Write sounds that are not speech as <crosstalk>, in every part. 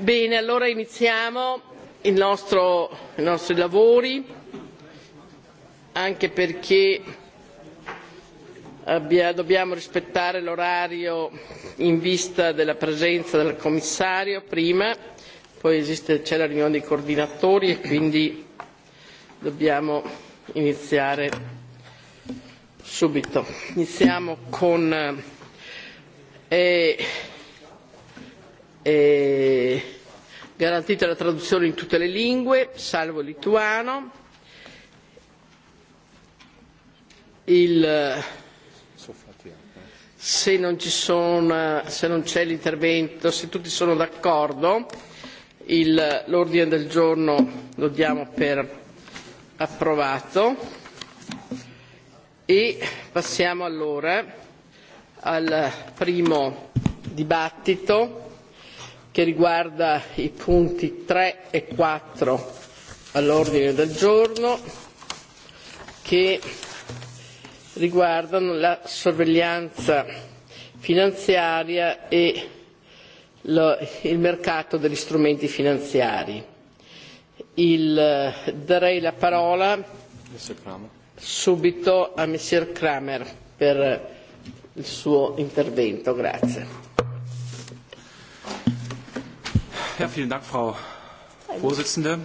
Bene, allora iniziamo il nostro, i nostri lavori, anche perché abbia, dobbiamo rispettare l'orario in vista della presenza del commissario prima, poi esiste, c'è la riunione dei coordinatori e quindi dobbiamo iniziare subito. Iniziamo con eh, eh, garantita la traduzione in tutte le lingue salvo il lituano il, se non ci sono se non c'è l'intervento se tutti sono d'accordo il, l'ordine del giorno lo diamo per approvato e passiamo allora al primo dibattito che riguarda i punti 3 e 4 all'ordine del giorno che riguardano la sorveglianza finanziaria e lo, il mercato degli strumenti finanziari. Il, darei la parola subito a Messier Kramer per il suo intervento. Grazie. Ja, vielen Dank, Frau Vorsitzende.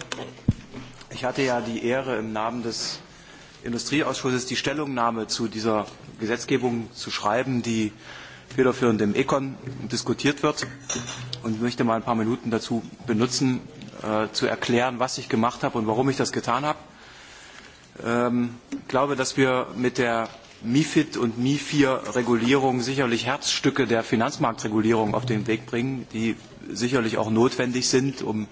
Ich hatte ja die Ehre, im Namen des Industrieausschusses die Stellungnahme zu dieser Gesetzgebung zu schreiben, die federführend im ECON diskutiert wird und möchte mal ein paar Minuten dazu benutzen, äh, zu erklären, was ich gemacht habe und warum ich das getan habe. Ähm, ich glaube, dass wir mit der MIFID und MIFIR Regulierung sicherlich Herzstücke der Finanzmarktregulierung auf den Weg bringen, die sicherlich auch notwendig sind, um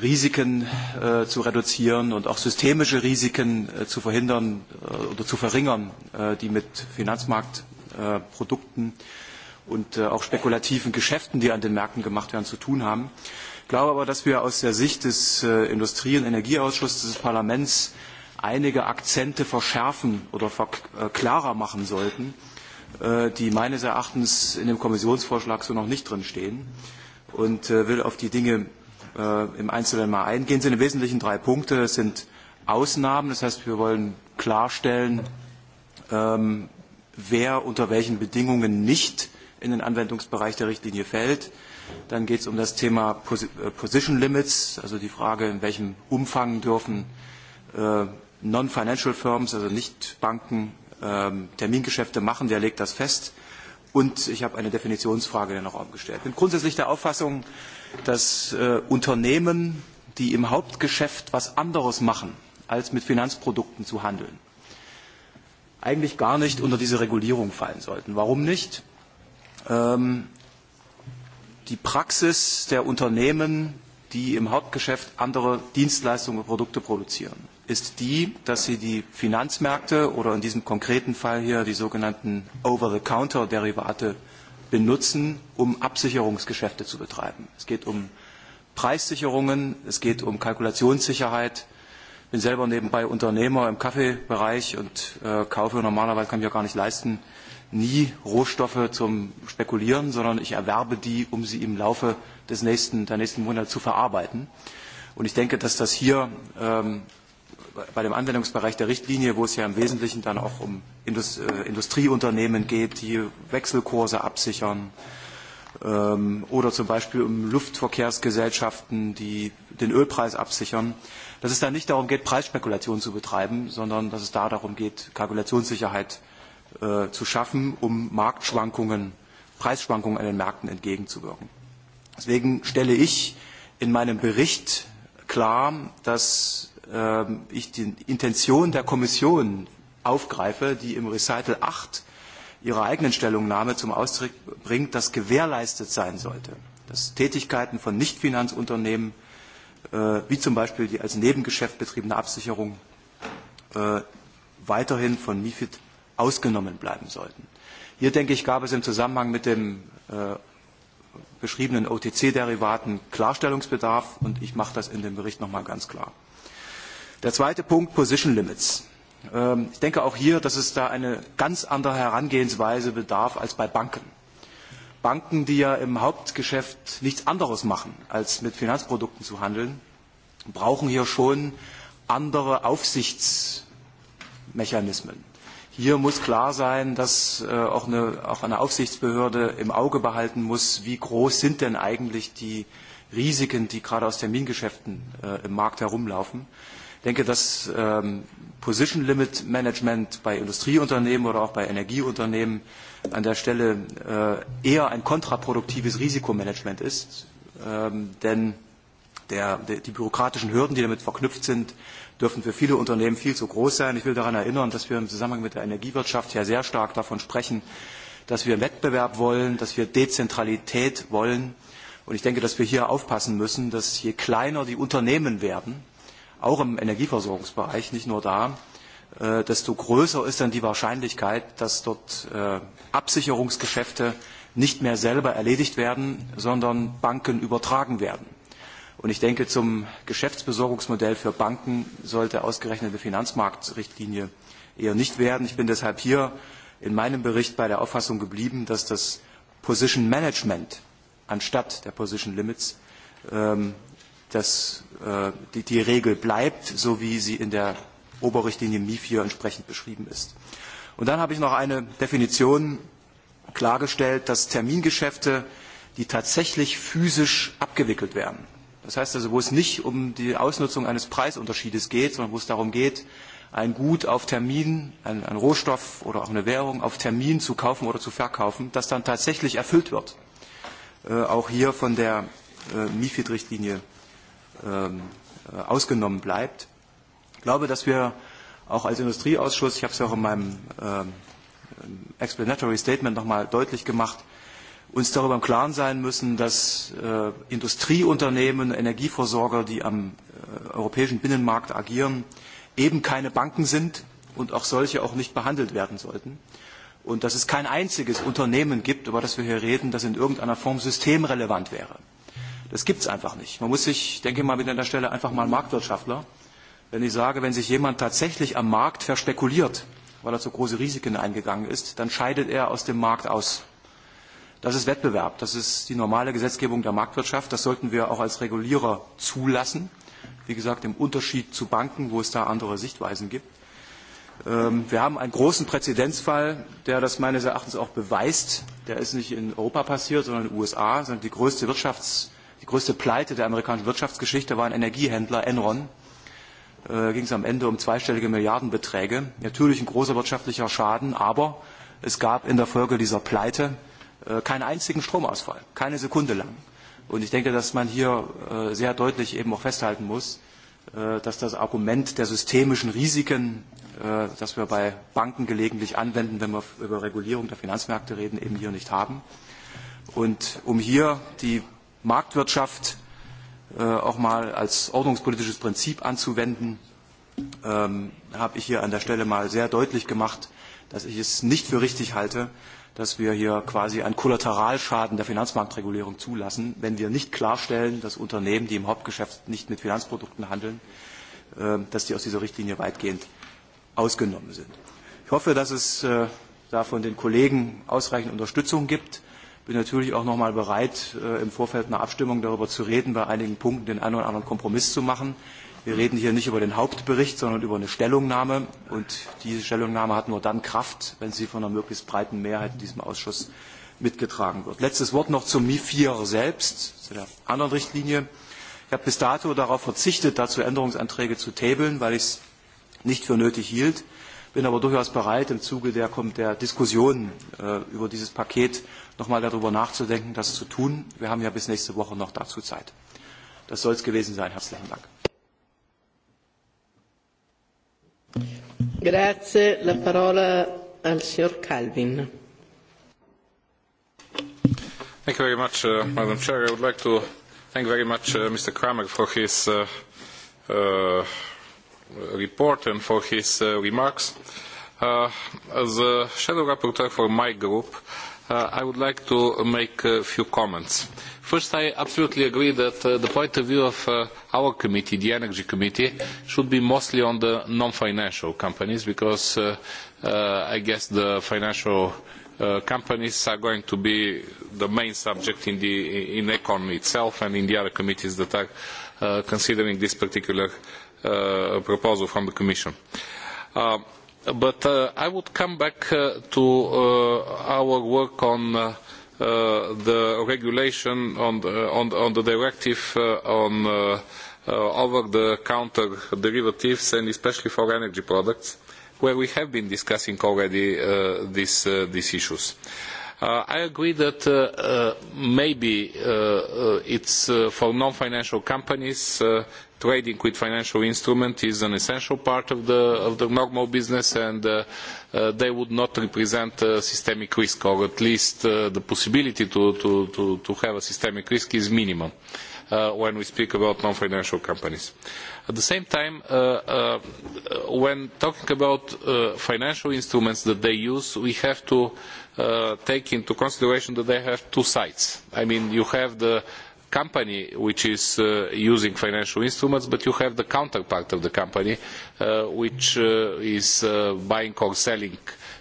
Risiken äh, zu reduzieren und auch systemische Risiken äh, zu verhindern äh, oder zu verringern, äh, die mit Finanzmarktprodukten äh, und äh, auch spekulativen Geschäften, die an den Märkten gemacht werden, zu tun haben. Ich glaube aber, dass wir aus der Sicht des äh, Industrie- und Energieausschusses des Parlaments einige Akzente verschärfen oder ver äh, klarer machen sollten, äh, die meines Erachtens in dem Kommissionsvorschlag so noch nicht drinstehen. stehen und äh, will auf die Dinge äh, im Einzelnen mal eingehen. Es sind im Wesentlichen drei Punkte. Das sind Ausnahmen, das heißt, wir wollen klarstellen, ähm, wer unter welchen Bedingungen nicht in den Anwendungsbereich der Richtlinie fällt. Dann geht es um das Thema Pos äh, Position Limits, also die Frage, in welchem Umfang dürfen äh, Non-Financial Firms, also nicht Banken, äh, Termingeschäfte machen. Wer legt das fest? Äh, Und ich habe eine Definitionsfrage in den Raum gestellt. Ich bin grundsätzlich der Auffassung, dass äh, Unternehmen, die im Hauptgeschäft was anderes machen, als mit Finanzprodukten zu handeln, eigentlich gar nicht unter diese Regulierung fallen sollten. Warum nicht? Ähm, die Praxis der Unternehmen, die im Hauptgeschäft andere Dienstleistungen und Produkte produzieren, ist die, dass sie die Finanzmärkte oder in diesem konkreten Fall hier die sogenannten Over-the-Counter-Derivate benutzen, um Absicherungsgeschäfte zu betreiben. Es geht um Preissicherungen, es geht um Kalkulationssicherheit. Ich bin selber nebenbei Unternehmer im Kaffeebereich und äh, kaufe normalerweise, kann ich ja gar nicht leisten, nie Rohstoffe zum Spekulieren, sondern ich erwerbe die, um sie im Laufe des nächsten, der nächsten Monate zu verarbeiten. Und ich denke, dass das hier ähm, bei dem Anwendungsbereich der Richtlinie, wo es ja im Wesentlichen dann auch um Indust äh, Industrieunternehmen geht, die Wechselkurse absichern ähm, oder zum Beispiel um Luftverkehrsgesellschaften, die den Ölpreis absichern, dass es da nicht darum geht, Preisspekulation zu betreiben, sondern dass es da darum geht, Kalkulationssicherheit äh, zu schaffen, um Marktschwankungen, Preisschwankungen an den Märkten entgegenzuwirken. Deswegen stelle ich in meinem Bericht klar, dass Ähm, ich die Intention der Kommission aufgreife, die im Recital 8 ihrer eigenen Stellungnahme zum Ausdruck bringt, dass gewährleistet sein sollte, dass Tätigkeiten von Nichtfinanzunternehmen, äh, wie zum Beispiel die als Nebengeschäft betriebene Absicherung, äh, weiterhin von MIFID ausgenommen bleiben sollten. Hier, denke ich, gab es im Zusammenhang mit dem äh, beschriebenen OTC-Derivaten Klarstellungsbedarf und ich mache das in dem Bericht nochmal ganz klar. Der zweite Punkt, Position Limits. Ähm, ich denke auch hier, dass es da eine ganz andere Herangehensweise bedarf als bei Banken. Banken, die ja im Hauptgeschäft nichts anderes machen, als mit Finanzprodukten zu handeln, brauchen hier schon andere Aufsichtsmechanismen. Hier muss klar sein, dass äh, auch, eine, auch eine Aufsichtsbehörde im Auge behalten muss, wie groß sind denn eigentlich die Risiken, die gerade aus Termingeschäften äh, im Markt herumlaufen. Ich denke, das ähm, Position Limit Management bei Industrieunternehmen oder auch bei Energieunternehmen an der Stelle äh, eher ein kontraproduktives Risikomanagement ist, ähm, denn der, der, die bürokratischen Hürden, die damit verknüpft sind, dürfen für viele Unternehmen viel zu groß sein. Ich will daran erinnern, dass wir im Zusammenhang mit der Energiewirtschaft ja sehr stark davon sprechen, dass wir Wettbewerb wollen, dass wir Dezentralität wollen. Und ich denke, dass wir hier aufpassen müssen, dass je kleiner die Unternehmen werden, äh, auch im Energieversorgungsbereich, nicht nur da, äh, desto größer ist dann die Wahrscheinlichkeit, dass dort äh, Absicherungsgeschäfte nicht mehr selber erledigt werden, sondern Banken übertragen werden. Und ich denke, zum Geschäftsbesorgungsmodell für Banken sollte ausgerechnet eine Finanzmarktrichtlinie eher nicht werden. Ich bin deshalb hier in meinem Bericht bei der Auffassung geblieben, dass das Position Management anstatt der Position Limits ähm, das äh, die, die Regel bleibt, so wie sie in der Oberrichtlinie MIF hier entsprechend beschrieben ist. Und dann habe ich noch eine Definition klargestellt, dass Termingeschäfte, die tatsächlich physisch abgewickelt werden, das heißt also, wo es nicht um die Ausnutzung eines Preisunterschiedes geht, sondern wo es darum geht, ein Gut auf Termin, ein, ein Rohstoff oder auch eine Währung auf Termin zu kaufen oder zu verkaufen, das dann tatsächlich erfüllt wird. Äh, auch hier von der äh, MIFID-Richtlinie ähm, äh, ausgenommen bleibt. Ich glaube, dass wir auch als Industrieausschuss, ich habe es ja auch in meinem ähm, Explanatory Statement nochmal deutlich gemacht, uns darüber im Klaren sein müssen, dass äh, Industrieunternehmen, Energieversorger, die am äh, europäischen Binnenmarkt agieren, eben keine Banken sind und auch solche auch nicht behandelt werden sollten. Und dass es kein einziges Unternehmen gibt, über das wir hier reden, das in irgendeiner Form systemrelevant wäre. Das gibt es einfach nicht. Man muss sich, denke ich mal, mit an der Stelle einfach mal Marktwirtschaftler, wenn ich sage, wenn sich jemand tatsächlich am Markt verspekuliert, weil er zu große Risiken eingegangen ist, dann scheidet er aus dem Markt aus. Das ist Wettbewerb. Das ist die normale Gesetzgebung der Marktwirtschaft. Das sollten wir auch als Regulierer zulassen. Wie gesagt, im Unterschied zu Banken, wo es da andere Sichtweisen gibt. Ähm, wir haben einen großen Präzedenzfall, der das meines Erachtens auch beweist. Der ist nicht in Europa passiert, sondern in den USA, sondern die größte Wirtschafts- größte Pleite der amerikanischen Wirtschaftsgeschichte war ein Energiehändler Enron. Äh, ging es am Ende um zweistellige Milliardenbeträge. Natürlich ein großer wirtschaftlicher Schaden, aber es gab in der Folge dieser Pleite äh, keinen einzigen Stromausfall, keine Sekunde lang. Und ich denke, dass man hier äh, sehr deutlich eben auch festhalten muss, äh, dass das Argument der systemischen Risiken, äh, das wir bei Banken gelegentlich anwenden, wenn wir über Regulierung der Finanzmärkte reden, eben hier nicht haben. Und um hier die Marktwirtschaft äh, auch mal als ordnungspolitisches Prinzip anzuwenden, ähm, habe ich hier an der Stelle mal sehr deutlich gemacht, dass ich es nicht für richtig halte, dass wir hier quasi einen Kollateralschaden der Finanzmarktregulierung zulassen, wenn wir nicht klarstellen, dass Unternehmen, die im Hauptgeschäft nicht mit Finanzprodukten handeln, äh, dass die aus dieser Richtlinie weitgehend ausgenommen sind. Ich hoffe, dass es äh, da von den Kollegen ausreichend Unterstützung gibt bin natürlich auch nochmal bereit, äh, im Vorfeld einer Abstimmung darüber zu reden, bei einigen Punkten den einen oder anderen Kompromiss zu machen. Wir reden hier nicht über den Hauptbericht, sondern über eine Stellungnahme. Und diese Stellungnahme hat nur dann Kraft, wenn sie von einer möglichst breiten Mehrheit in diesem Ausschuss mitgetragen wird. Letztes Wort noch zum MIFIR selbst, zu der anderen Richtlinie. Ich habe bis dato darauf verzichtet, dazu Änderungsanträge zu tabeln, weil ich es nicht für nötig hielt, bin aber durchaus bereit, im Zuge der, der Diskussion äh, über dieses Paket nochmal darüber nachzudenken, das zu tun. Wir haben ja bis nächste Woche noch dazu Zeit. Das soll es gewesen sein. Herzlichen Dank. Grazie. La parola al signor Calvin. Thank you very much, uh, Madam Chair. I would like to thank very much uh, Mr. Kramer for his uh, uh, report and for his uh, remarks. Uh, as a shadow rapporteur for my group, uh, uh, I would like to make a few comments. First, I absolutely agree that uh, the point of view of uh, our committee, the Energy Committee, should be mostly on the non-financial companies because uh, uh, I guess the financial uh, companies are going to be the main subject in the in Econ itself and in the other committees that are uh, considering this particular uh, proposal from the Commission. Uh, But uh, I would come back uh, to uh, our work on uh, uh, the regulation on the, uh, on, on the directive uh, on uh, uh, over-the-counter derivatives and especially for energy products, where we have been discussing already uh, this, uh, these issues. Uh, Uh, I agree that uh, uh, maybe uh, uh, it's uh, for non-financial companies uh, trading with financial instruments is an essential part of the, of the normal business and uh, uh, they would not represent a uh, systemic risk or at least uh, the possibility to, to, to, to have a systemic risk is minimum. Uh, uh, when we speak about non-financial companies. At the same time, uh, uh, when talking about uh, financial instruments that they use, we have to uh, take into consideration that they have two sides. I mean, you have the company which is uh, using financial instruments, but you have the counterpart of the company uh, which uh, is uh, buying or selling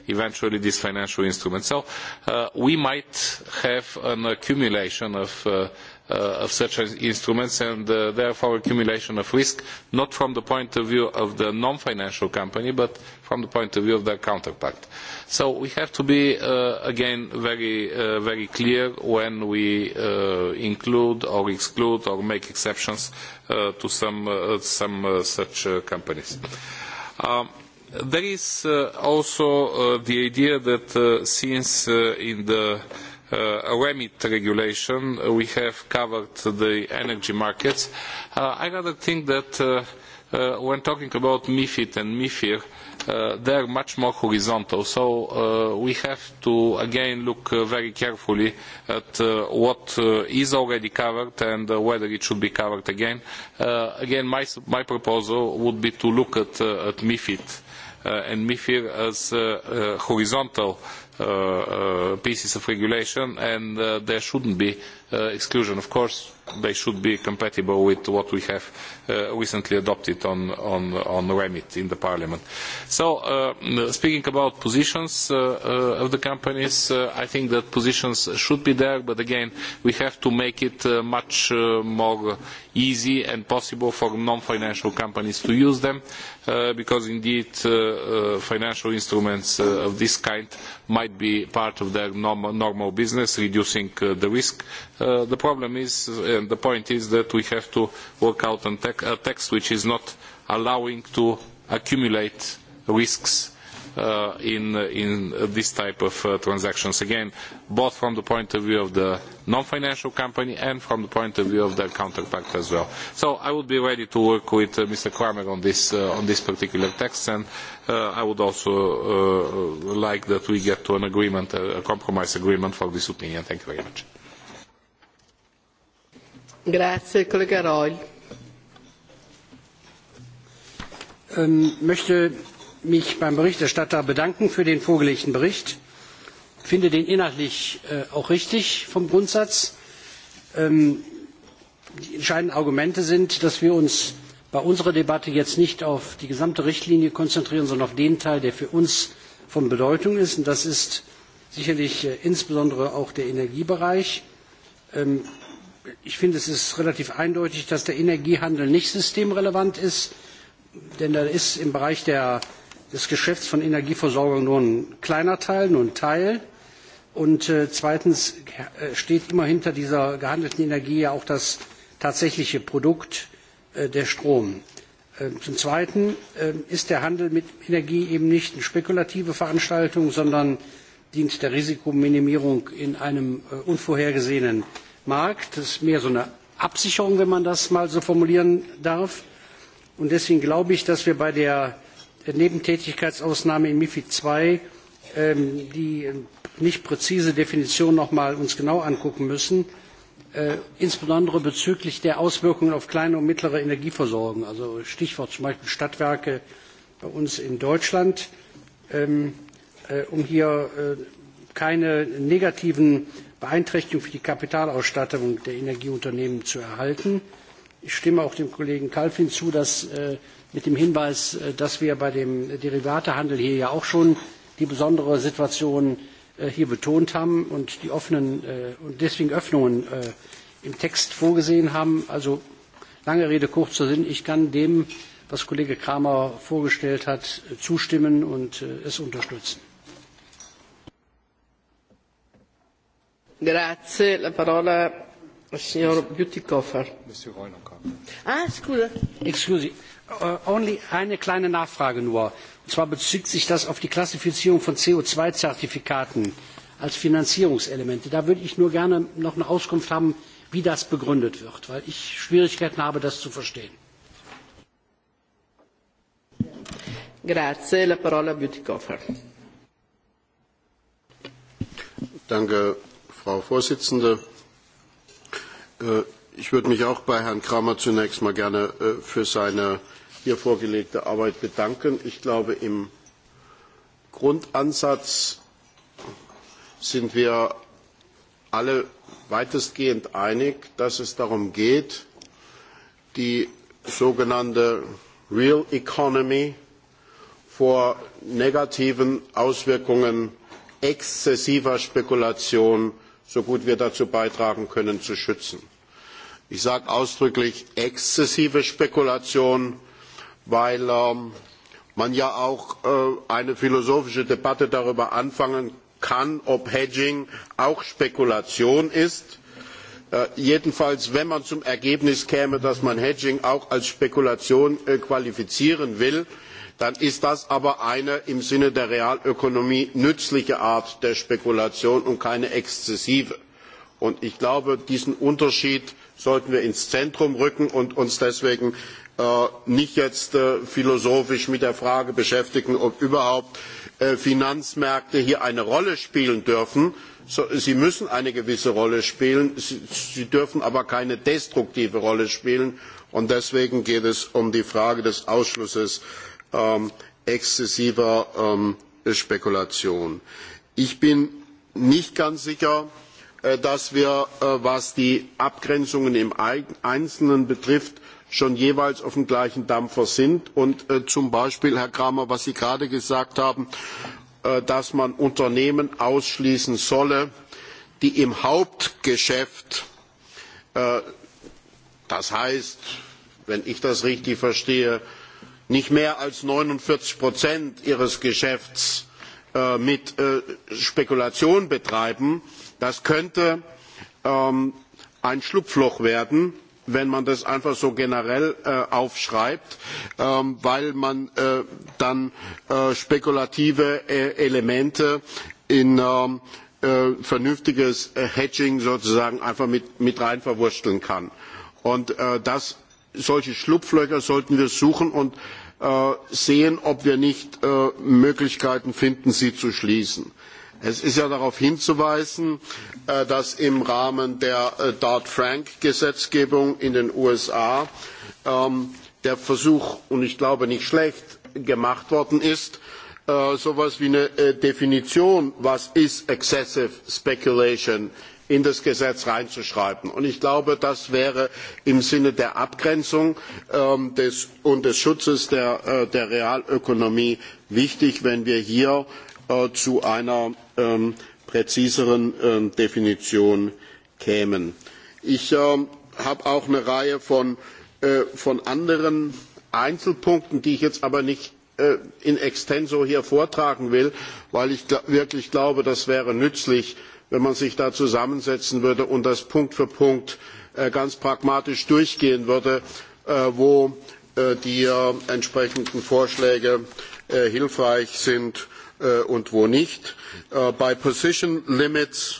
eventually this financial instrument. So uh, we might have an accumulation of uh, uh, of such instruments and uh, therefore accumulation of risk, not from the point of view of the non-financial company, but from the point of view of their counterpart. So we have to be, uh, again, very, uh, very clear when we uh, include or exclude or make exceptions uh, to some, uh, some uh, such uh, companies. Um, there is uh, also uh, the idea that uh, since uh, in the uh, uh, REMIT regulation, uh, we have covered the energy markets. Uh, I rather think that uh, uh, when talking about MIFID and MIFIR, uh, they are much more horizontal. So uh, we have to again look uh, very carefully at uh, what uh, is already covered and uh, whether it should be covered again. Uh, again, my, my proposal would be to look at, uh, at MIFID uh, and MIFIR as uh, uh, horizontal uh, uh, uh, pieces of regulation, and uh, there shouldn't be uh, exclusion. Of course, they should be compatible with what we have uh, recently adopted on, on, on REMIT in the Parliament. So, uh, speaking about positions uh, uh, of the companies, uh, I think that positions should be there, but again, we have to make it uh, much uh, more easy and possible for non-financial companies to use them, uh, because indeed uh, uh, financial instruments uh, of this kind might be part of their normal, normal business, reducing uh, the risk Uh, the problem is, uh, and uh, the point is that we have to work out on tec- a text which is not allowing to accumulate risks uh, in, uh, in uh, this type of uh, transactions. Again, both from the point of view of the non-financial company and from the point of view of their counterpart as well. So I would be ready to work with uh, Mr. Kramer on this, uh, on this particular text, and uh, I would also uh, like that we get to an agreement, a compromise agreement for this opinion. Thank you very much. Grazie, kolega Reul. Ähm, möchte mich beim Berichterstatter bedanken für den vorgelegten Bericht. Ich finde den inhaltlich äh, auch richtig vom Grundsatz. Ähm, die entscheidenden Argumente sind, dass wir uns bei unserer Debatte jetzt nicht auf die gesamte Richtlinie konzentrieren, sondern auf den Teil, der für uns von Bedeutung ist. Und das ist sicherlich äh, insbesondere auch der Energiebereich. Ähm, ich finde, es ist relativ eindeutig, dass der Energiehandel nicht systemrelevant ist, denn da ist im Bereich der, des Geschäfts von Energieversorgung nur ein kleiner Teil, nur ein Teil. Und äh, zweitens äh, steht immer hinter dieser gehandelten Energie ja auch das tatsächliche Produkt, äh, der Strom. Äh, zum Zweiten äh, ist der Handel mit Energie eben nicht eine spekulative Veranstaltung, sondern dient der Risikominimierung in einem äh, unvorhergesehenen markt. das ist mehr so eine absicherung wenn man das mal so formulieren darf. und deswegen glaube ich dass wir bei der nebentätigkeitsausnahme in mifid ii ähm, die äh, nicht präzise definition noch mal uns genau angucken müssen äh, insbesondere bezüglich der auswirkungen auf kleine und mittlere energieversorgung also stichwort zum beispiel stadtwerke bei uns in deutschland ähm, äh, um hier äh, keine negativen Beeinträchtigung für die Kapitalausstattung der Energieunternehmen zu erhalten. Ich stimme auch dem Kollegen Kalfin zu, dass äh, mit dem Hinweis, äh, dass wir bei dem Derivatehandel hier ja auch schon die besondere Situation äh, hier betont haben und die offenen äh, und deswegen Öffnungen äh, im Text vorgesehen haben. Also lange Rede, kurzer Sinn. Ich kann dem, was Kollege Kramer vorgestellt hat, äh, zustimmen und äh, es unterstützen. Grazie, la parola al signor Butikofer. Ah, scusa. Excusi. Uh, only eine kleine Nachfrage nur. Und zwar bezieht sich das auf die Klassifizierung von CO2-Zertifikaten als Finanzierungselemente. Da würde ich nur gerne noch eine Auskunft haben, wie das begründet wird, weil ich Schwierigkeiten habe, das zu verstehen. Grazie, la parola Butikofer. Danke, Frau Vorsitzende. Äh, ich würde mich auch bei Herrn Kramer zunächst mal gerne äh, für seine hier vorgelegte Arbeit bedanken. Ich glaube, im Grundansatz sind wir alle weitestgehend einig, dass es darum geht, die sogenannte Real Economy vor negativen Auswirkungen exzessiver Spekulation so gut wir dazu beitragen können, zu schützen. Ich sage ausdrücklich exzessive Spekulation, weil ähm, man ja auch äh, eine philosophische Debatte darüber anfangen kann, ob Hedging auch Spekulation ist. Äh, jedenfalls, wenn man zum Ergebnis käme, dass man Hedging auch als Spekulation äh, qualifizieren will, äh, dann ist das aber eine im sinne der realökonomie nützliche art der spekulation und keine exzessive. ich glaube diesen unterschied sollten wir ins zentrum rücken und uns deswegen äh, nicht jetzt äh, philosophisch mit der frage beschäftigen ob überhaupt äh, finanzmärkte hier eine rolle spielen dürfen. sie müssen eine gewisse rolle spielen sie dürfen aber keine destruktive rolle spielen und deswegen geht es um die frage des ausschlusses ähm, exzessiver ähm, Spekulation. Ich bin nicht ganz sicher, äh, dass wir, äh, was die Abgrenzungen im Einzelnen betrifft, schon jeweils auf dem gleichen Dampfer sind. Und äh, zum Beispiel, Herr Kramer, was Sie gerade gesagt haben, äh, dass man Unternehmen ausschließen solle, die im Hauptgeschäft, äh, das heißt, wenn ich das richtig verstehe, nicht mehr als neunundvierzig ihres geschäfts äh, mit äh, spekulation betreiben das könnte ähm, ein schlupfloch werden wenn man das einfach so generell äh, aufschreibt ähm, weil man äh, dann äh, spekulative äh, elemente in ähm, vernünftiges hedging sozusagen einfach mit, mit rein verwursteln kann. Und das solche schlupflöcher sollten wir suchen und Äh, sehen ob wir nicht äh, möglichkeiten finden sie zu schließen. es ist ja darauf hinzuweisen äh, dass im rahmen der dodd frank gesetzgebung in den usa ähm, der versuch und ich glaube nicht schlecht gemacht worden ist so etwas wie eine definition was ist excessive speculation in das Gesetz hineinzuschreiben. Und ich glaube, das wäre im Sinne der Abgrenzung ähm, des, und des Schutzes der, äh, der Realökonomie wichtig, wenn wir hier äh, zu einer ähm, präziseren ähm, Definition kämen. Ich ähm, habe auch eine Reihe von, äh, von anderen Einzelpunkten, die ich jetzt aber nicht äh, in extenso hier vortragen will, weil ich gl wirklich glaube, das wäre nützlich, äh, wenn man sich da zusammensetzen würde und das punkt für punkt äh, ganz pragmatisch durchgehen würde äh, wo äh, die entsprechenden vorschläge hilfreich sind und wo nicht. bei position limits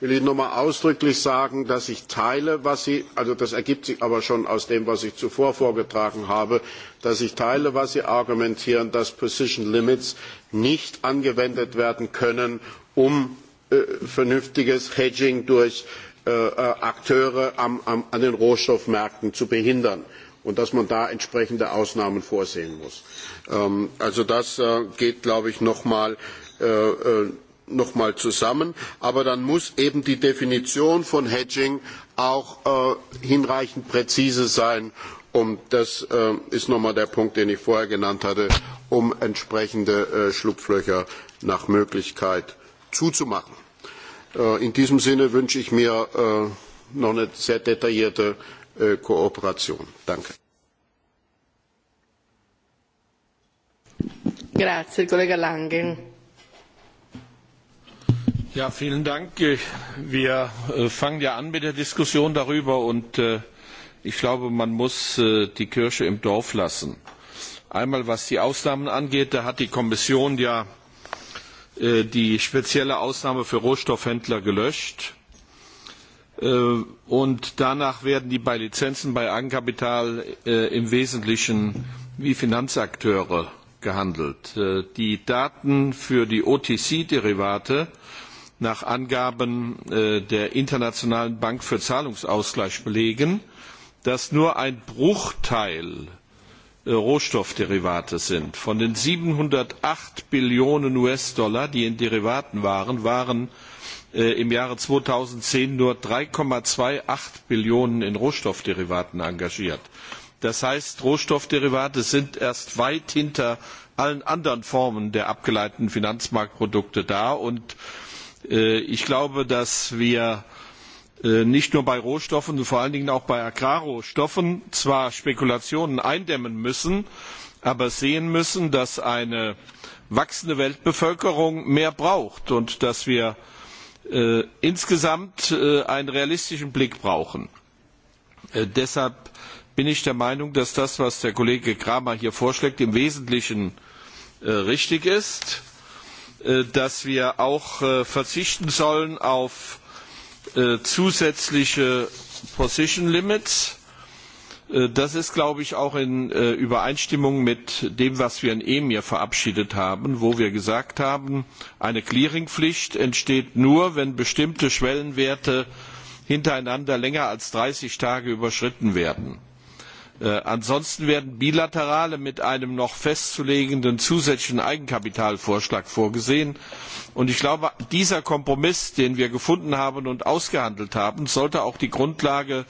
will ich noch einmal ausdrücklich sagen dass ich teile was sie das ergibt sich aber schon aus dem was ich zuvor vorgetragen habe was sie argumentieren dass position limits nicht angewendet werden können um Äh, vernünftiges Hedging durch äh, äh, Akteure am, am, an den Rohstoffmärkten zu behindern und dass man da entsprechende Ausnahmen vorsehen muss. Ähm, also das äh, geht, glaube ich, nochmal äh, äh, noch mal zusammen. Aber dann muss eben die Definition von Hedging auch äh, hinreichend präzise sein, um das äh, ist nochmal der Punkt, den ich vorher genannt hatte, um entsprechende äh, Schlupflöcher nach Möglichkeit zuzumachen. Äh, in diesem Sinne wünsche ich mir äh, noch eine sehr detaillierte äh, Kooperation. Danke. Grazie, Kollege Langen. Ja, vielen Dank. Wir fangen ja an mit der Diskussion darüber und ich glaube, man muss die Kirche im Dorf lassen. Einmal was die Ausnahmen angeht, da hat die Kommission ja Äh, die spezielle Ausnahme für Rohstoffhändler gelöscht. Äh, und danach werden die bei Lizenzen bei Eigenkapital äh, im Wesentlichen wie Finanzakteure gehandelt. Die Daten für die OTC-Derivate nach Angaben der Internationalen Bank für Zahlungsausgleich belegen, dass nur ein Bruchteil äh, Äh, Rohstoffderivate sind. Von den 708 Billionen US-Dollar, die in Derivaten waren, waren äh, im Jahre 2010 nur 3,28 Billionen in Rohstoffderivaten engagiert. Das heißt, Rohstoffderivate sind erst weit hinter allen anderen Formen der abgeleiteten Finanzmarktprodukte da. Und äh, ich glaube, dass wir Äh, nicht nur bei Rohstoffen, vor allen Dingen auch bei Agrarrohstoffen zwar Spekulationen eindämmen müssen, aber sehen müssen, dass eine wachsende Weltbevölkerung mehr braucht und dass wir äh, insgesamt äh, einen realistischen Blick brauchen. Äh, deshalb bin ich der Meinung, dass das, was der Kollege Kramer hier vorschlägt, im Wesentlichen äh, richtig ist, äh, dass wir auch äh, verzichten sollen auf äh, zusätzliche Position Limits. Äh, das ist, glaube ich, auch in äh, Übereinstimmung mit dem, was wir in EMIR verabschiedet haben, wo wir gesagt haben, eine Clearingpflicht entsteht nur, wenn bestimmte Schwellenwerte hintereinander länger als 30 Tage überschritten werden. Äh, Äh, ansonsten werden bilaterale mit einem noch festzulegenden zusätzlichen Eigenkapitalvorschlag vorgesehen. Und ich glaube, dieser Kompromiss, den wir gefunden haben und ausgehandelt haben, sollte auch die Grundlage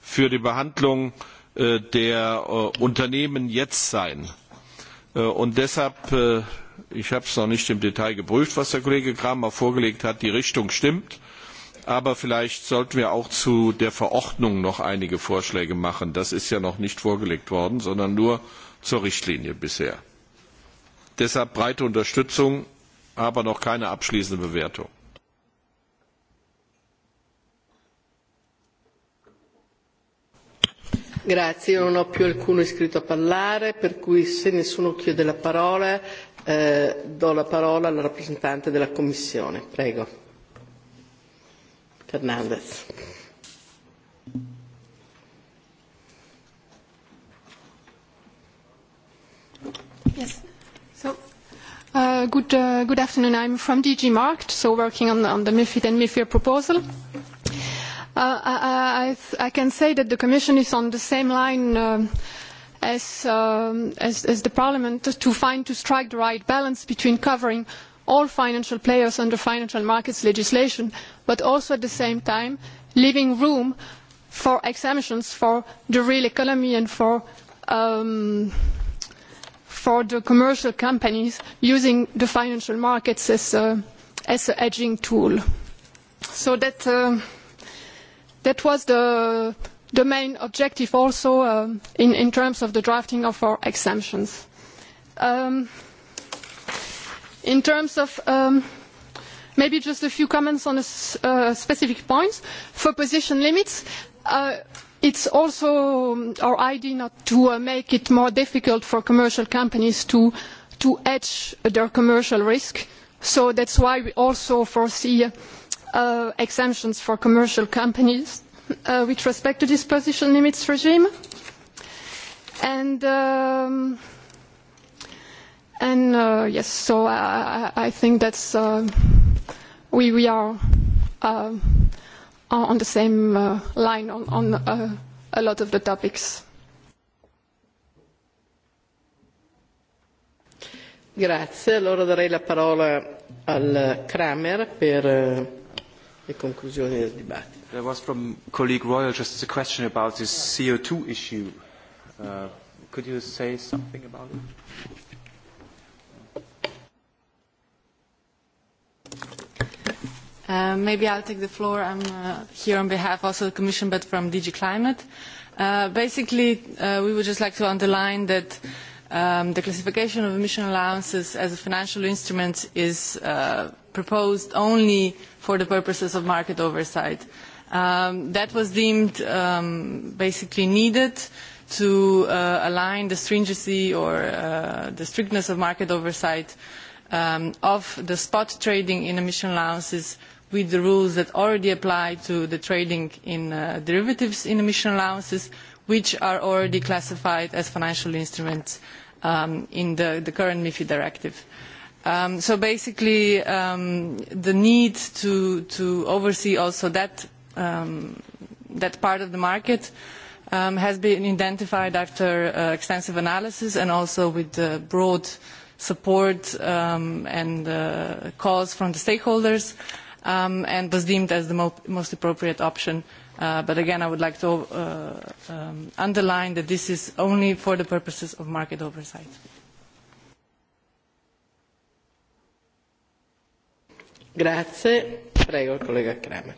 für die Behandlung äh, der äh, Unternehmen jetzt sein. Äh, und deshalb, äh, ich habe es noch nicht im Detail geprüft, was der Kollege Kramer vorgelegt hat, die Richtung stimmt Aber vielleicht sollten wir auch zu der Verordnung noch einige Vorschläge machen. Das ist ja noch nicht vorgelegt worden, sondern nur zur Richtlinie bisher. Deshalb breite Unterstützung, aber noch keine abschließende Bewertung. Grazie, non ho più alcuno iscritto a parlare, per cui se nessuno chiede la parola eh, do la parola al rappresentante della Commissione. Prego. Fernández. Yes. So, uh, good, uh, good afternoon. I'm from DG Markt, so working on, on the MIFID and MIFIR proposal. Uh, I, I, I can say that the Commission is on the same line um, as, um, as, as the Parliament to find to strike the right balance between covering all financial players under financial markets legislation but also at the same time leaving room for exemptions for the real economy and for um, for the commercial companies using the financial markets as a, as a hedging tool. So that uh, that was the the main objective also um, in in terms of the drafting of our exemptions. Um, in terms of um, Maybe just a few comments on a, uh, specific points. For position limits, uh, it's also um, our idea not to uh, make it more difficult for commercial companies to, to hedge their commercial risk. So that's why we also foresee uh, exemptions for commercial companies uh, with respect to this position limits regime. And, um, and uh, yes, so I, I think that's... Uh, we, we are uh, on the same uh, line on, on uh, a lot of the topics. Grazie. Allora darei la parola al Kramer per eh, le conclusioni del dibattito. There was from colleague Royal just a question about this CO2 issue. Uh, could you say something about it? Uh, maybe I'll take the floor. I'm uh, here on behalf also of the Commission, but from DG Climate. Uh, basically, uh, we would just like to underline that um, the classification of emission allowances as a financial instrument is uh, proposed only for the purposes of market oversight. Um, that was deemed um, basically needed to uh, align the stringency or uh, the strictness of market oversight um, of the spot trading in emission allowances with the rules that already apply to the trading in uh, derivatives in emission allowances, which are already classified as financial instruments um, in the, the current MIFI directive. Um, so basically, um, the need to, to oversee also that, um, that part of the market um, has been identified after uh, extensive analysis and also with the broad support um, and uh, calls from the stakeholders. Uh, um, and was deemed as the mo most appropriate option. Uh, but again, I would like to uh, um, underline that this is only for the purposes of market oversight. Grazie. Prego, collega Kramer.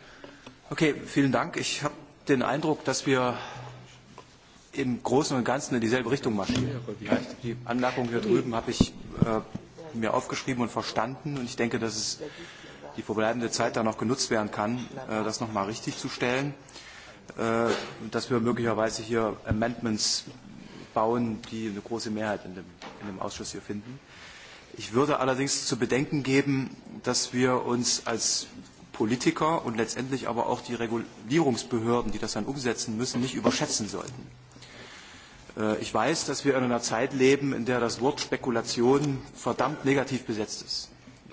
Okay, vielen Dank. Ich habe den Eindruck, dass wir im Großen und Ganzen in dieselbe Richtung marschieren. Die Anmerkung hier drüben habe ich äh, mir aufgeschrieben und verstanden. Und ich denke, dass es die verbleibende Zeit da noch genutzt werden kann, äh, das nochmal richtig zu stellen, äh, dass wir möglicherweise hier Amendments bauen, die eine große Mehrheit in dem, in dem Ausschuss hier finden. Ich würde allerdings zu bedenken geben, dass wir uns als Politiker und letztendlich aber auch die Regulierungsbehörden, die das dann umsetzen müssen, nicht überschätzen sollten. Äh, ich weiß, dass wir in einer Zeit leben, in der das Wort Spekulation verdammt negativ besetzt ist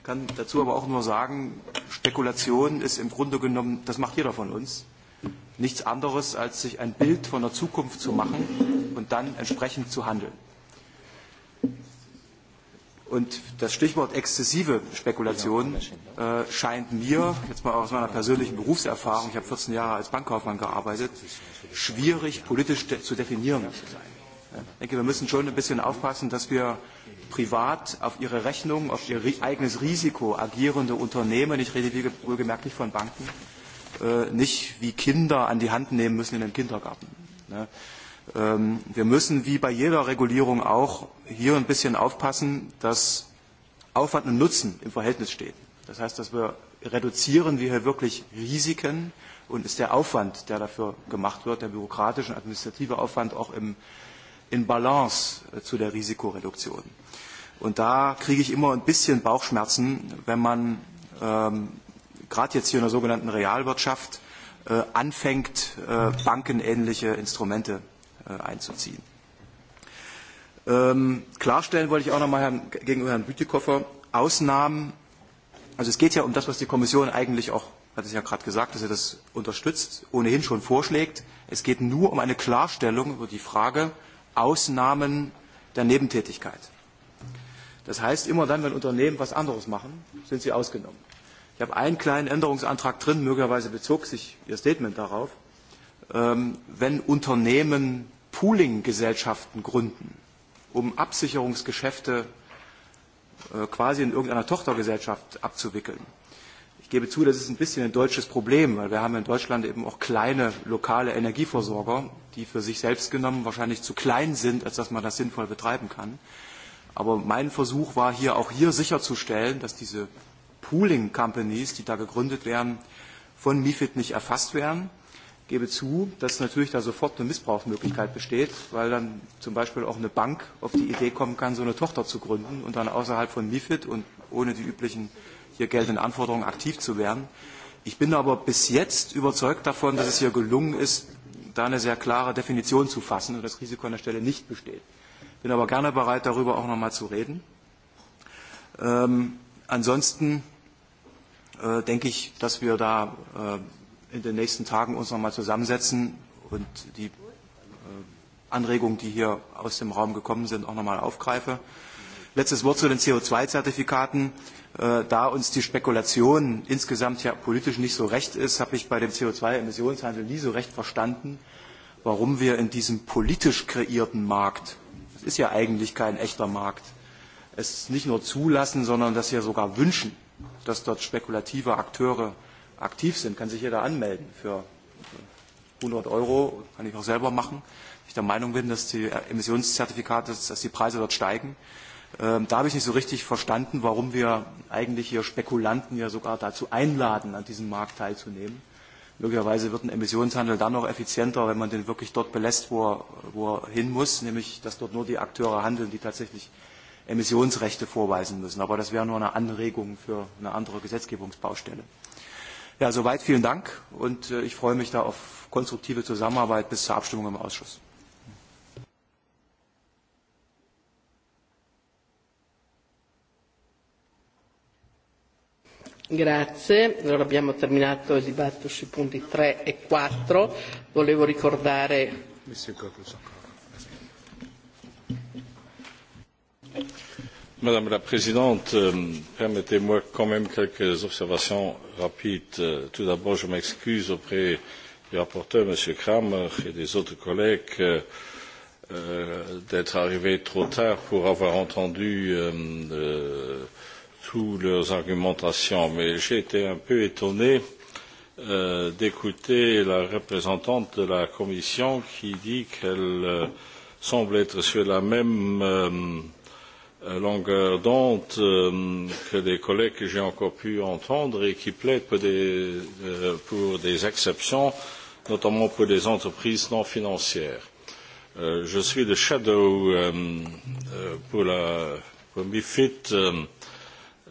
kann dazu aber auch nur sagen, Spekulation ist im Grunde genommen, das macht jeder von uns, nichts anderes, als sich ein Bild von der Zukunft zu machen und dann entsprechend zu handeln. Und das Stichwort exzessive Spekulation äh, scheint mir, jetzt mal aus meiner persönlichen Berufserfahrung, ich habe 14 Jahre als Bankkaufmann gearbeitet, schwierig politisch de zu definieren zu sein. Ich denke, wir müssen schon ein bisschen aufpassen, dass wir privat auf ihre Rechnung, auf ihr eigenes Risiko agierende Unternehmen, ich rede wie wohlgemerkt nicht von Banken, äh, nicht wie Kinder an die Hand nehmen müssen in den Kindergarten. Ähm, wir müssen wie bei jeder Regulierung auch hier ein bisschen aufpassen, dass Aufwand und Nutzen im Verhältnis stehen. Das heißt, dass wir reduzieren wir hier wirklich Risiken und ist der Aufwand, der dafür gemacht wird, der bürokratische und administrative Aufwand auch im in Balance äh, zu der Risikoreduktion. Und da kriege ich immer ein bisschen Bauchschmerzen, wenn man ähm, gerade jetzt hier in der sogenannten Realwirtschaft äh, anfängt, äh, bankenähnliche Instrumente äh, einzuziehen. Ähm, klarstellen wollte ich auch nochmal Herrn, gegenüber Herrn Bütikofer, Ausnahmen, also es geht ja um das, was die Kommission eigentlich auch, hat es ja gerade gesagt, dass sie das unterstützt, ohnehin schon vorschlägt. Es geht nur um eine Klarstellung über die Frage, Ausnahmen der Nebentätigkeit. Das heißt, immer dann, wenn Unternehmen was anderes machen, sind sie ausgenommen. Ich habe einen kleinen Änderungsantrag drin, möglicherweise bezog sich Ihr Statement darauf. Ähm, wenn Unternehmen Pooling-Gesellschaften gründen, um Absicherungsgeschäfte äh, quasi in irgendeiner Tochtergesellschaft abzuwickeln, Ich gebe zu, das ist ein bisschen ein deutsches Problem, weil wir haben in Deutschland eben auch kleine lokale Energieversorger, die für sich selbst genommen wahrscheinlich zu klein sind, als dass man das sinnvoll betreiben kann. Aber mein Versuch war hier auch hier sicherzustellen, dass diese Pooling Companies, die da gegründet werden, von MIFID nicht erfasst werden. Ich gebe zu, dass natürlich da sofort eine Missbrauchsmöglichkeit besteht, weil dann zum Beispiel auch eine Bank auf die Idee kommen kann, so eine Tochter zu gründen und dann außerhalb von MIFID und ohne die üblichen äh, hier geltenden Anforderungen aktiv zu werden. Ich bin aber bis jetzt überzeugt davon, dass es hier gelungen ist, da eine sehr klare Definition zu fassen und das Risiko an der Stelle nicht besteht. Bin aber gerne bereit, darüber auch noch mal zu reden. Ähm, ansonsten äh, denke ich, dass wir da äh, in den nächsten Tagen uns noch mal zusammensetzen und die äh, Anregungen, die hier aus dem Raum gekommen sind, auch noch mal aufgreife. Letztes Wort zu den CO2-Zertifikaten. Äh, Äh, da uns die Spekulation insgesamt ja politisch nicht so recht ist, habe ich bei dem CO2-Emissionshandel nie so recht verstanden, warum wir in diesem politisch kreierten Markt, das ist ja eigentlich kein echter Markt, es nicht nur zulassen, sondern das ja sogar wünschen, dass dort spekulative Akteure aktiv sind. Kann sich jeder anmelden für 100 Euro, kann ich auch selber machen. Wenn ich der Meinung bin, dass die Emissionszertifikate, dass die Preise dort steigen, Ähm, da habe ich nicht so richtig verstanden, warum wir eigentlich hier Spekulanten ja sogar dazu einladen, an diesem Markt teilzunehmen. Möglicherweise wird ein Emissionshandel dann noch effizienter, wenn man den wirklich dort belässt, wo er, wo er hin muss, nämlich dass dort nur die Akteure handeln, die tatsächlich Emissionsrechte vorweisen müssen. Aber das wäre nur eine Anregung für eine andere Gesetzgebungsbaustelle. Ja, soweit vielen Dank und äh, ich freue mich da auf konstruktive Zusammenarbeit bis zur Abstimmung im Ausschuss. Grazie, allora abbiamo terminato il dibattito sui punti 3 e 4. Volevo ricordare. Madame la Présidente, euh, permettez-moi quand même quelques observations rapides. Euh, tout d'abord, je m'excuse auprès du rapporteur, M. Kramer, et des autres collègues euh, euh, d'être arrivé trop tard pour avoir entendu euh, euh, toutes leurs argumentations, mais j'ai été un peu étonné euh, d'écouter la représentante de la Commission qui dit qu'elle euh, semble être sur la même euh, longueur d'onde euh, que les collègues que j'ai encore pu entendre et qui plaident pour des, euh, pour des exceptions, notamment pour les entreprises non financières. Euh, je suis le shadow euh, euh, pour la pour MIFID. Euh,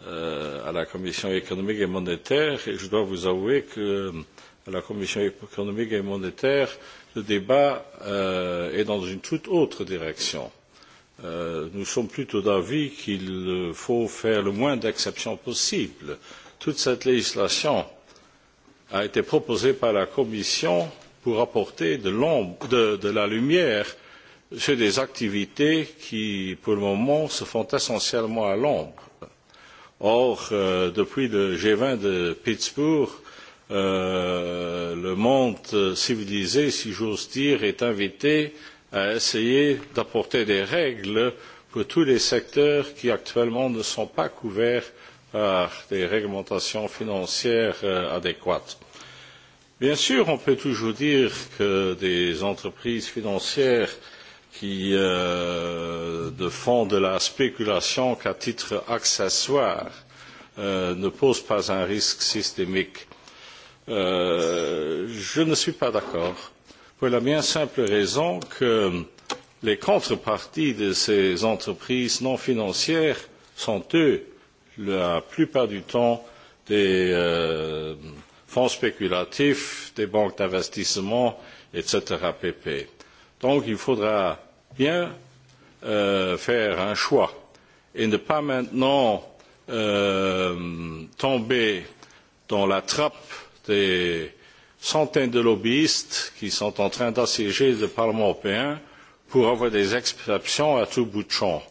Euh, à la commission économique et monétaire et je dois vous avouer que euh, à la commission économique et monétaire le débat euh, est dans une toute autre direction. Euh, nous sommes plutôt d'avis qu'il faut faire le moins d'exceptions possible. Toute cette législation a été proposée par la Commission pour apporter de, de, de la lumière sur des activités qui, pour le moment, se font essentiellement à l'ombre Or, euh, depuis le G20 de Pittsburgh, euh, le monde civilisé, si j'ose dire, est invité à essayer d'apporter des règles pour tous les secteurs qui actuellement ne sont pas couverts par des réglementations financières euh, adéquates. Bien sûr, on peut toujours dire que des entreprises financières euh, qui euh, de font de la spéculation qu'à titre accessoire euh, ne pose pas un risque systémique. Euh, je ne suis pas d'accord pour la bien simple raison que les contreparties de ces entreprises non financières sont eux la plupart du temps des euh, fonds spéculatifs, des banques d'investissement, etc. pp. Donc il faudra bien euh, faire un choix et ne pas maintenant euh, tomber dans la trappe des centaines de lobbyistes qui sont en train d'assiéger le Parlement européen pour avoir des exceptions à tout bout de champ,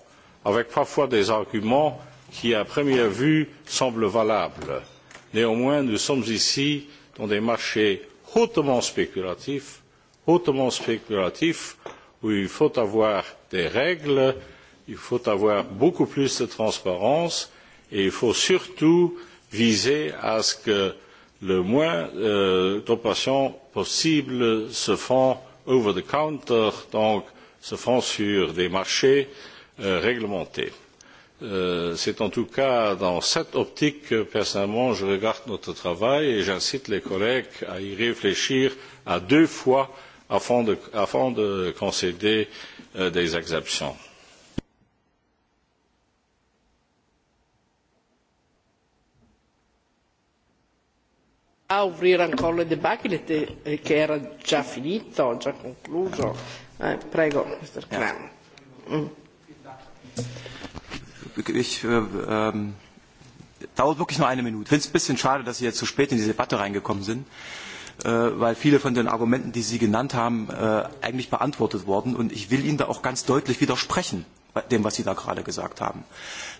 avec parfois des arguments qui, à première vue, semblent valables. Néanmoins, nous sommes ici dans des marchés hautement spéculatifs, hautement spéculatifs, où il faut avoir des règles, il faut avoir beaucoup plus de transparence et il faut surtout viser à ce que le moins euh, d'opérations possibles se font over the counter, donc se font sur des marchés euh, réglementés. Euh, C'est en tout cas dans cette optique que personnellement je regarde notre travail et j'incite les collègues à y réfléchir à deux fois euh, afin de, afin de concéder euh, des exemptions. a aprire ancora il dibattito eh, che era già finito, già concluso. Eh, prego, Mr. Kram. Mm. Ich äh, ähm, dauert wirklich nur eine Minute. Ich finde es ein bisschen schade, dass Sie jetzt zu spät in die Debatte reingekommen sind äh, weil viele von den Argumenten, die Sie genannt haben, äh, eigentlich beantwortet wurden. Und ich will Ihnen da auch ganz deutlich widersprechen, dem, was Sie da gerade gesagt haben.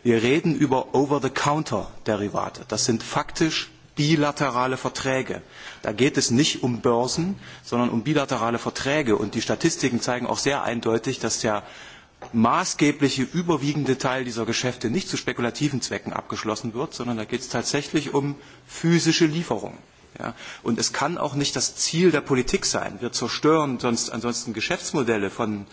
Wir reden über Over-the-Counter-Derivate. Das sind faktisch bilaterale Verträge. Da geht es nicht um Börsen, sondern um bilaterale Verträge. Und die Statistiken zeigen auch sehr eindeutig, dass der maßgebliche, überwiegende Teil dieser Geschäfte nicht zu spekulativen Zwecken abgeschlossen wird, sondern da geht es tatsächlich um physische Lieferungen. Ja? Und es kann auch nicht das Ziel der Politik sein. Wir zerstören sonst ansonsten Geschäftsmodelle von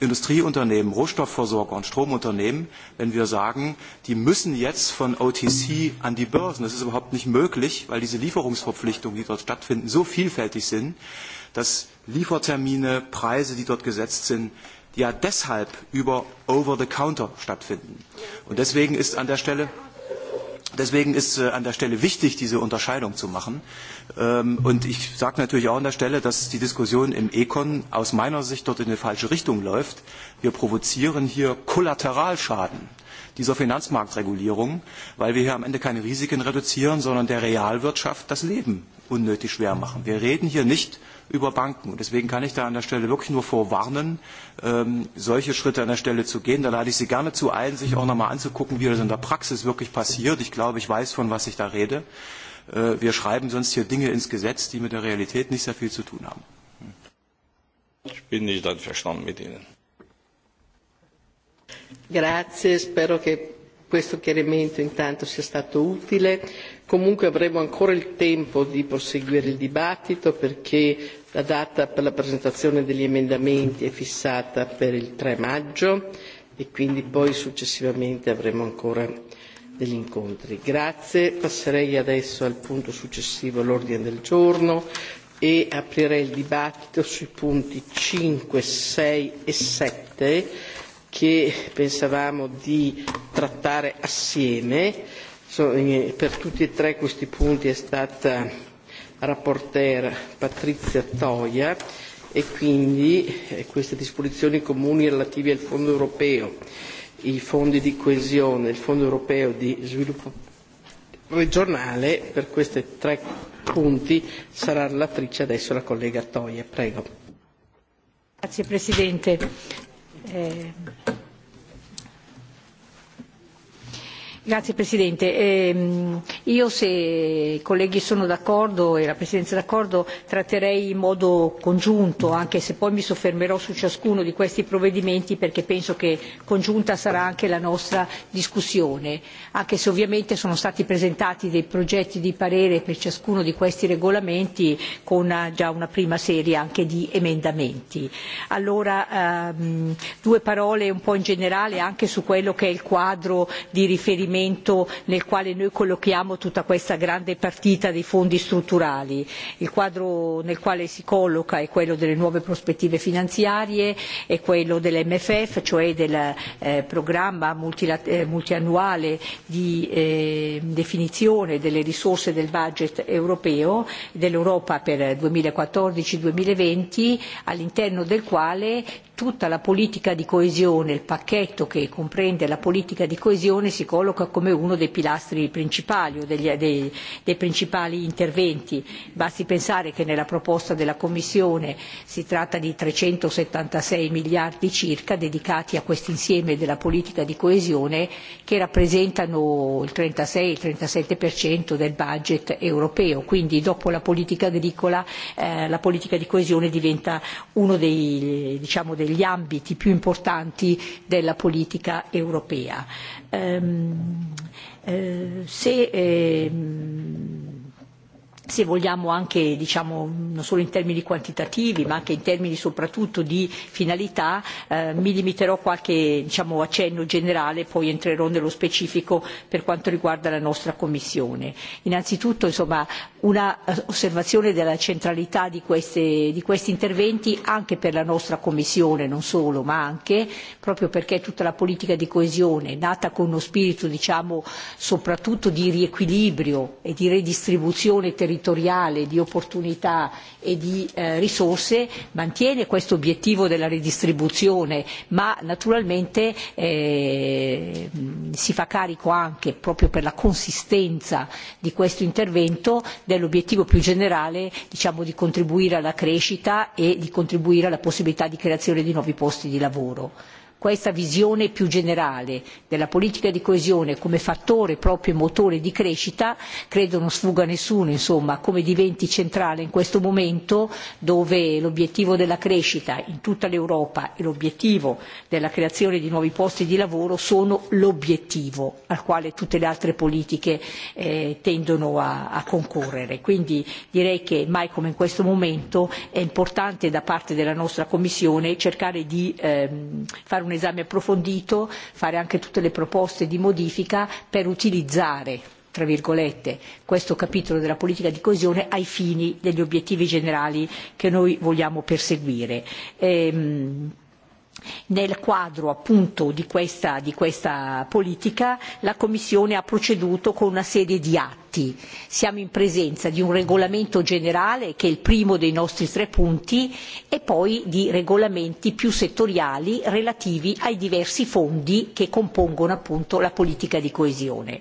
Industrieunternehmen, Rohstoffversorger und Stromunternehmen, wenn wir sagen, die müssen jetzt von OTC an die Börsen. Das ist überhaupt nicht möglich, weil diese Lieferungsverpflichtungen, die dort stattfinden, so vielfältig sind, dass Liefertermine, Preise, die dort gesetzt sind, ja deshalb über Over-the-Counter stattfinden. Und deswegen ist an der Stelle... Deswegen ist äh, an der Stelle wichtig, diese Unterscheidung zu machen. Ähm, und ich sage natürlich auch an der Stelle, dass die Diskussion im Econ aus meiner Sicht dort in die falsche Richtung läuft. Wir provozieren hier Kollateralschaden dieser Finanzmarktregulierung, weil wir hier am Ende keine Risiken reduzieren, sondern der Realwirtschaft das Leben unnötig schwer machen. Wir reden hier nicht über Banken. Und deswegen kann ich da an der Stelle wirklich nur vorwarnen, ähm, solche Schritte an der Stelle zu gehen. Da lade ich Sie gerne zu ein, sich auch nochmal anzugucken, wie das in der Praxis wirklich passiert. Ich glaube, ich weiß, von was ich da rede. Äh, wir schreiben sonst hier Dinge ins Gesetz, die mit der Realität nicht sehr viel zu tun haben. Ich bin nicht einverstanden mit Ihnen. Grazie, spero che questo chiarimento intanto sia stato utile. Comunque avremo ancora il tempo di proseguire il dibattito perché la data per la presentazione degli emendamenti è fissata per il 3 maggio e quindi poi successivamente avremo ancora degli incontri. Grazie, passerei adesso al punto successivo all'ordine del giorno e aprirei il dibattito sui punti 5, 6 e 7 che pensavamo di trattare assieme So, eh, per tutti e tre questi punti è stata rapporter Patrizia Toia e quindi eh, queste disposizioni comuni relative al Fondo europeo, i fondi di coesione, il Fondo europeo di sviluppo regionale, per questi tre punti sarà relatrice adesso la collega Toia. Prego. Grazie Presidente. Eh Grazie Presidente. Eh, io se i colleghi sono d'accordo e la Presidenza è d'accordo tratterei in modo congiunto, anche se poi mi soffermerò su ciascuno di questi provvedimenti perché penso che congiunta sarà anche la nostra discussione, anche se ovviamente sono stati presentati dei progetti di parere per ciascuno di questi regolamenti con una, eh, già una prima serie anche di emendamenti. Allora ehm, due parole un po' in generale anche su quello che è il quadro di riferimento elemento nel quale noi collochiamo tutta questa grande partita dei fondi strutturali. Il quadro nel quale si colloca è quello delle nuove prospettive finanziarie, è quello dell'MFF, cioè del eh, programma eh, multiannuale di eh, definizione delle risorse del budget europeo dell'Europa per 2014-2020, all'interno del quale tutta la politica di coesione, il pacchetto che comprende la politica di coesione si colloca come uno dei pilastri principali o degli, dei, dei principali interventi. Basti pensare che nella proposta della Commissione si tratta di 376 miliardi circa dedicati a questo insieme della politica di coesione che rappresentano il 36-37% del budget europeo. Quindi dopo la politica agricola eh, la politica di coesione diventa uno dei, diciamo, dei gli ambiti più importanti della politica europea. Ehm, eh, se, ehm, se vogliamo anche diciamo, non solo in termini quantitativi ma anche in termini soprattutto di finalità eh, mi limiterò a qualche diciamo, accenno generale poi entrerò nello specifico per quanto riguarda la nostra Commissione. Innanzitutto insomma, una eh, osservazione della centralità di, queste, di questi interventi anche per la nostra Commissione non solo ma anche proprio perché tutta la politica di coesione nata con uno spirito diciamo, soprattutto di riequilibrio e di redistribuzione territoriale territoriale di opportunità e di eh, risorse mantiene questo obiettivo della ridistribuzione ma naturalmente eh, si fa carico anche proprio per la consistenza di questo intervento dell'obiettivo più generale diciamo di contribuire alla crescita e di contribuire alla possibilità di creazione di nuovi posti di lavoro questa visione più generale della politica di coesione come fattore proprio e motore di crescita credo non sfugga a nessuno insomma come diventi centrale in questo momento dove l'obiettivo della crescita in tutta l'Europa e l'obiettivo della creazione di nuovi posti di lavoro sono l'obiettivo al quale tutte le altre politiche eh, tendono a, a concorrere. Quindi direi che mai come in questo momento è importante da parte della nostra Commissione cercare di ehm, fare un esame approfondito fare anche tutte le proposte di modifica per utilizzare tra virgolette questo capitolo della politica di coesione ai fini degli obiettivi generali che noi vogliamo perseguire. Ehm, Nel quadro appunto di questa, di questa politica la Commissione ha proceduto con una serie di atti. Siamo in presenza di un regolamento generale che è il primo dei nostri tre punti e poi di regolamenti più settoriali relativi ai diversi fondi che compongono appunto la politica di coesione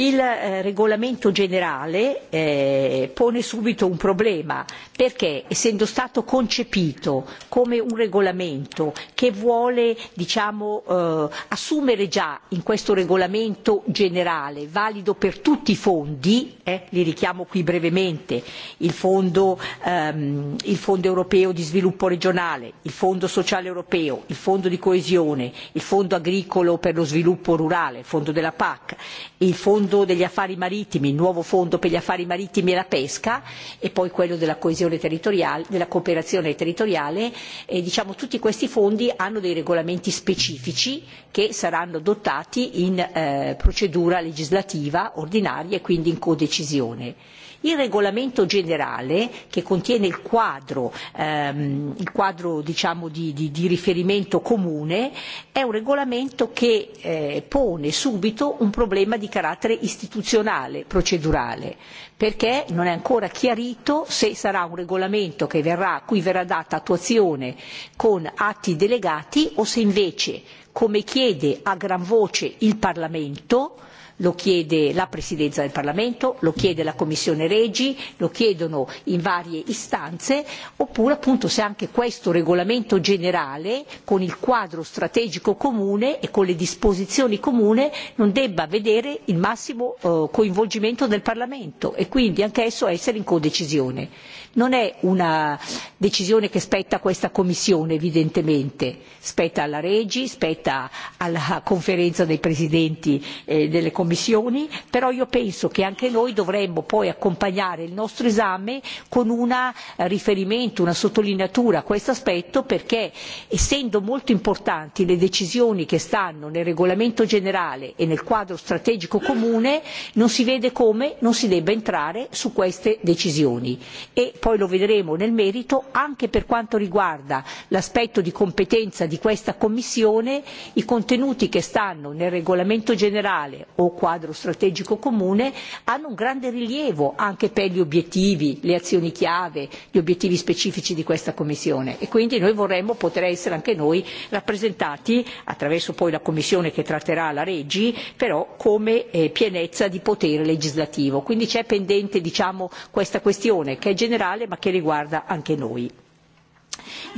Il eh, regolamento generale eh, pone subito un problema perché essendo stato concepito come un regolamento che vuole diciamo, eh, assumere già in questo regolamento generale valido per tutti i fondi, eh, li richiamo qui brevemente, il fondo, ehm, il fondo europeo di sviluppo regionale, il fondo sociale europeo, il fondo di coesione, il fondo agricolo per lo sviluppo rurale, il fondo della PAC, il fondo fondo degli affari marittimi, il nuovo fondo per gli affari marittimi e la pesca e poi quello della coesione territoriale, della cooperazione territoriale e diciamo tutti questi fondi hanno dei regolamenti specifici che saranno adottati in eh, procedura legislativa ordinaria e quindi in codecisione Il regolamento generale che contiene il quadro, ehm, il quadro diciamo, di, di, di riferimento comune è un regolamento che eh, pone subito un problema di carattere istituzionale, procedurale, perché non è ancora chiarito se sarà un regolamento che verrà, cui verrà data attuazione con atti delegati o se invece, come chiede a gran voce il Parlamento, lo chiede la Presidenza del Parlamento, lo chiede la Commissione Regi, lo chiedono in varie istanze, oppure appunto se anche questo regolamento generale con il quadro strategico comune e con le disposizioni comune non debba vedere il massimo eh, coinvolgimento del Parlamento e quindi anch'esso essere in codecisione Non è una decisione che spetta a questa Commissione evidentemente, spetta alla Regi, spetta alla conferenza dei presidenti eh, delle commissioni, però io penso che anche noi dovremmo poi accompagnare il nostro esame con un riferimento, una sottolineatura a questo aspetto perché essendo molto importanti le decisioni che stanno nel regolamento generale e nel quadro strategico comune non si vede come non si debba entrare su queste decisioni e poi lo vedremo nel merito anche per quanto riguarda l'aspetto di competenza di questa commissione i contenuti che stanno nel regolamento generale o quadro strategico comune hanno un grande rilievo anche per gli obiettivi le azioni chiave gli obiettivi specifici di questa commissione e quindi noi vorremmo poter essere anche noi rappresentati attraverso poi la commissione che tratterà la regi però come eh, pienezza di potere legislativo quindi c'è pendente diciamo questa questione che è generale mondiale ma che riguarda anche noi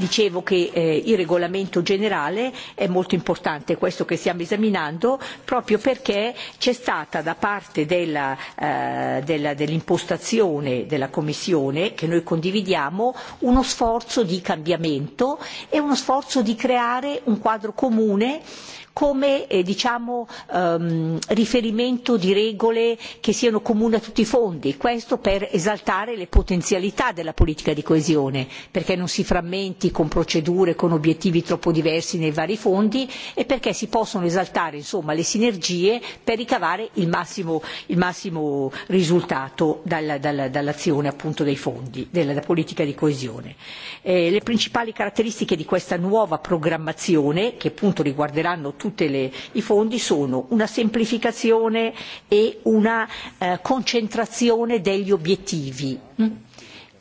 dicevo che eh, il regolamento generale è molto importante, questo che stiamo esaminando, proprio perché c'è stata da parte della, eh, della, dell'impostazione della Commissione, che noi condividiamo, uno sforzo di cambiamento e uno sforzo di creare un quadro comune come eh, diciamo, ehm, riferimento di regole che siano comuni a tutti i fondi, questo per esaltare le potenzialità della politica di coesione, perché non si frammenti tutti con procedure, con obiettivi troppo diversi nei vari fondi e perché si possono esaltare insomma, le sinergie per ricavare il massimo, il massimo risultato dalla, dalla, dall'azione appunto dei fondi, della, della politica di coesione. Eh, le principali caratteristiche di questa nuova programmazione, che appunto riguarderanno tutti i fondi, sono una semplificazione e una eh, concentrazione degli obiettivi. Mm?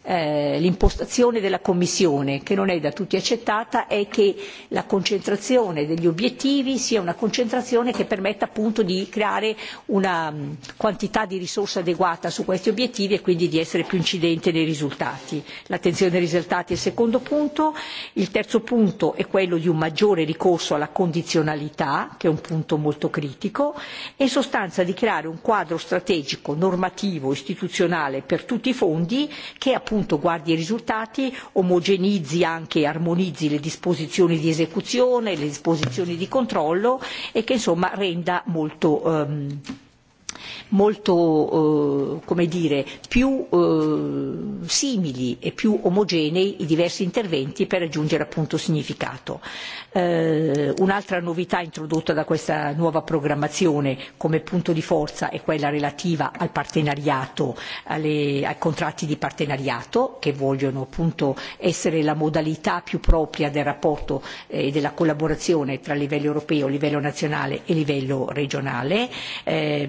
eh, l'impostazione della Commissione, che non è da tutti accettata, è che la concentrazione degli obiettivi sia una concentrazione che permetta appunto di creare una mm, quantità di risorse adeguata su questi obiettivi e quindi di essere più incidente nei risultati. L'attenzione ai risultati è il secondo punto. Il terzo punto è quello di un maggiore ricorso alla condizionalità, che è un punto molto critico, e in sostanza di creare un quadro strategico, normativo, istituzionale per tutti i fondi che appunto guardi i risultati, omogenizzi anche e armonizzi le disposizioni di esecuzione, le disposizioni di controllo e che insomma renda molto ehm, molto eh, come dire, più eh, simili e più omogenei i diversi interventi per raggiungere appunto significato. Eh, un'altra novità introdotta da questa nuova programmazione come punto di forza è quella relativa al partenariato, alle, ai contratti di partenariato che vogliono appunto essere la modalità più propria del rapporto eh, e eh, della collaborazione tra livello europeo, livello nazionale e livello regionale. Eh,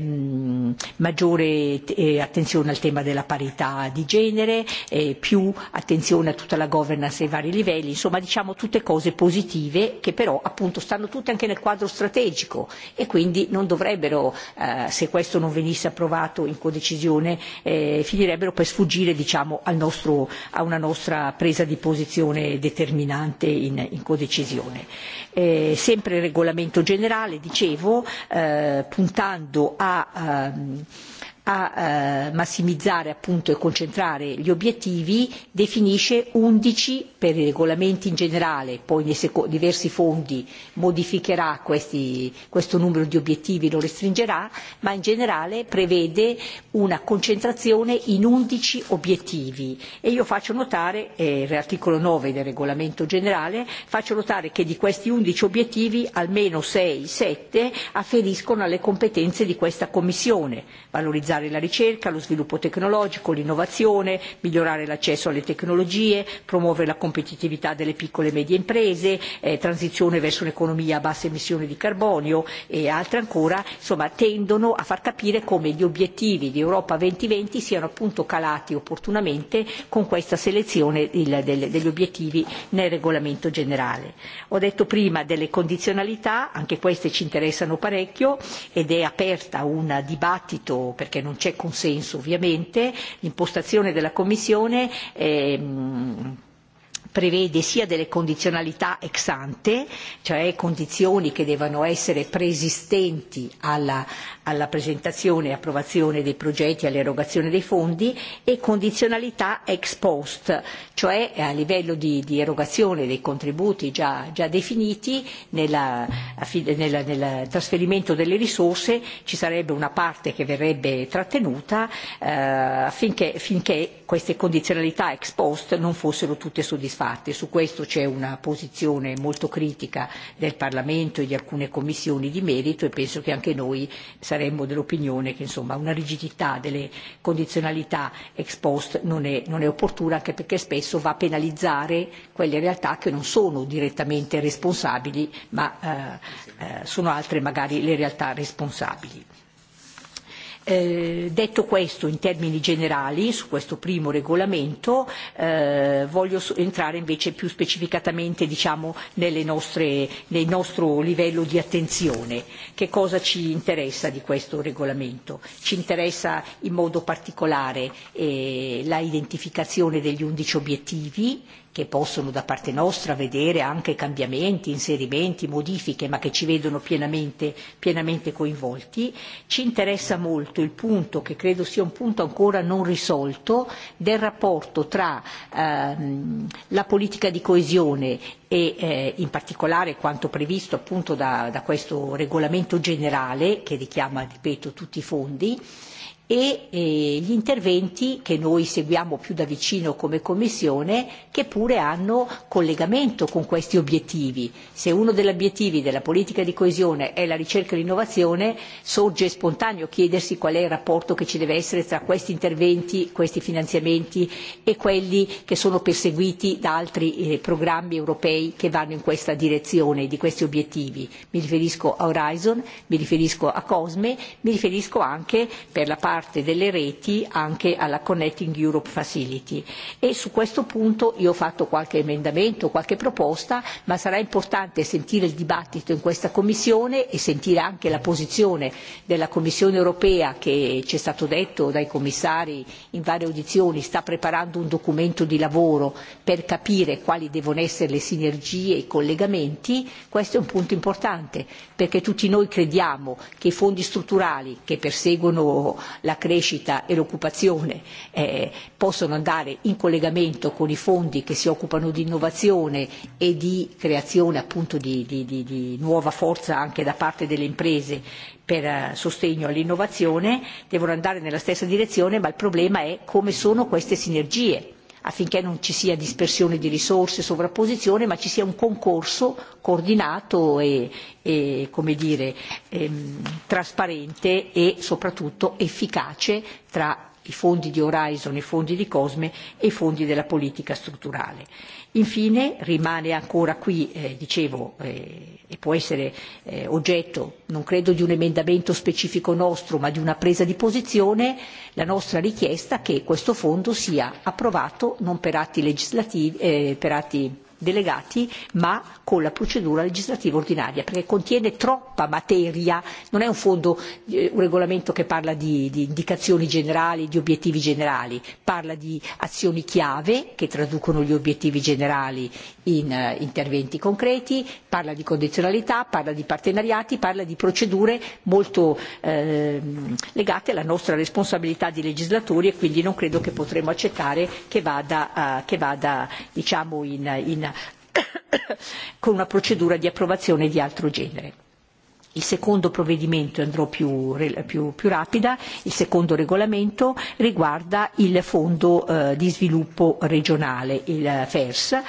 ehm, maggiore eh, attenzione al tema della parità di genere, eh, più attenzione a tutta la governance ai vari livelli, insomma diciamo tutte cose positive che però appunto stanno tutte anche nel quadro strategico e quindi non dovrebbero, eh, se questo non venisse approvato in codecisione, eh, finirebbero per sfuggire diciamo, al nostro, a una nostra presa di posizione determinante in, in codecisione. Eh, sempre il regolamento generale, dicevo, eh, puntando a eh, um, a eh, massimizzare appunto e concentrare gli obiettivi definisce 11 per i regolamenti in generale, poi nei seco- diversi fondi modificherà questi, questo numero di obiettivi, lo restringerà, ma in generale prevede una concentrazione in 11 obiettivi e io faccio notare, eh, l'articolo 9 del regolamento generale, faccio notare che di questi 11 obiettivi almeno 6-7 afferiscono alle competenze di questa Commissione, valorizzare stimolare la ricerca, lo sviluppo tecnologico, l'innovazione, migliorare l'accesso alle tecnologie, promuovere la competitività delle piccole e medie imprese, eh, transizione verso un'economia a basse emissioni di carbonio e altre ancora, insomma, tendono a far capire come gli obiettivi di Europa 2020 siano appunto calati opportunamente con questa selezione il, del, degli obiettivi nel regolamento generale. Ho detto prima delle condizionalità, anche queste ci interessano parecchio ed è aperta un dibattito perché perché non c'è consenso ovviamente, l'impostazione della Commissione ehm, prevede sia delle condizionalità ex ante, cioè condizioni che devono essere preesistenti alla, alla presentazione e approvazione dei progetti e all'erogazione dei fondi e condizionalità ex post, cioè eh, a livello di, di erogazione dei contributi già, già definiti nella, nella, nel trasferimento delle risorse ci sarebbe una parte che verrebbe trattenuta eh, finché, finché queste condizionalità ex post non fossero tutte soddisfatte. Su questo c'è una posizione molto critica del Parlamento e di alcune commissioni di merito e penso che anche noi sarebbe saremmo dell'opinione che insomma una rigidità delle condizionalità ex post non è, non è opportuna anche perché spesso va a penalizzare quelle realtà che non sono direttamente responsabili ma eh, eh, sono altre magari le realtà responsabili. Eh, detto questo in termini generali su questo primo regolamento eh, voglio entrare invece più specificatamente diciamo, nelle nostre, nel nostro livello di attenzione. Che cosa ci interessa di questo regolamento? Ci interessa in modo particolare eh, la identificazione degli undici obiettivi, che possono da parte nostra vedere anche cambiamenti, inserimenti, modifiche, ma che ci vedono pienamente, pienamente coinvolti. Ci interessa molto il punto, che credo sia un punto ancora non risolto, del rapporto tra ehm, la politica di coesione e eh, in particolare quanto previsto appunto da, da questo regolamento generale che richiama, ripeto, tutti i fondi, e eh, gli interventi che noi seguiamo più da vicino come Commissione che pure hanno collegamento con questi obiettivi. Se uno degli obiettivi della politica di coesione è la ricerca e l'innovazione, sorge spontaneo chiedersi qual è il rapporto che ci deve essere tra questi interventi, questi finanziamenti e quelli che sono perseguiti da altri eh, programmi europei che vanno in questa direzione di questi obiettivi. Mi riferisco a Horizon, mi riferisco a Cosme, mi riferisco anche per la parte parte delle reti anche alla Connecting Europe Facility e su questo punto io ho fatto qualche emendamento, qualche proposta, ma sarà importante sentire il dibattito in questa Commissione e sentire anche la posizione della Commissione europea che ci è stato detto dai commissari in varie audizioni sta preparando un documento di lavoro per capire quali devono essere le sinergie e i collegamenti, questo è un punto importante perché tutti noi crediamo che i fondi strutturali che perseguono la crescita e l'occupazione eh, possono andare in collegamento con i fondi che si occupano di innovazione e di creazione appunto di, di, di, di nuova forza anche da parte delle imprese per eh, sostegno all'innovazione, devono andare nella stessa direzione, ma il problema è come sono queste sinergie affinché non ci sia dispersione di risorse, sovrapposizione, ma ci sia un concorso coordinato e, e come dire, ehm, trasparente e soprattutto efficace tra i fondi di Horizon, i fondi di Cosme e i fondi della politica strutturale Infine rimane ancora qui, eh, dicevo, eh, e può essere eh, oggetto non credo di un emendamento specifico nostro ma di una presa di posizione, la nostra richiesta che questo fondo sia approvato non per atti, legislativi, eh, per atti delegati ma con la procedura legislativa ordinaria, perché contiene troppa materia, non è un fondo, eh, un regolamento che parla di, di indicazioni generali, di obiettivi generali, parla di azioni chiave che traducono gli obiettivi generali in eh, interventi concreti, parla di condizionalità, parla di partenariati, parla di procedure molto eh, legate alla nostra responsabilità di legislatori e quindi non credo che potremo accettare che vada, eh, che vada diciamo in, in con una procedura di approvazione di altro genere. Il secondo provvedimento, andrò più, più, più rapida, il secondo regolamento riguarda il Fondo eh, di sviluppo regionale, il FERS,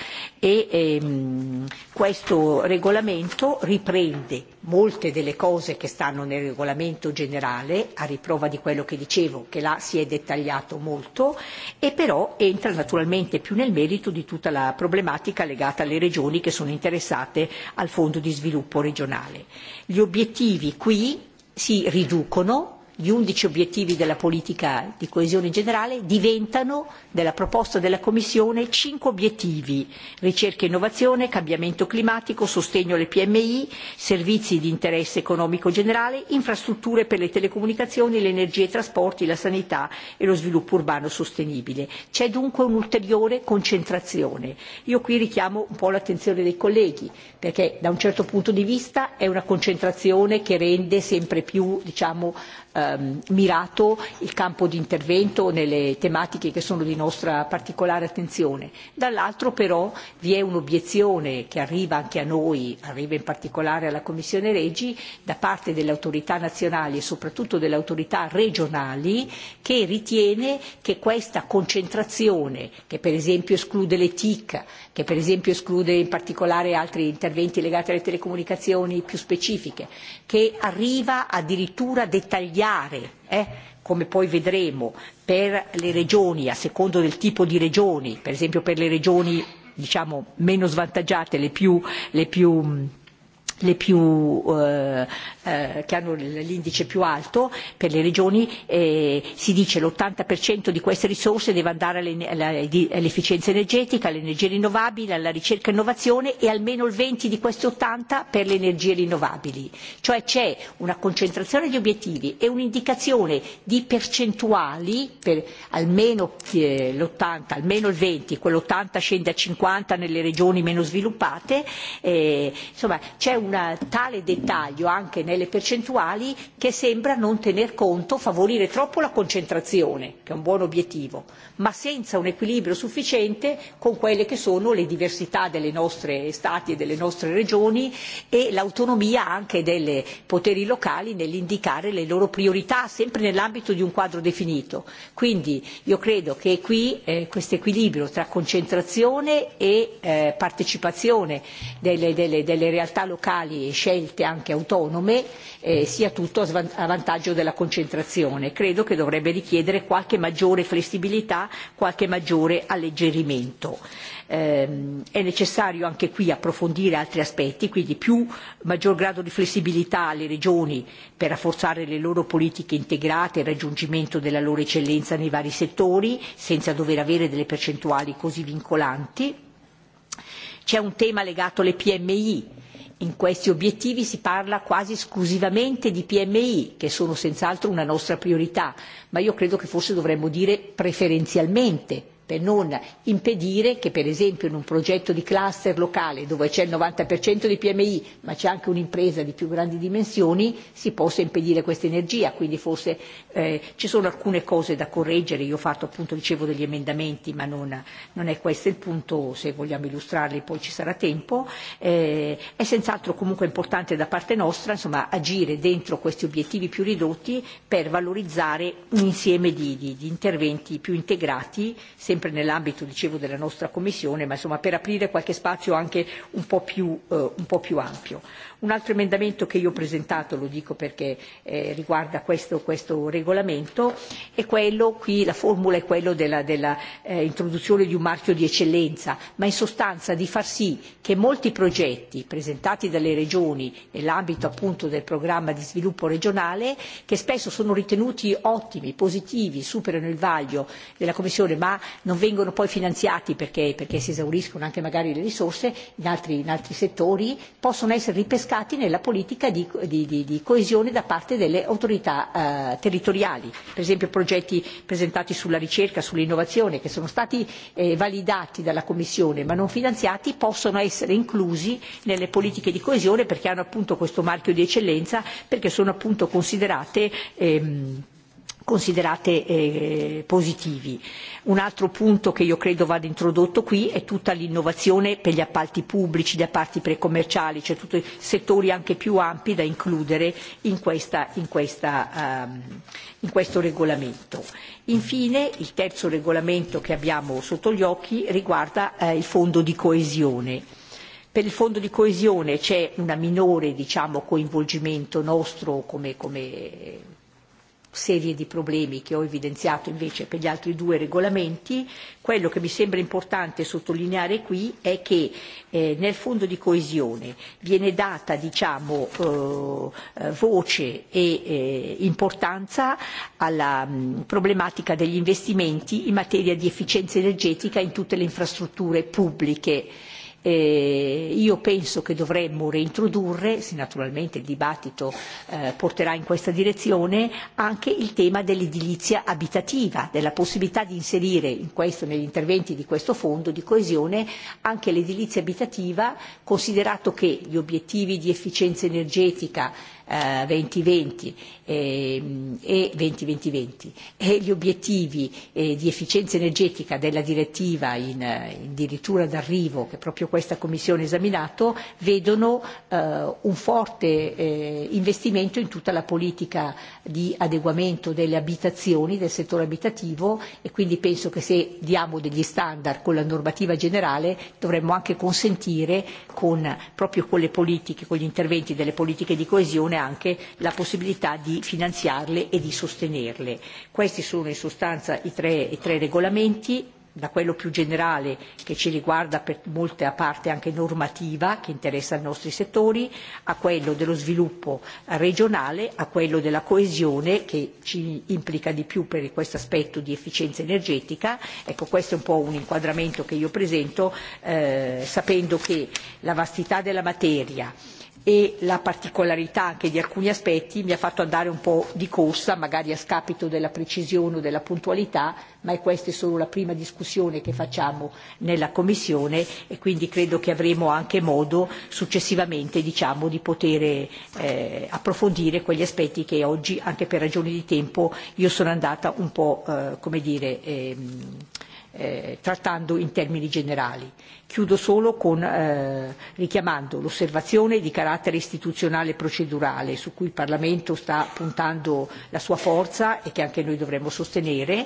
e ehm, questo regolamento riprende molte delle cose che stanno nel regolamento generale, a riprova di quello che dicevo, che là si è dettagliato molto, e però entra naturalmente più nel merito di tutta la problematica legata alle regioni che sono interessate al Fondo di sviluppo regionale. Gli obiettivi qui si riducono gli undici obiettivi della politica di coesione generale diventano, della proposta della Commissione, cinque obiettivi ricerca e innovazione, cambiamento climatico, sostegno alle PMI, servizi di interesse economico generale, infrastrutture per le telecomunicazioni, l'energia e i trasporti, la sanità e lo sviluppo urbano sostenibile. C'è dunque un'ulteriore concentrazione. Io qui richiamo un po' l'attenzione dei colleghi, perché da un certo punto di vista è una concentrazione che rende sempre più diciamo, eh, ehm, mirato il campo di intervento nelle tematiche che sono di nostra particolare attenzione. Dall'altro però vi è un'obiezione che arriva anche a noi, arriva in particolare alla Commissione Regi, da parte delle autorità nazionali e soprattutto delle autorità regionali che ritiene che questa concentrazione, che per esempio esclude le TIC, che per esempio esclude in particolare altri interventi legati alle telecomunicazioni più specifiche, che arriva addirittura dettagliata particolare eh, come poi vedremo per le regioni a secondo del tipo di regioni per esempio per le regioni diciamo meno svantaggiate le più, le più le più, eh, eh, che hanno l'indice più alto per le regioni, eh, si dice l'80% di queste risorse deve andare all'efficienza energetica, alle energie rinnovabili, alla ricerca e innovazione e almeno il 20% di questi 80% per le energie rinnovabili. Cioè c'è una concentrazione di obiettivi e un'indicazione di percentuali per almeno eh, l'80, almeno il 20, quell'80 scende a 50 nelle regioni meno sviluppate, eh, insomma c'è un un eh, tale dettaglio anche nelle percentuali che sembra non tener conto, favorire troppo la concentrazione, che è un buon obiettivo, ma senza un equilibrio sufficiente con quelle che sono le diversità delle nostre stati e delle nostre regioni e l'autonomia anche dei poteri locali nell'indicare le loro priorità, sempre nell'ambito di un quadro definito. Quindi io credo che qui eh, questo equilibrio tra concentrazione e eh, partecipazione delle, delle, delle realtà locali individuali e scelte anche autonome eh, sia tutto a, svant- a vantaggio della concentrazione. Credo che dovrebbe richiedere qualche maggiore flessibilità, qualche maggiore alleggerimento. Eh, è necessario anche qui approfondire altri aspetti, quindi più, maggior grado di flessibilità alle regioni per rafforzare le loro politiche integrate e il raggiungimento della loro eccellenza nei vari settori, senza dover avere delle percentuali così vincolanti. C'è un tema legato alle PMI, in questi obiettivi si parla quasi esclusivamente di PMI, che sono senz'altro una nostra priorità, ma io credo che forse dovremmo dire preferenzialmente per non impedire che per esempio in un progetto di cluster locale dove c'è il 90% di PMI ma c'è anche un'impresa di più grandi dimensioni si possa impedire questa energia, quindi forse eh, ci sono alcune cose da correggere, io ho fatto appunto dicevo degli emendamenti ma non, non è questo il punto, se vogliamo illustrarli poi ci sarà tempo, eh, è senz'altro comunque importante da parte nostra insomma, agire dentro questi obiettivi più ridotti per valorizzare un insieme di, di, di interventi più integrati, sempre sempre nell'ambito dicevo della nostra commissione ma insomma per aprire qualche spazio anche un po' più, eh, un po più ampio. Un altro emendamento che io ho presentato, lo dico perché eh, riguarda questo, questo regolamento, è quello, qui la formula è quella dell'introduzione eh, di un marchio di eccellenza, ma in sostanza di far sì che molti progetti presentati dalle regioni nell'ambito appunto del programma di sviluppo regionale, che spesso sono ritenuti ottimi, positivi, superano il vaglio della Commissione, ma non vengono poi finanziati perché, perché si esauriscono anche magari le risorse in altri, in altri settori, possono essere ripescati innescati nella politica di, di, di, di coesione da parte delle autorità eh, territoriali, per esempio progetti presentati sulla ricerca, sull'innovazione, che sono stati eh, validati dalla Commissione ma non finanziati, possono essere inclusi nelle politiche di coesione perché hanno appunto questo marchio di eccellenza, perché sono appunto considerate ehm, considerate eh, positivi. Un altro punto che io credo vada introdotto qui è tutta l'innovazione per gli appalti pubblici, gli appalti precommerciali, cioè tutti settori anche più ampi da includere in, questa, in, questa, um, in questo regolamento. Infine il terzo regolamento che abbiamo sotto gli occhi riguarda eh, il fondo di coesione. Per il fondo di coesione c'è una minore diciamo, coinvolgimento nostro come, come serie di problemi che ho evidenziato invece per gli altri due regolamenti, quello che mi sembra importante sottolineare qui è che eh, nel fondo di coesione viene data diciamo, eh, eh voce e eh, importanza alla mh, mm, problematica degli investimenti in materia di efficienza energetica in tutte le infrastrutture pubbliche Eh, io penso che dovremmo reintrodurre, se naturalmente il dibattito eh, porterà in questa direzione, anche il tema dell'edilizia abitativa, della possibilità di inserire in questo, negli interventi di questo fondo di coesione anche l'edilizia abitativa, considerato che gli obiettivi di efficienza energetica eh, 2020 eh, e 2020 e gli obiettivi eh, di efficienza energetica della direttiva in, in eh, dirittura d'arrivo che proprio questa Commissione ha esaminato vedono eh, un forte eh, investimento in tutta la politica di adeguamento delle abitazioni, del settore abitativo e quindi penso che se diamo degli standard con la normativa generale dovremmo anche consentire con, proprio con le politiche, con gli interventi delle politiche di coesione anche la possibilità di finanziarle e di sostenerle. Questi sono in sostanza i tre, i tre regolamenti da quello più generale che ci riguarda per molta parte anche normativa che interessa i nostri settori, a quello dello sviluppo regionale, a quello della coesione che ci implica di più per questo aspetto di efficienza energetica. Ecco, questo è un po' un inquadramento che io presento eh, sapendo che la vastità della materia, e la particolarità anche di alcuni aspetti mi ha fatto andare un po' di corsa, magari a scapito della precisione o della puntualità, ma questa è solo la prima discussione che facciamo nella Commissione e quindi credo che avremo anche modo successivamente diciamo, di poter eh, approfondire quegli aspetti che oggi, anche per ragioni di tempo, io sono andata un po' eh, come dire, eh, eh, trattando in termini generali. Chiudo solo con, eh, richiamando l'osservazione di carattere istituzionale e procedurale su cui il Parlamento sta puntando la sua forza e che anche noi dovremmo sostenere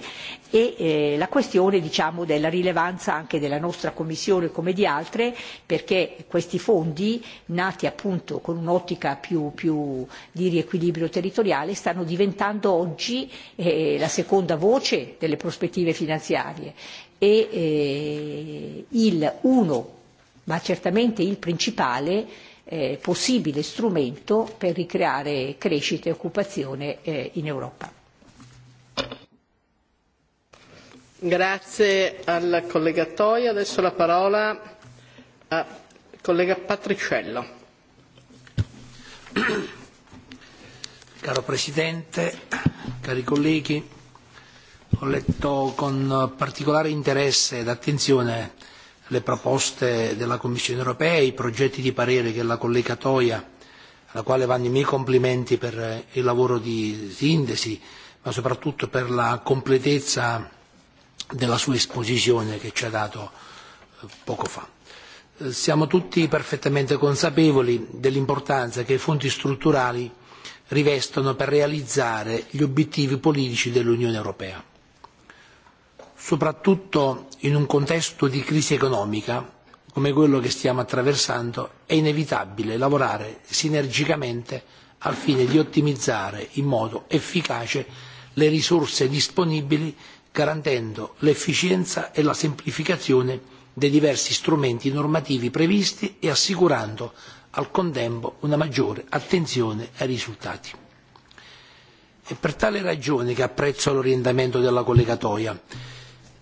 e eh, la questione diciamo, della rilevanza anche della nostra Commissione come di altre perché questi fondi nati appunto con un'ottica più, più di riequilibrio territoriale stanno diventando oggi eh, la seconda voce delle prospettive finanziarie e eh, il uno, ma certamente il principale, eh, possibile strumento per ricreare crescita e occupazione eh, in Europa. Grazie al collega Toia. Adesso la parola al collega Patriciello. Caro Presidente, cari colleghi, Ho letto con eh, particolare interesse ed attenzione le proposte della Commissione europea e i progetti di parere che la collega Toia, alla quale vanno i miei complimenti per eh, il lavoro di sintesi, ma soprattutto per la completezza della sua esposizione che ci ha dato eh, poco fa. Siamo tutti perfettamente consapevoli dell'importanza che i fondi strutturali rivestono per realizzare gli obiettivi politici dell'Unione europea soprattutto in un contesto di crisi economica come quello che stiamo attraversando, è inevitabile lavorare sinergicamente al fine di ottimizzare in modo efficace le risorse disponibili garantendo l'efficienza e la semplificazione dei diversi strumenti normativi previsti e assicurando al contempo una maggiore attenzione ai risultati. È per tale ragione che apprezzo l'orientamento della collega Toia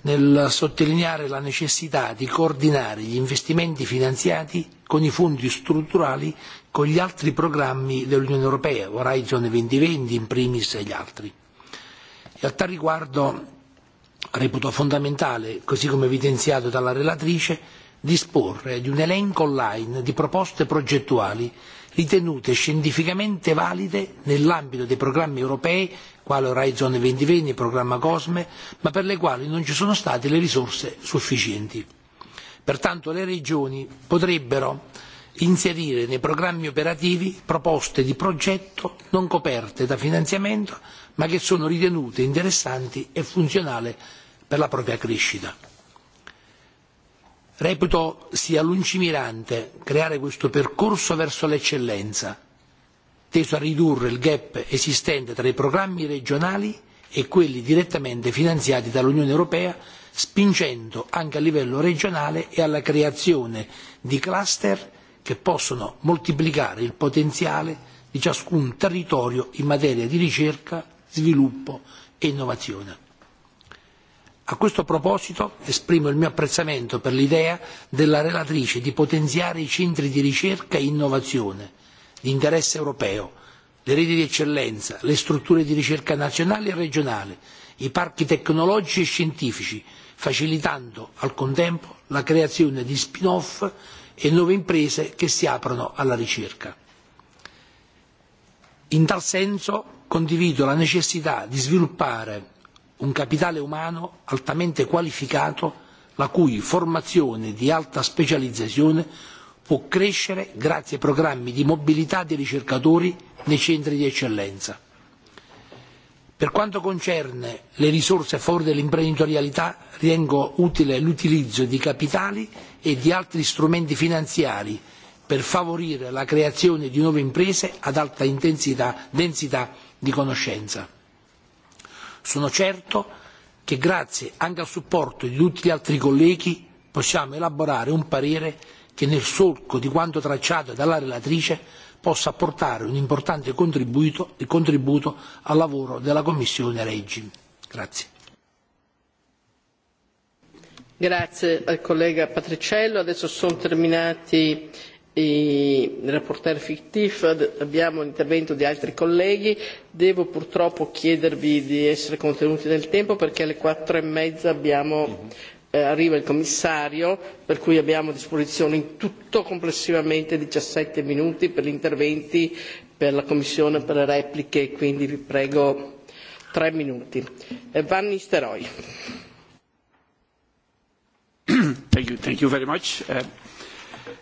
nel sottolineare la necessità di coordinare gli investimenti finanziati con i fondi strutturali con gli altri programmi dell'Unione Europea, Horizon 2020 in primis e gli altri. E a tal riguardo reputo fondamentale, così come evidenziato dalla relatrice, disporre di un elenco online di proposte progettuali ritenute scientificamente valide nell'ambito dei programmi europei quale Horizon 2020 e programma Cosme, ma per le quali non ci sono state le risorse sufficienti. Pertanto le regioni potrebbero inserire nei programmi operativi proposte di progetto non coperte da finanziamento ma che sono ritenute interessanti e funzionali per la propria crescita. Reputo sia lungimirante creare questo percorso verso l'eccellenza teso a ridurre il gap esistente tra i programmi regionali e quelli direttamente finanziati dall'Unione Europea, spingendo anche a livello regionale e alla creazione di cluster che possono moltiplicare il potenziale di ciascun territorio in materia di ricerca, sviluppo e innovazione. A questo proposito esprimo il mio apprezzamento per l'idea della relatrice di potenziare i centri di ricerca e innovazione di interesse europeo, le reti di eccellenza, le strutture di ricerca nazionali e regionali, i parchi tecnologici e scientifici, facilitando al contempo la creazione di spin-off e nuove imprese che si aprono alla ricerca. In tal senso condivido la necessità di sviluppare un capitale umano altamente qualificato la cui formazione di alta specializzazione può crescere grazie ai programmi di mobilità dei ricercatori nei centri di eccellenza. Per quanto concerne le risorse a favore dell'imprenditorialità, ritengo utile l'utilizzo di capitali e di altri strumenti finanziari per favorire la creazione di nuove imprese ad alta intensità, densità di conoscenza. Sono certo che grazie anche al supporto di tutti gli altri colleghi possiamo elaborare un parere che nel solco di quanto tracciato dalla relatrice possa portare un importante contributo, contributo al lavoro della Commissione Regi. Grazie. Grazie al collega Patriciello. Adesso sono terminati i rapporteur fictif, abbiamo l'intervento di altri colleghi. Devo purtroppo chiedervi di essere contenuti nel tempo perché alle quattro e mezza abbiamo mhm eh, arriva il commissario, per cui abbiamo a disposizione in tutto complessivamente 17 minuti per gli interventi, per la Commissione, per le repliche, quindi vi prego tre minuti. Eh, Van Nistelrooy. <clears throat> Thank you, thank you very much. Uh,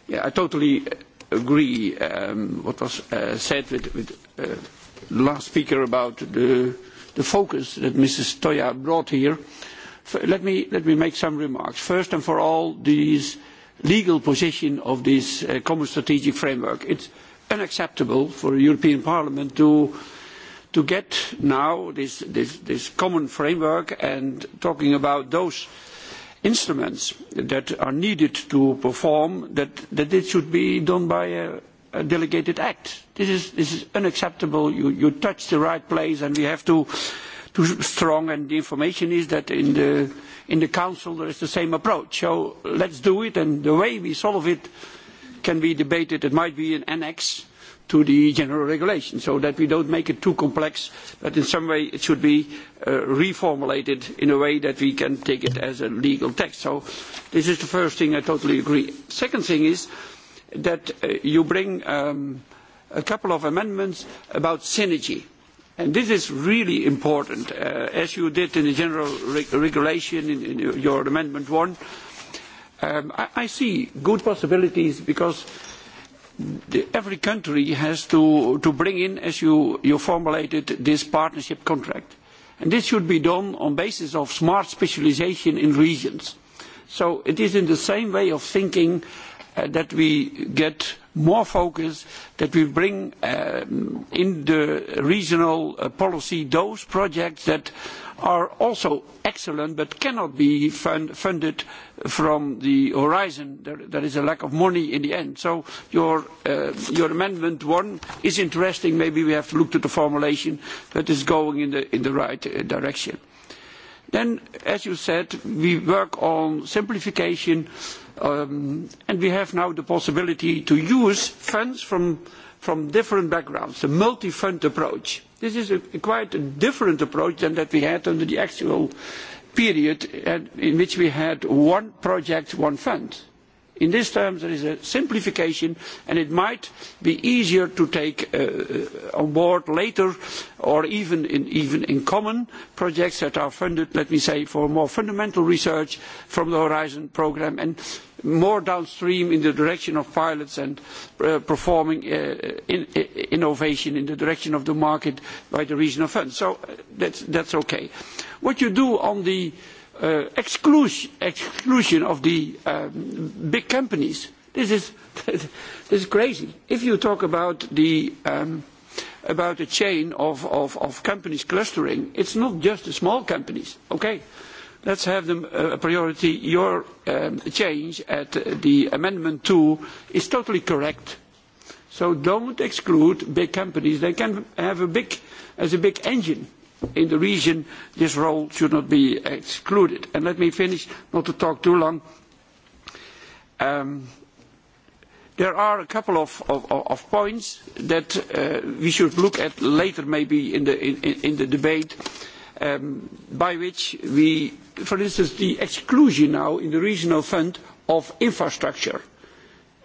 yeah, I totally agree um, what was uh, said with, with uh, the last speaker about the, the focus that Mrs. Toya brought here. Uh, Let me, let me make some remarks. First and for all, the legal position of this uh, common strategic framework. It's unacceptable for the European Parliament to, to get now this, this, this common framework and talking about those instruments that are needed to perform, that, that it should be done by a, a delegated act. This is, this is unacceptable. You, you touch the right place and we have to too strong, and the information is that in the, in the Council there is the same approach. So let's do it, and the way we solve it can be debated. It might be an annex to the general regulation, so that we don't make it too complex, but in some way it should be uh, reformulated in a way that we can take it as a legal text. So this is the first thing I totally agree. Second thing is that uh, you bring um, a couple of amendments about synergy. And this is really important, uh, as you did in the general re regulation in, in your Amendment 1. Um, I, I see good possibilities because the, every country has to, to bring in, as you, you formulated, this partnership contract. And this should be done on basis of smart specialization in regions. So it is in the same way of thinking uh, that we get more focus, that we bring um, in the regional uh, policy those projects that are also excellent but cannot be fund, funded from the horizon. There, there is a lack of money in the end. So your, uh, your amendment one is interesting. Maybe we have to look to the formulation that is going in the, in the right uh, direction. Then, as you said, we work on simplification. Uh, Um, and we have now the possibility to use funds from, from different backgrounds, a multi-fund approach. This is a, a quite a different approach than that we had under the actual period at, in which we had one project, one fund. In these terms, there is a simplification, and it might be easier to take uh, uh, on board later, or even in, even in common projects that are funded, let me say, for more fundamental research from the Horizon program. And more downstream in the direction of pilots and uh, performing uh, in, uh, innovation in the direction of the market by the regional funds. So uh, that's, that's okay. What you do on the uh, exclusion, exclusion of the um, big companies, this is, <laughs> this is crazy. If you talk about the... Um, about a chain of, of, of companies clustering. It's not just the small companies. Okay, uh, let's have the uh, priority. Your um, change at uh, the amendment 2 is totally correct. So don't exclude big companies. They can have a big, as a big engine in the region. This role should not be excluded. And let me finish, not to talk too long. Um, there are a couple of, of, of points that uh, we should look at later maybe in the, in, in the debate. Uh, um, by which we, for instance, the exclusion now in the regional fund of infrastructure.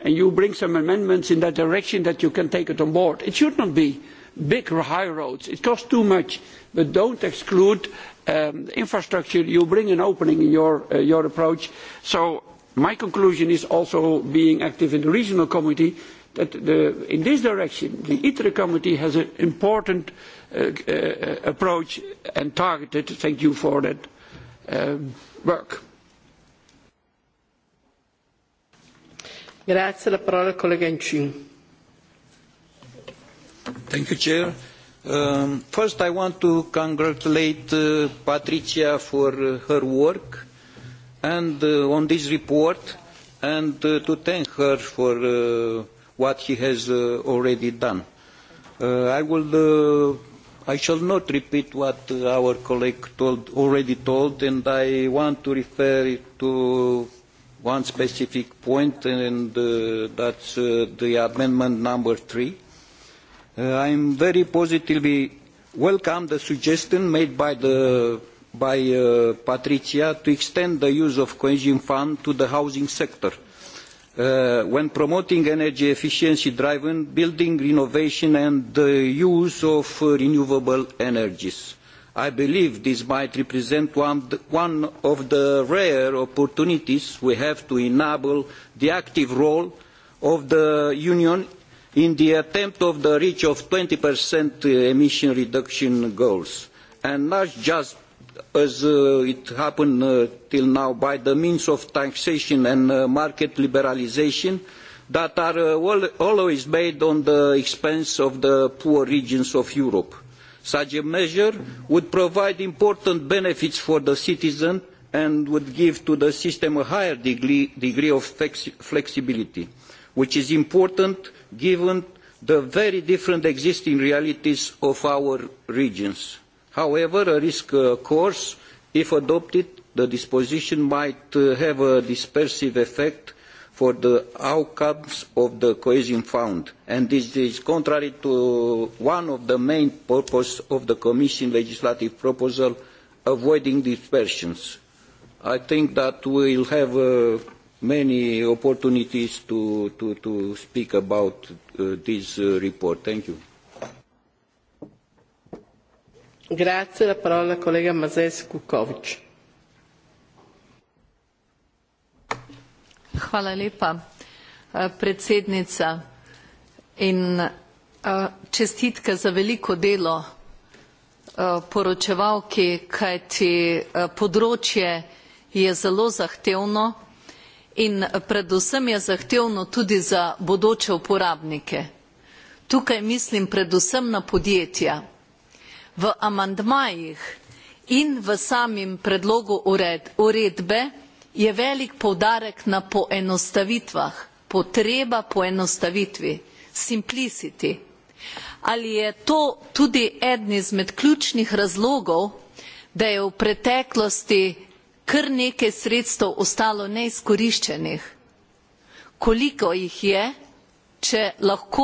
And you bring some amendments in that direction that you can take it on board. It should not be big high roads. It costs too much. But don't exclude um, infrastructure. You bring an opening in your, uh, your approach. So my conclusion is also being active in the regional committee that the, in this direction, the ITRE committee has an important uh, Uh, uh, approach and targeted. Thank you for that um, work. Grazie, la parola al collega Encin. Thank you, Chair. Um, first, I want to congratulate uh, Patricia for uh, her work and uh, on this report, and uh, to thank her for uh, what she has uh, already done. Uh, I will uh, I shall not repeat what our colleague told, already told, and I want to refer to one specific point, and uh, that's uh, the amendment number three. Uh, I am very positively welcome the suggestion made by, the, by uh, Patricia to extend the use of cohesion fund to the housing sector. Uh, uh, when promoting energy efficiency driven building renovation and the use of uh, renewable energies. I believe this might represent one, one of the rare opportunities we have to enable the active role of the Union in the attempt of the reach of 20% emission reduction goals, and not just as uh, it happened uh, till now, by the means of taxation and uh, market liberalization that are uh, all, always made on the expense of the poor regions of Europe. Such a measure would provide important benefits for the citizen and would give to the system a higher degree, degree of flexi flexibility, which is important given the very different existing realities of our regions However, a risk uh, course, if adopted, the disposition might uh, have a dispersive effect for the outcomes of the cohesion fund, and this is contrary to one of the main purposes of the Commission legislative proposal, avoiding dispersions. I think that we'll have uh, many opportunities to, to, to speak about uh, this uh, report. Thank you. Grazie, la parola al collega Mazes Kukovic. Hvala lepa, eh, predsednica. In eh, čestitke za veliko delo eh, poročevalki, kajti področje je zelo zahtevno in predvsem je zahtevno tudi za bodoče uporabnike. Tukaj mislim predvsem na podjetja v amandmajih in v samem predlogu ured, uredbe je velik poudarek na poenostavitvah, potreba poenostavitvi, simplicity. Ali je to tudi eden izmed ključnih razlogov, da je v preteklosti kar nekaj sredstev ostalo neizkoriščenih? Koliko jih je Če lahko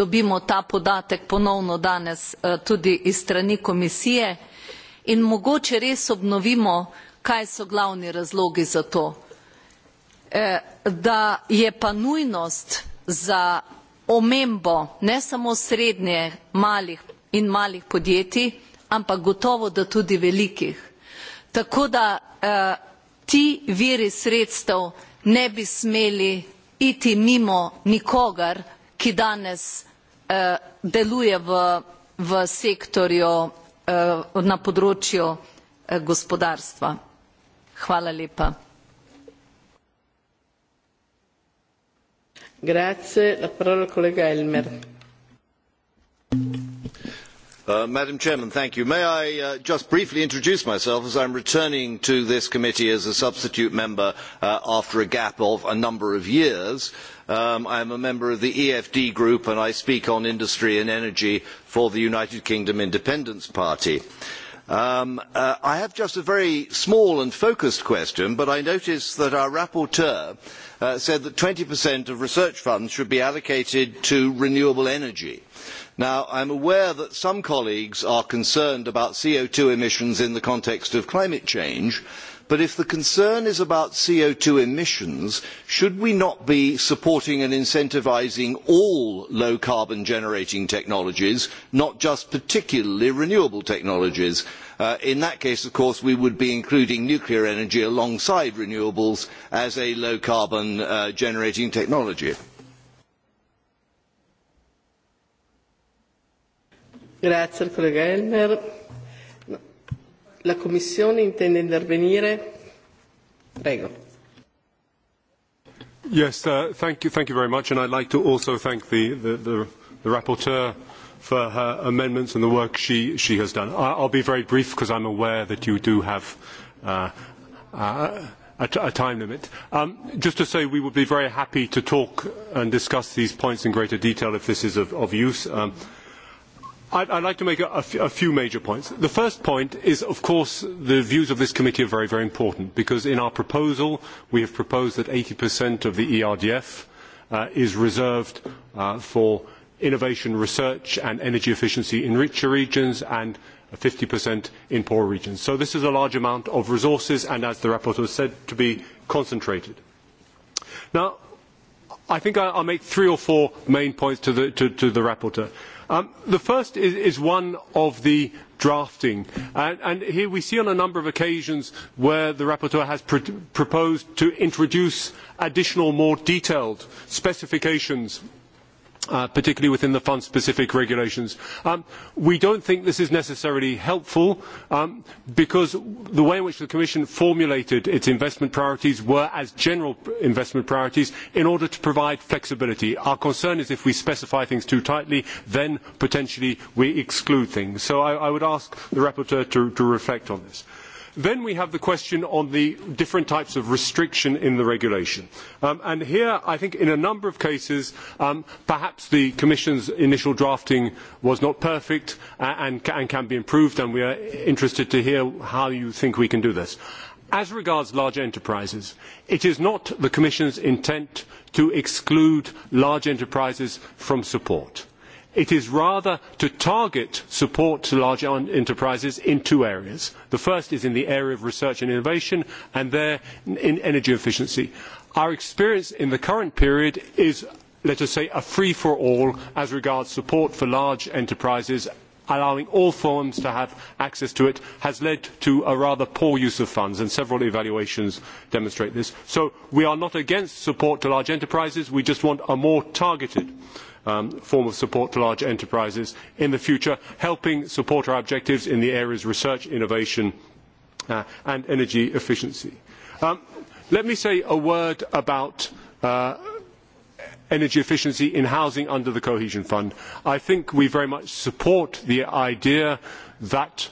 dobimo ta podatek ponovno danes eh, tudi iz strani komisije in mogoče res obnovimo, kaj so glavni razlogi za to. Eh, da je pa nujnost za omembo ne samo srednje malih in malih podjetij, ampak gotovo, da tudi velikih. Tako da eh, ti viri sredstev ne bi smeli iti mimo nikogar, ki danes eh, deluje v, v sektorju eh, na področju eh, gospodarstva. Hvala lepa. Grazie, la parola al collega Elmer. Mm -hmm. Uh, madam president may i uh, just briefly introduce myself as i am returning to this committee as a substitute member uh, after a gap of a number of years. Um, i am a member of the efd group and i speak on industry and energy for the united kingdom independence party. Um, uh, i have just a very small and focused question but i notice that our rapporteur uh, said that twenty of research funds should be allocated to renewable energy. Now, I'm aware that some colleagues are concerned about CO2 emissions in the context of climate change, but if the concern is about CO2 emissions, should we not be supporting and incentivising all low carbon generating technologies, not just particularly renewable technologies? Uh, in that case, of course, we would be including nuclear energy alongside renewables as a low carbon uh, generating technology. Grazie al collega Elmer. La Commissione intende intervenire? Prego. Yes, uh, thank you, thank you very much, and I'd like to also thank the, the, the, the rapporteur for her amendments and the work she, she has done. I, I'll be very brief because I'm aware that you do have uh, uh, a, t- a time limit. Um, just to say, we would be very happy to talk and discuss these points in greater detail if this is of, of use. Um, mm-hmm I'd, I'd like to make a, a, f- a few major points. The first point is, of course, the views of this committee are very, very important because in our proposal we have proposed that 80% of the ERDF uh, is reserved uh, for innovation research and energy efficiency in richer regions and 50% in poor regions. So this is a large amount of resources and, as the rapporteur said, to be concentrated. Now, I think I'll make three or four main points to the, to, to the rapporteur. Um, the first is, is one of the drafting. And, and here we see on a number of occasions where the rapporteur has pr- proposed to introduce additional, more detailed specifications Uh, particularly within the fund specific regulations. Um, we don't think this is necessarily helpful um, because the way in which the Commission formulated its investment priorities were as general investment priorities in order to provide flexibility. Our concern is if we specify things too tightly, then potentially we exclude things. So I, I would ask the Rapporteur to, to reflect on this. Then we have the question on the different types of restriction in the regulation. Um, and here, I think in a number of cases, um, perhaps the Commission's initial drafting was not perfect uh, and, and can be improved, and we are interested to hear how you think we can do this. As regards large enterprises, it is not the Commission's intent to exclude large enterprises from support It is rather to target support to large enterprises in two areas. The first is in the area of research and innovation, and there in energy efficiency. Our experience in the current period is, let us say, a free for all as regards support for large enterprises allowing all firms to have access to it has led to a rather poor use of funds, and several evaluations demonstrate this. So we are not against support to large enterprises, we just want a more targeted uh, um, form of support to large enterprises in the future, helping support our objectives in the areas research, innovation, uh, and energy efficiency. Um, let me say a word about uh, energy efficiency in housing under the Cohesion Fund. I think we very much support the idea that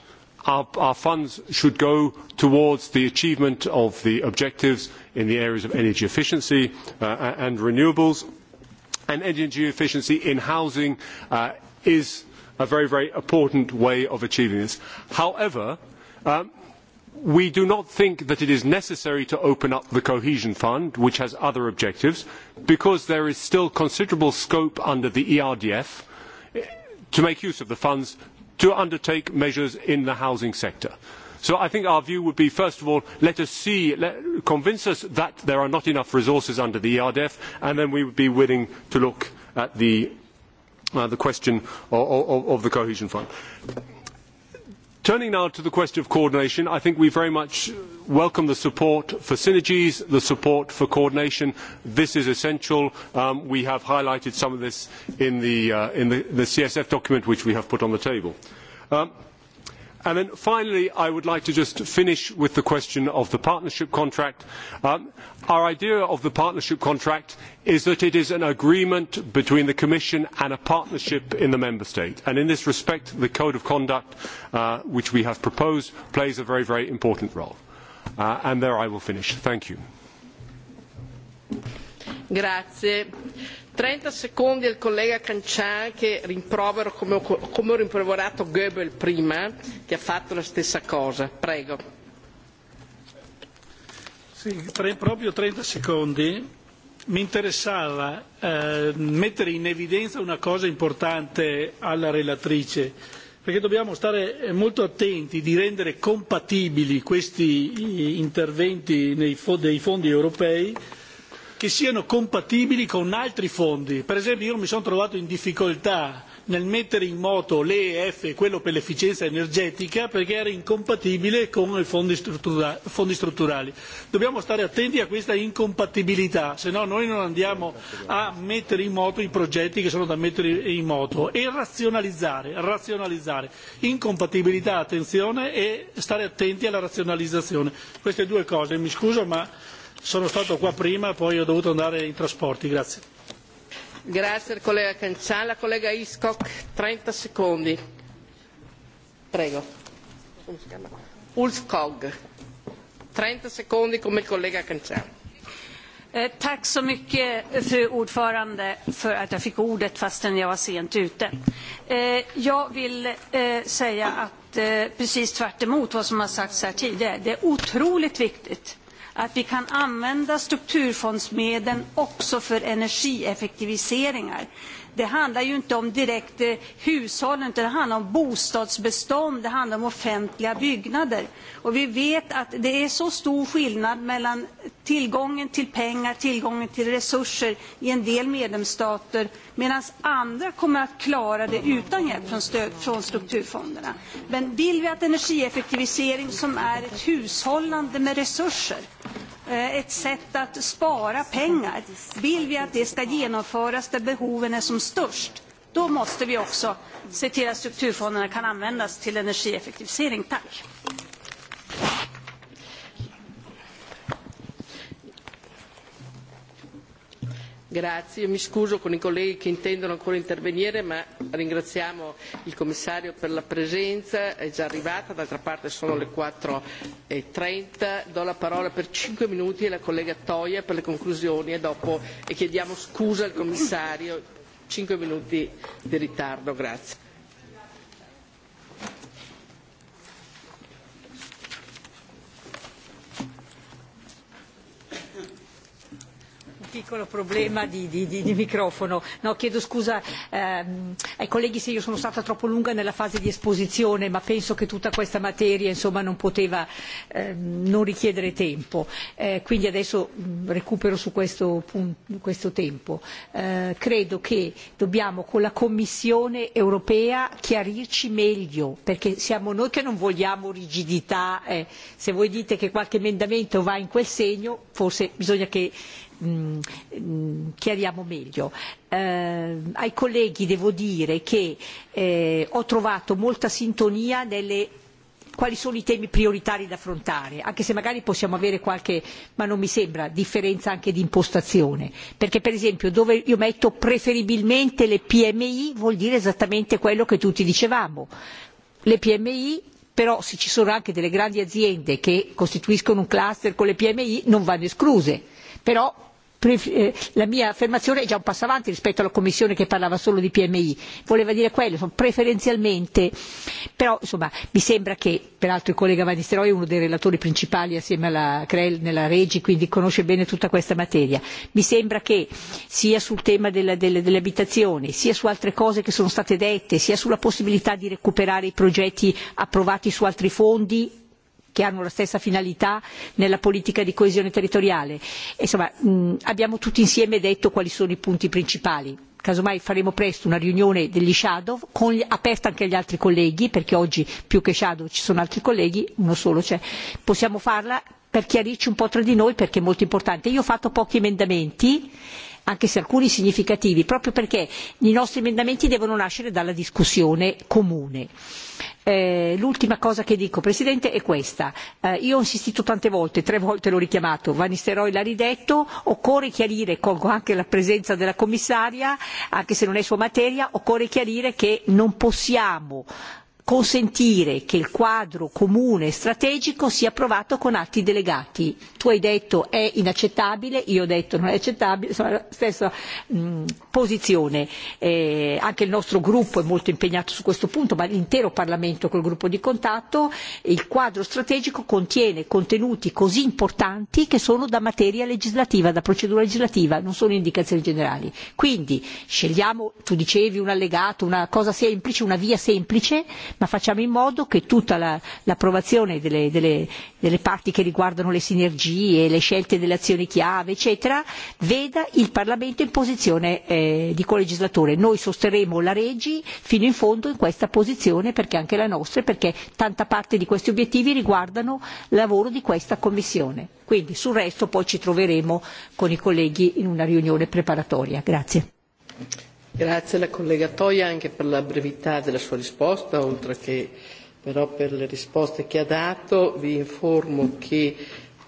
our, our funds should go towards the achievement of the objectives in the areas of energy efficiency uh, and renewables. Uh, and energy efficiency in housing uh, is a very, very important way of achieving this. However, um, we do not think that it is necessary to open up the cohesion fund, which has other objectives, because there is still considerable scope under the ERDF eh, to make use of the funds to undertake measures in the housing sector. Uh, So I think our view would be, first of all, let us see, let, convince us that there are not enough resources under the ERDF, and then we would be willing to look at the, uh, the question of, of, of the cohesion fund. Turning now to the question of coordination, I think we very much welcome the support for synergies, the support for coordination. This is essential. Um, we have highlighted some of this in the, uh, in the, the CSF document, which we have put on the table. Um, And then finally, I would like to just finish with the question of the partnership contract. Um, our idea of the partnership contract is that it is an agreement between the Commission and a partnership in the Member State. And in this respect, the Code of Conduct, uh, which we have proposed, plays a very, very important role. Uh, and there I will finish. Thank you. Grazie. 30 secondi al collega Cancian che rimprovero come ho, come ho rimproverato Goebbels prima, che ha fatto la stessa cosa. Prego. Sì, tre, proprio 30 secondi. Mi interessava eh, mettere in evidenza una cosa importante alla relatrice, perché dobbiamo stare molto attenti di rendere compatibili questi eh, interventi nei, dei fondi europei che siano compatibili con altri fondi. Per esempio io mi sono trovato in difficoltà nel mettere in moto l'EEF, quello per l'efficienza energetica, perché era incompatibile con i fondi, struttura, fondi strutturali. Dobbiamo stare attenti a questa incompatibilità, se no noi non andiamo a mettere in moto i progetti che sono da mettere in moto e razionalizzare, razionalizzare. Incompatibilità, attenzione e stare attenti alla razionalizzazione. Queste due cose, mi scuso ma sono stato qua prima poi ho dovuto andare in trasporti grazie grazie collega cancian la collega Hiscock 30 secondi prego Ulskog 30 secondi come il collega cancian eh, Tack så mycket, fru ordförande, för att jag fick ordet fastän jag var sent ute. Eh, jag vill eh, säga att precis tvärt emot vad som har sagts här tidigare, det är otroligt viktigt att vi kan använda strukturfondsmedlen också för energieffektiviseringar det handlar ju inte om direkt eh, hushållen utan det handlar om bostadsbestånd, det handlar om offentliga byggnader. Och vi vet att det är så stor skillnad mellan tillgången till pengar, tillgången till resurser i en del medlemsstater medan andra kommer att klara det utan hjälp från, stöd, från strukturfonderna. Men vill vi att energieffektivisering som är ett hushållande med resurser Eh, ett sätt att spara pengar. Vill vi att det ska genomföras där behoven är som störst, då måste vi också se till att strukturfonderna kan användas till energieffektivisering. Tack! Grazie, mi scuso con i colleghi che intendono ancora intervenire, ma ringraziamo il commissario per la presenza, è già arrivata, d'altra parte sono le 4.30, e do la parola per 5 minuti alla collega Toia per le conclusioni e dopo e chiediamo scusa al commissario, 5 minuti di ritardo, grazie. piccolo problema di, di, di, di microfono. No, chiedo scusa ehm, ai colleghi se io sono stata troppo lunga nella fase di esposizione, ma penso che tutta questa materia insomma, non poteva ehm, non richiedere tempo. Eh, quindi adesso mh, recupero su questo, punto, questo tempo. Eh, credo che dobbiamo con la Commissione europea chiarirci meglio, perché siamo noi che non vogliamo rigidità. Eh. Se voi dite che qualche emendamento va in quel segno, forse bisogna che mh, mm, chiariamo meglio. Eh, ai colleghi devo dire che eh, ho trovato molta sintonia nelle quali sono i temi prioritari da affrontare, anche se magari possiamo avere qualche, ma non mi sembra, differenza anche di impostazione. Perché per esempio dove io metto preferibilmente le PMI vuol dire esattamente quello che tutti dicevamo. Le PMI però se ci sono anche delle grandi aziende che costituiscono un cluster con le PMI non vanno escluse. Però Eh, la mia affermazione è già un passo avanti rispetto alla commissione che parlava solo di pmi voleva dire quello preferenzialmente però insomma mi sembra che peraltro il collega van nistelrooij è uno dei relatori principali assieme alla creel nella regi quindi conosce bene tutta questa materia mi sembra che sia sul tema della, delle, delle abitazioni sia su altre cose che sono state dette sia sulla possibilità di recuperare i progetti approvati su altri fondi che hanno la stessa finalità nella politica di coesione territoriale. Insomma, mh, abbiamo tutti insieme detto quali sono i punti principali. Casomai faremo presto una riunione degli shadow, con gli, aperta anche agli altri colleghi, perché oggi più che shadow ci sono altri colleghi, uno solo c'è. Possiamo farla per chiarirci un po' tra di noi perché è molto importante. Io ho fatto pochi emendamenti anche se alcuni significativi, proprio perché i nostri emendamenti devono nascere dalla discussione comune. Eh, l'ultima cosa che dico, Presidente, è questa. Eh, io ho insistito tante volte, tre volte l'ho richiamato, Van Nistelrooy e l'ha ridetto, occorre chiarire, colgo anche la presenza della commissaria, anche se non è sua materia, occorre chiarire che non possiamo consentire che il quadro comune e strategico sia approvato con atti delegati. Tu hai detto è inaccettabile, io ho detto non è accettabile, sono la stessa mh, mm, posizione. Eh, anche il nostro gruppo è molto impegnato su questo punto, ma l'intero Parlamento col gruppo di contatto, il quadro strategico contiene contenuti così importanti che sono da materia legislativa, da procedura legislativa, non sono indicazioni generali. Quindi scegliamo, tu dicevi, un allegato, una cosa semplice, una via semplice, ma facciamo in modo che tutta la, l'approvazione delle, delle, delle parti che riguardano le sinergie, le scelte delle azioni chiave, eccetera, veda il Parlamento in posizione eh, di colegislatore. Noi sosterremo la Regi fino in fondo in questa posizione perché anche la nostra, perché tanta parte di questi obiettivi riguardano il lavoro di questa Commissione. Quindi sul resto poi ci troveremo con i colleghi in una riunione preparatoria. Grazie. Grazie alla collega Toia anche per la brevità della sua risposta, oltre che però per le risposte che ha dato. Vi informo che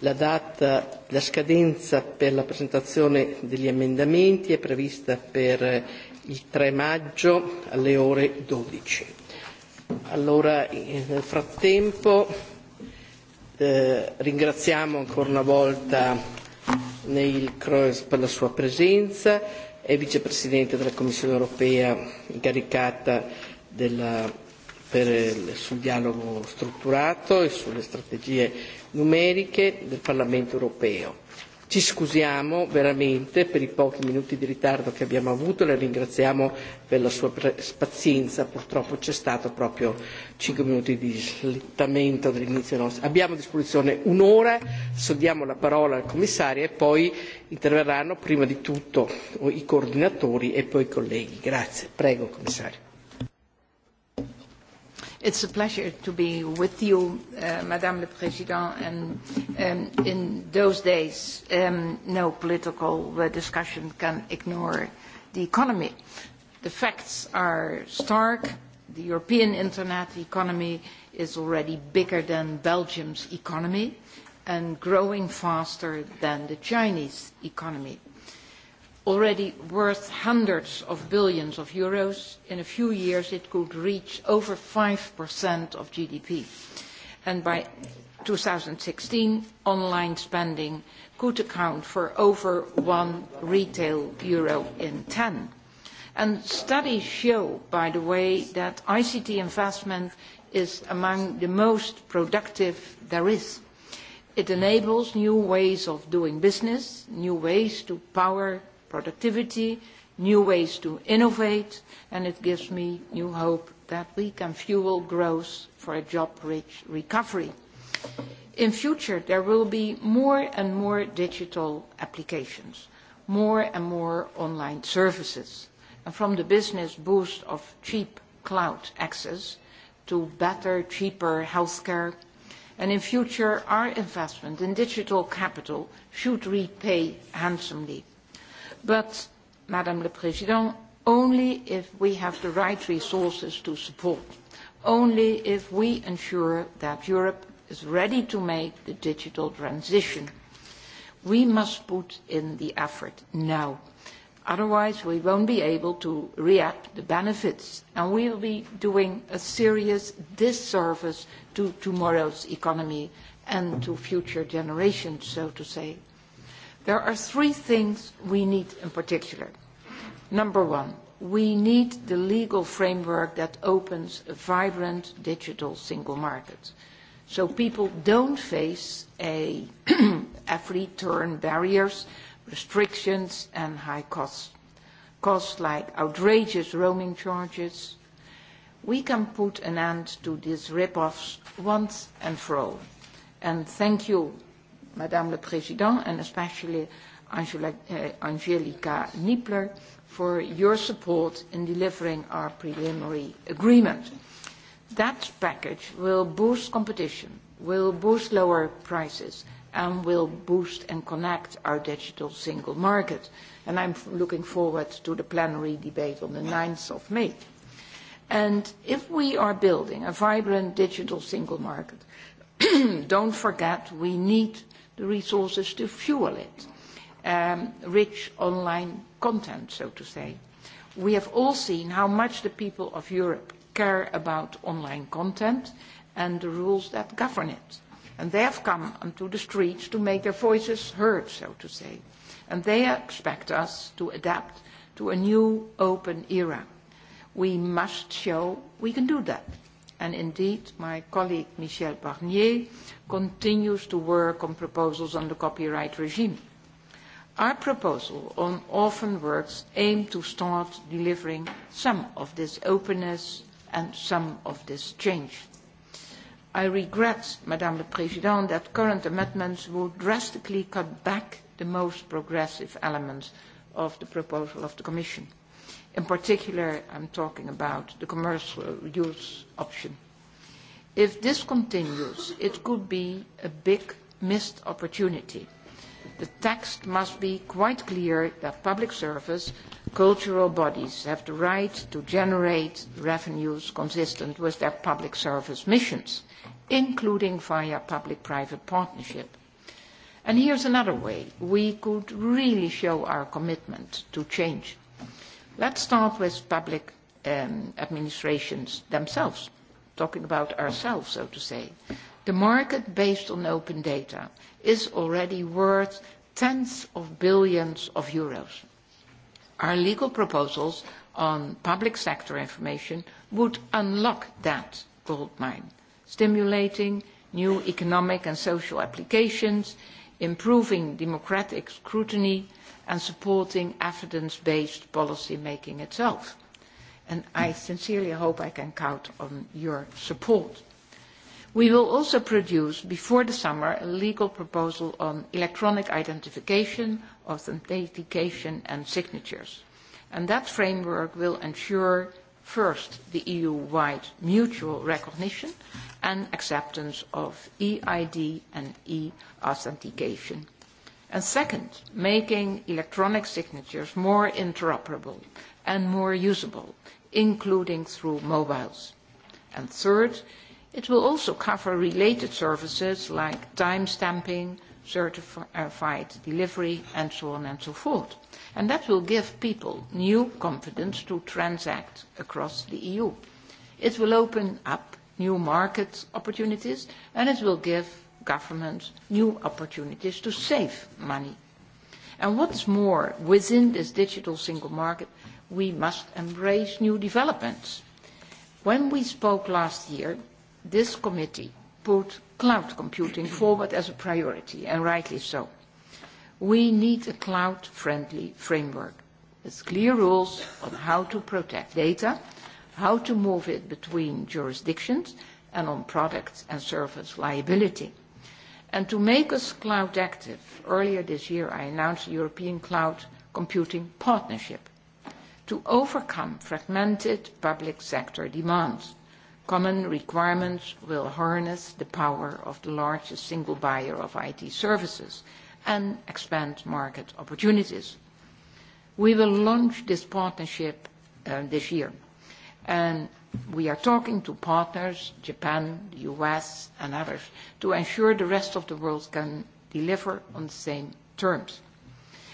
la data, la scadenza per la presentazione degli emendamenti è prevista per il 3 maggio alle ore 12. Allora, nel frattempo eh, ringraziamo ancora una volta Neil Kroes per la sua presenza è vicepresidente della Commissione europea incaricata della, per il, sul dialogo strutturato e sulle strategie numeriche del Parlamento europeo Ci scusiamo veramente per i pochi minuti di ritardo che abbiamo avuto, le ringraziamo per la sua pazienza, purtroppo c'è stato proprio 5 minuti di slittamento dall'inizio nostro. Abbiamo a disposizione un'ora, so diamo la parola al commissario e poi interverranno prima di tutto i coordinatori e poi i colleghi. Grazie. Prego commissario. It's a pleasure to be with you, uh, Madame le Président, and um, in those days, um, no political uh, discussion can ignore the economy. The facts are stark. The European internet economy is already bigger than Belgium's economy and growing faster than the Chinese economy already worth hundreds of billions of euros. In a few years, it could reach over 5% of GDP. And by 2016, online spending could account for over one retail euro in 10. And studies show, by the way, that ICT investment is among the most productive there is. It enables new ways of doing business, new ways to power productivity, new ways to innovate, and it gives me new hope that we can fuel growth for a job-rich recovery. In future, there will be more and more digital applications, more and more online services. And from the business boost of cheap cloud access to better, cheaper healthcare, and in future, our investment in digital capital should repay handsomely but, Madam Le Président, only if we have the right resources to support, only if we ensure that Europe is ready to make the digital transition. We must put in the effort now. Otherwise, we won't be able to reap the benefits, and we'll be doing a serious disservice to tomorrow's economy and to future generations, so to say. There are three things we need in particular. Number one, we need the legal framework that opens a vibrant digital single market so people don't face a <clears throat> every turn barriers, restrictions and high costs. Costs like outrageous roaming charges. We can put an end to these rip-offs once and for all. And thank you Madame le President, and especially Angela, uh, Angelica Niebler, for your support in delivering our preliminary agreement. That package will boost competition, will boost lower prices, and will boost and connect our digital single market. And I'm looking forward to the plenary debate on the 9th of May. And if we are building a vibrant digital single market, <clears throat> don't forget we need resources to fuel it. Um, rich online content, so to say. We have all seen how much the people of Europe care about online content and the rules that govern it. And they have come onto the streets to make their voices heard, so to say. And they expect us to adapt to a new open era. We must show we can do that And indeed, my colleague Michel Barnier continues to work on proposals on the copyright regime. Our proposal on orphan works aim to start delivering some of this openness and some of this change. I regret, Madame la Présidente, that current amendments will drastically cut back the most progressive elements of the proposal of the Commission. In particular, I'm talking about the commercial use option. If this continues, it could be a big missed opportunity. The text must be quite clear that public service, cultural bodies have the right to generate revenues consistent with their public service missions, including via public-private partnership. And here's another way we could really show our commitment to change Let's start with public um, administrations themselves, talking about ourselves, so to say. The market based on open data is already worth tens of billions of euros. Our legal proposals on public sector information would unlock that goldmine, stimulating new economic and social applications, improving democratic scrutiny, and supporting evidence-based policy making itself. And I sincerely hope I can count on your support. We will also produce, before the summer, a legal proposal on electronic identification, authentication and signatures. And that framework will ensure, first, the EU-wide mutual recognition and acceptance of e-ID and e-authentication And second, making electronic signatures more interoperable and more usable, including through mobiles. And third, it will also cover related services like time stamping, certified delivery, and so on and so forth. And that will give people new confidence to transact across the EU. It will open up new market opportunities, and it will give governments new opportunities to save money. And what's more, within this digital single market, we must embrace new developments. When we spoke last year, this committee put cloud computing <coughs> forward as a priority, and rightly so. We need a cloud-friendly framework with clear rules on how to protect data, how to move it between jurisdictions, and on product and service liability. And to make us cloud active, earlier this year I announced the European Cloud Computing Partnership to overcome fragmented public sector demands. Common requirements will harness the power of the largest single buyer of IT services and expand market opportunities. We will launch this partnership uh, this year, and we are talking to partners, Japan, the US, and others, to ensure the rest of the world can deliver on the same terms.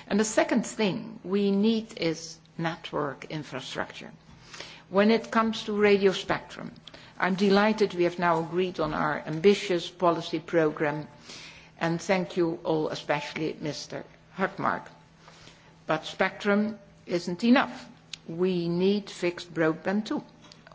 And the second thing we need is network infrastructure. When it comes to radio spectrum, I'm delighted we have now agreed on our ambitious policy program, and thank you all, especially Mr. Hökmark. But spectrum isn't enough. We need fixed broadband too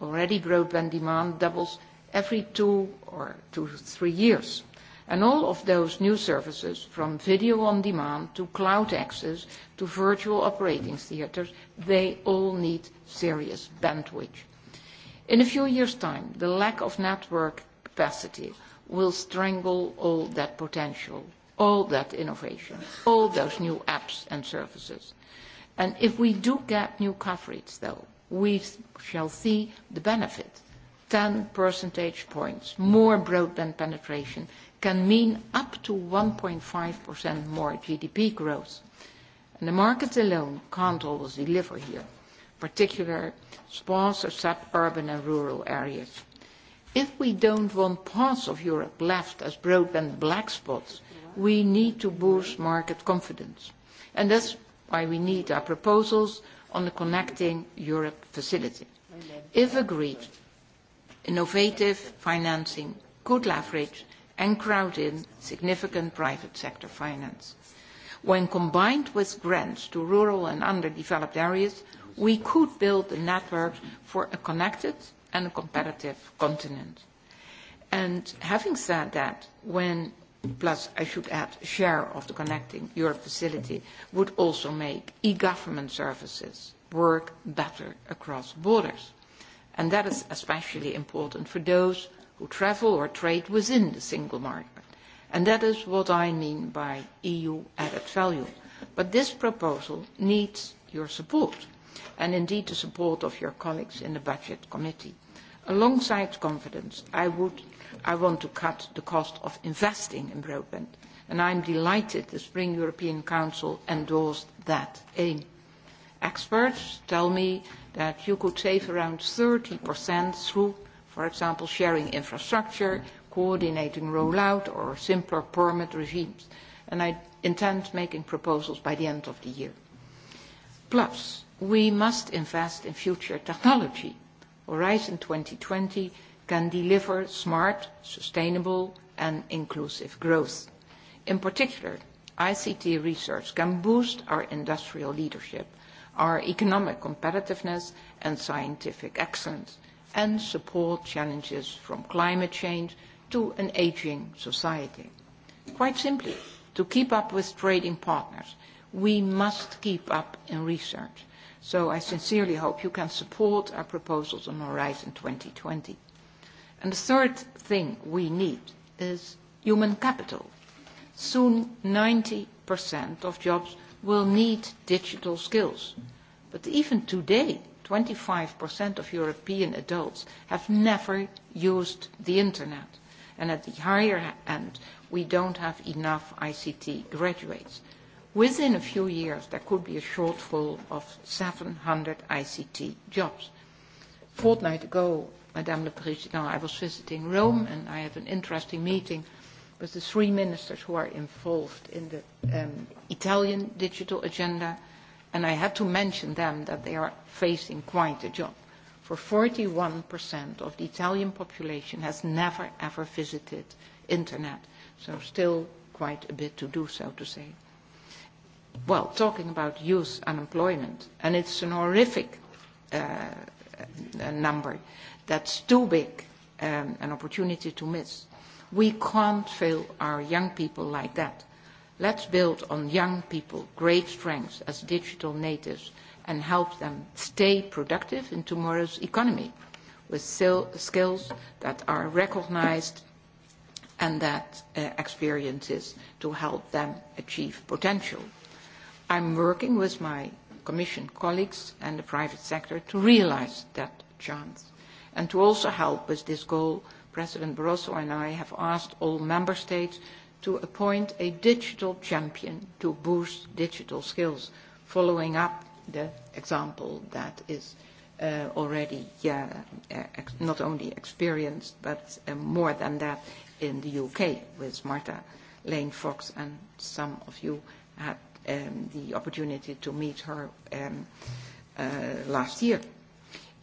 already broadband demand doubles every two or two to three years. And all of those new services, from video on demand to cloud access to virtual operating theaters, they all need serious bandwidth. In a few years' time, the lack of network capacity will strangle all that potential, all that innovation, all those new apps and services. And if we do get new coverage, though, we shall see the benefit. 10 percentage points more broadband penetration can mean up to 1.5% more GDP growth. And the market alone can't always deliver here, particularly parts of suburban and rural areas. If we don't want parts of Europe left as broadband black spots, we need to boost market confidence. And that's why we need our proposals on the Connecting Europe facility. If agreed, innovative financing could leverage and crowd in significant private sector finance. When combined with grants to rural and underdeveloped areas, we could build a network for a connected and a competitive continent. And having said that, when plus, I should add, share of the Connecting Europe facility would also make e-government services work better across borders. And that is especially important for those who travel or trade within the single market. And that is what I mean by EU added value. But this proposal needs your support, and indeed the support of your colleagues in the Budget Committee. Alongside confidence, I would I want to cut the cost of investing in broadband. And I'm delighted the Spring European Council endorsed that aim. Experts tell me that you could save around 30% through, for example, sharing infrastructure, coordinating rollout, or simpler permit regimes. And I intend making proposals by the end of the year. Plus, we must invest in future technology. Horizon 2020 can deliver smart, sustainable, and inclusive growth. In particular, ICT research can boost our industrial leadership, our economic competitiveness, and scientific excellence, and support challenges from climate change to an aging society. Quite simply, to keep up with trading partners, we must keep up in research. So I sincerely hope you can support our proposals on Horizon 2020. And the third thing we need is human capital. Soon, 90% of jobs will need digital skills. But even today, 25% of European adults have never used the internet. And at the higher end, we don't have enough ICT graduates. Within a few years, there could be a shortfall of 700 ICT jobs. A fortnight ago, Madame la Présidente, I was visiting Rome mm. and I had an interesting meeting with the three ministers who are involved in the um, Italian digital agenda. And I had to mention them that they are facing quite a job. For 41% of the Italian population has never ever visited internet. So still quite a bit to do, so to say. Well, talking about youth unemployment, and it's an horrific uh, number. That's too big um, an opportunity to miss. We can't fail our young people like that. Let's build on young people great strengths as digital natives and help them stay productive in tomorrow's economy with skills that are recognized and that uh, experiences to help them achieve potential. I'm working with my Commission colleagues and the private sector to realize that chance. And to also help with this goal, President Barroso and I have asked all member states to appoint a digital champion to boost digital skills, following up the example that is uh, already uh, ex not only experienced, but uh, more than that in the UK with Marta Lane Fox, and some of you had um, the opportunity to meet her um, uh, last year.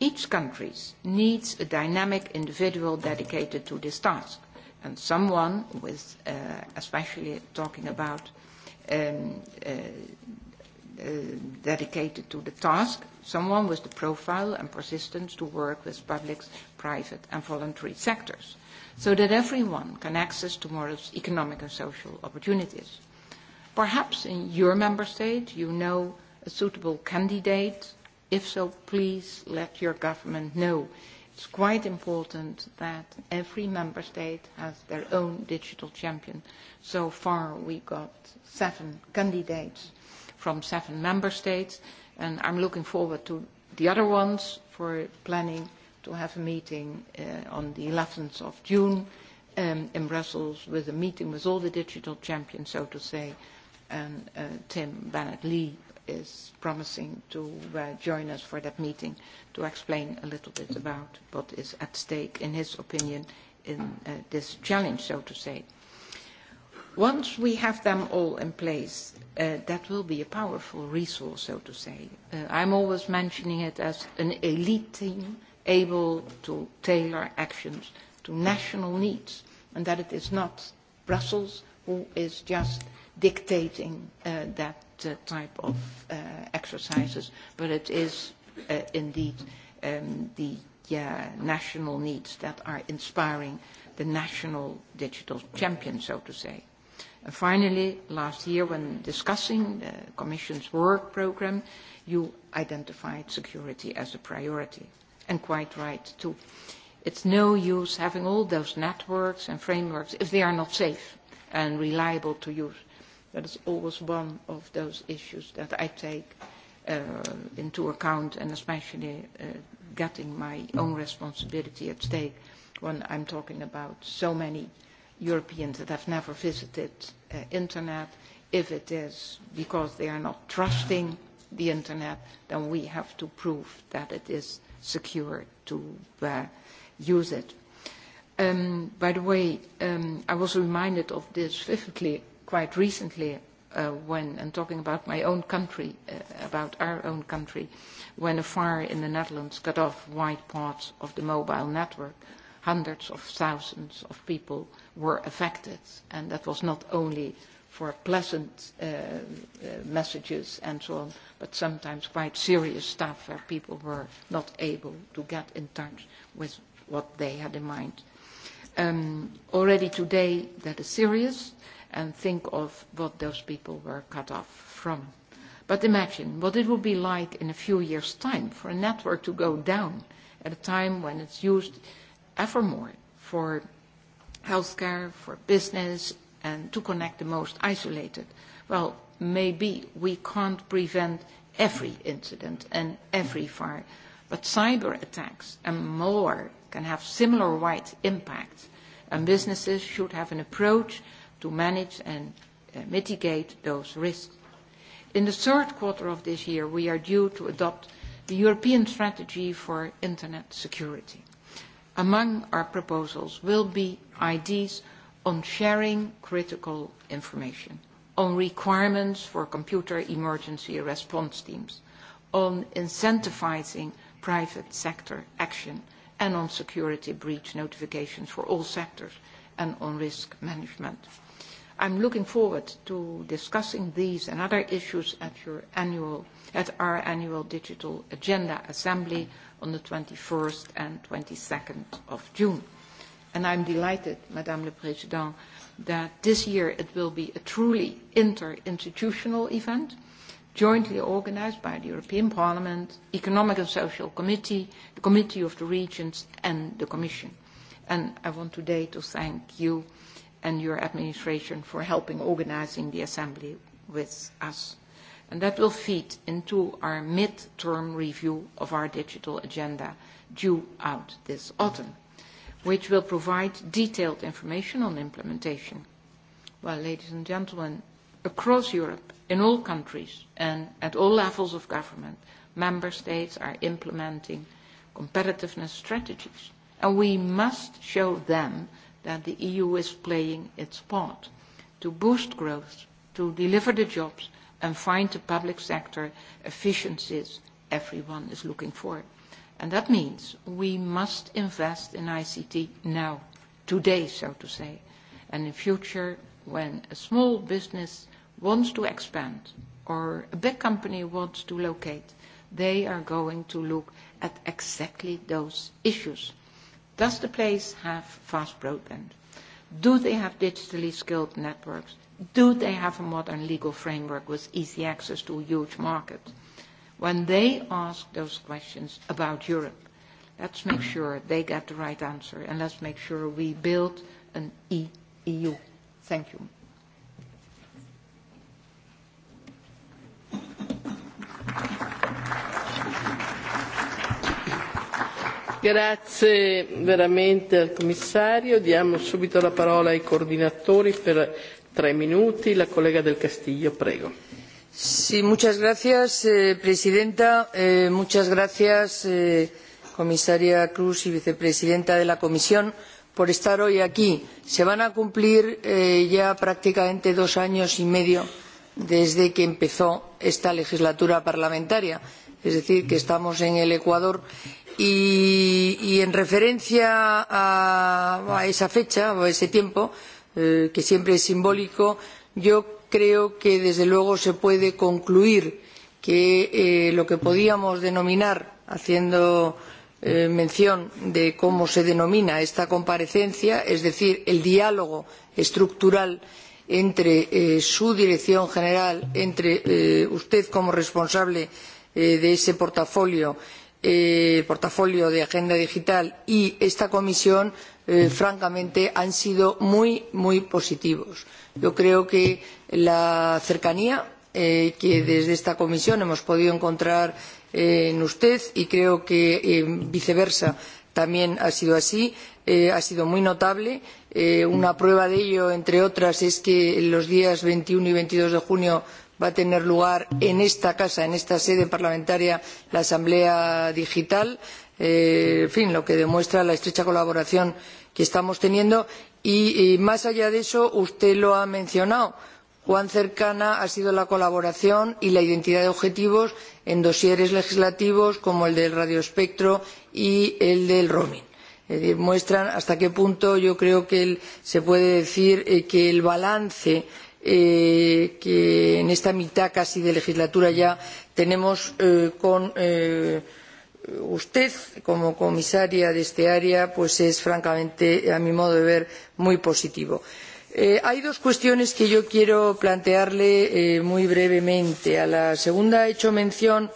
Each country needs a dynamic individual dedicated to this task, and someone with, uh, especially talking about um, uh, uh, dedicated to the task, someone with the profile and persistence to work with public, private and voluntary sectors, so that everyone can access tomorrow's economic and social opportunities. Perhaps in your member state you know a suitable candidate If so, please let your government know. It's quite important that every member state has their own digital champion. So far, we got seven candidates from seven member states, and I'm looking forward to the other ones for planning to have a meeting uh, on the 11th of June um, in Brussels with a meeting with all the digital champions, so to say, and uh, Tim Bennett-Lee is promising to uh, join us for that meeting to explain a little bit about what is at stake, in his opinion, in uh, this challenge, so to say. Once we have them all in place, uh, that will be a powerful resource, so to say. Uh, I'm always mentioning it as an elite team able to tailor actions to national needs, and that it is not Brussels who is just dictating uh, that uh, type of uh, exercises, but it is uh, indeed um, the uh, national needs that are inspiring the national digital champion, so to say. And finally, last year when discussing the Commission's work programme, you identified security as a priority, and quite right too. It's no use having all those networks and frameworks if they are not safe and reliable to use That is always one of those issues that I take uh, into account, and especially uh, getting my own responsibility at stake when I'm talking about so many Europeans that have never visited uh, internet. If it is because they are not trusting the internet, then we have to prove that it is secure to uh, use it. Um, by the way, um, I was reminded of this vividly quite recently uh, when, and talking about my own country, uh, about our own country, when a fire in the Netherlands cut off wide parts of the mobile network, hundreds of thousands of people were affected. And that was not only for pleasant uh, uh, messages and so on, but sometimes quite serious stuff where people were not able to get in touch with what they had in mind. Um, already today, that is serious. Uh, and think of what those people were cut off from. But imagine what it would be like in a few years' time for a network to go down at a time when it's used ever more for healthcare, for business, and to connect the most isolated. Well, maybe we can't prevent every incident and every fire, but cyber attacks and malware can have similar wide impact, and businesses should have an approach – to manage and uh, mitigate those risks. In the third quarter of this year, we are due to adopt the European strategy for internet security. Among our proposals will be ideas on sharing critical information, on requirements for computer emergency response teams, on incentivizing private sector action, and on security breach notifications for all sectors, and on risk management. Uh, I'm looking forward to discussing these and other issues at, your annual, at our annual Digital Agenda Assembly on the 21st and 22nd of June. And I'm delighted, Madame le Président, that this year it will be a truly interinstitutional event, jointly organized by the European Parliament, Economic and Social Committee, the Committee of the Regions, and the Commission. And I want today to thank you and your administration for helping organizing the assembly with us. And that will feed into our mid-term review of our digital agenda due out this autumn, which will provide detailed information on implementation. Well, ladies and gentlemen, across Europe, in all countries and at all levels of government, member states are implementing competitiveness strategies. And we must show them that the EU is playing its part to boost growth, to deliver the jobs, and find the public sector efficiencies everyone is looking for. And that means we must invest in ICT now, today, so to say, and in future when a small business wants to expand or a big company wants to locate, they are going to look at exactly those issues Does the place have fast broadband? Do they have digitally skilled networks? Do they have a modern legal framework with easy access to a huge market? When they ask those questions about Europe, let's make sure they get the right answer and let's make sure we build an e EU. Thank you. Grazie veramente al commissario. Diamo subito la parola ai coordinatori per tre minuti. La collega del Castillo, prego. Sí, muchas gracias, eh, presidenta. Eh, muchas gracias, eh, comisaria Cruz y vicepresidenta de la Comisión, por estar hoy aquí. Se van a cumplir eh, ya prácticamente dos años y medio desde que empezó esta legislatura parlamentaria es decir que estamos en el ecuador Y, y en referencia a, a esa fecha o a ese tiempo, eh, que siempre es simbólico, yo creo que desde luego se puede concluir que eh, lo que podíamos denominar, haciendo eh, mención de cómo se denomina esta comparecencia, es decir, el diálogo estructural entre eh, su dirección general, entre eh, usted como responsable eh, de ese portafolio, eh, el eh, portafolio de agenda digital y esta comisión eh, francamente han sido muy muy positivos. yo creo que la cercanía eh, que desde esta comisión hemos podido encontrar eh, en usted y creo que eh, viceversa también ha sido así eh, ha sido muy notable. una prueba de ello entre otras es que los días veintiuno y veintidós de junio va a tener lugar en esta casa en esta sede parlamentaria la asamblea digital eh, en fin lo que demuestra la estrecha colaboración que estamos teniendo y, y más allá de eso usted lo ha mencionado cuán cercana ha sido la colaboración y la identidad de objetivos en dosieres legislativos como el del radioespectro y el del roaming muestran hasta qué punto yo creo que el, se puede decir eh, que el balance eh, que en esta mitad casi de legislatura ya tenemos eh, con eh, usted como comisaria de este área pues es francamente a mi modo de ver muy positivo. Eh, hay dos cuestiones que yo quiero plantearle eh, muy brevemente. A la segunda ha he hecho mención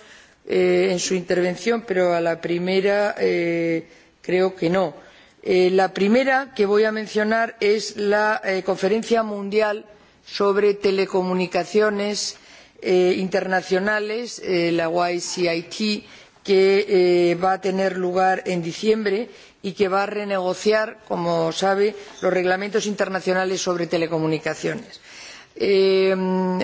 eh, en su intervención, pero a la primera eh, creo que no. Eh, la primera que voy a mencionar es la eh, Conferencia Mundial sobre telecomunicaciones eh, internacionales, eh, la YCIT, que eh, va a tener lugar en diciembre y que va a renegociar, como sabe, los reglamentos internacionales sobre telecomunicaciones. Eh,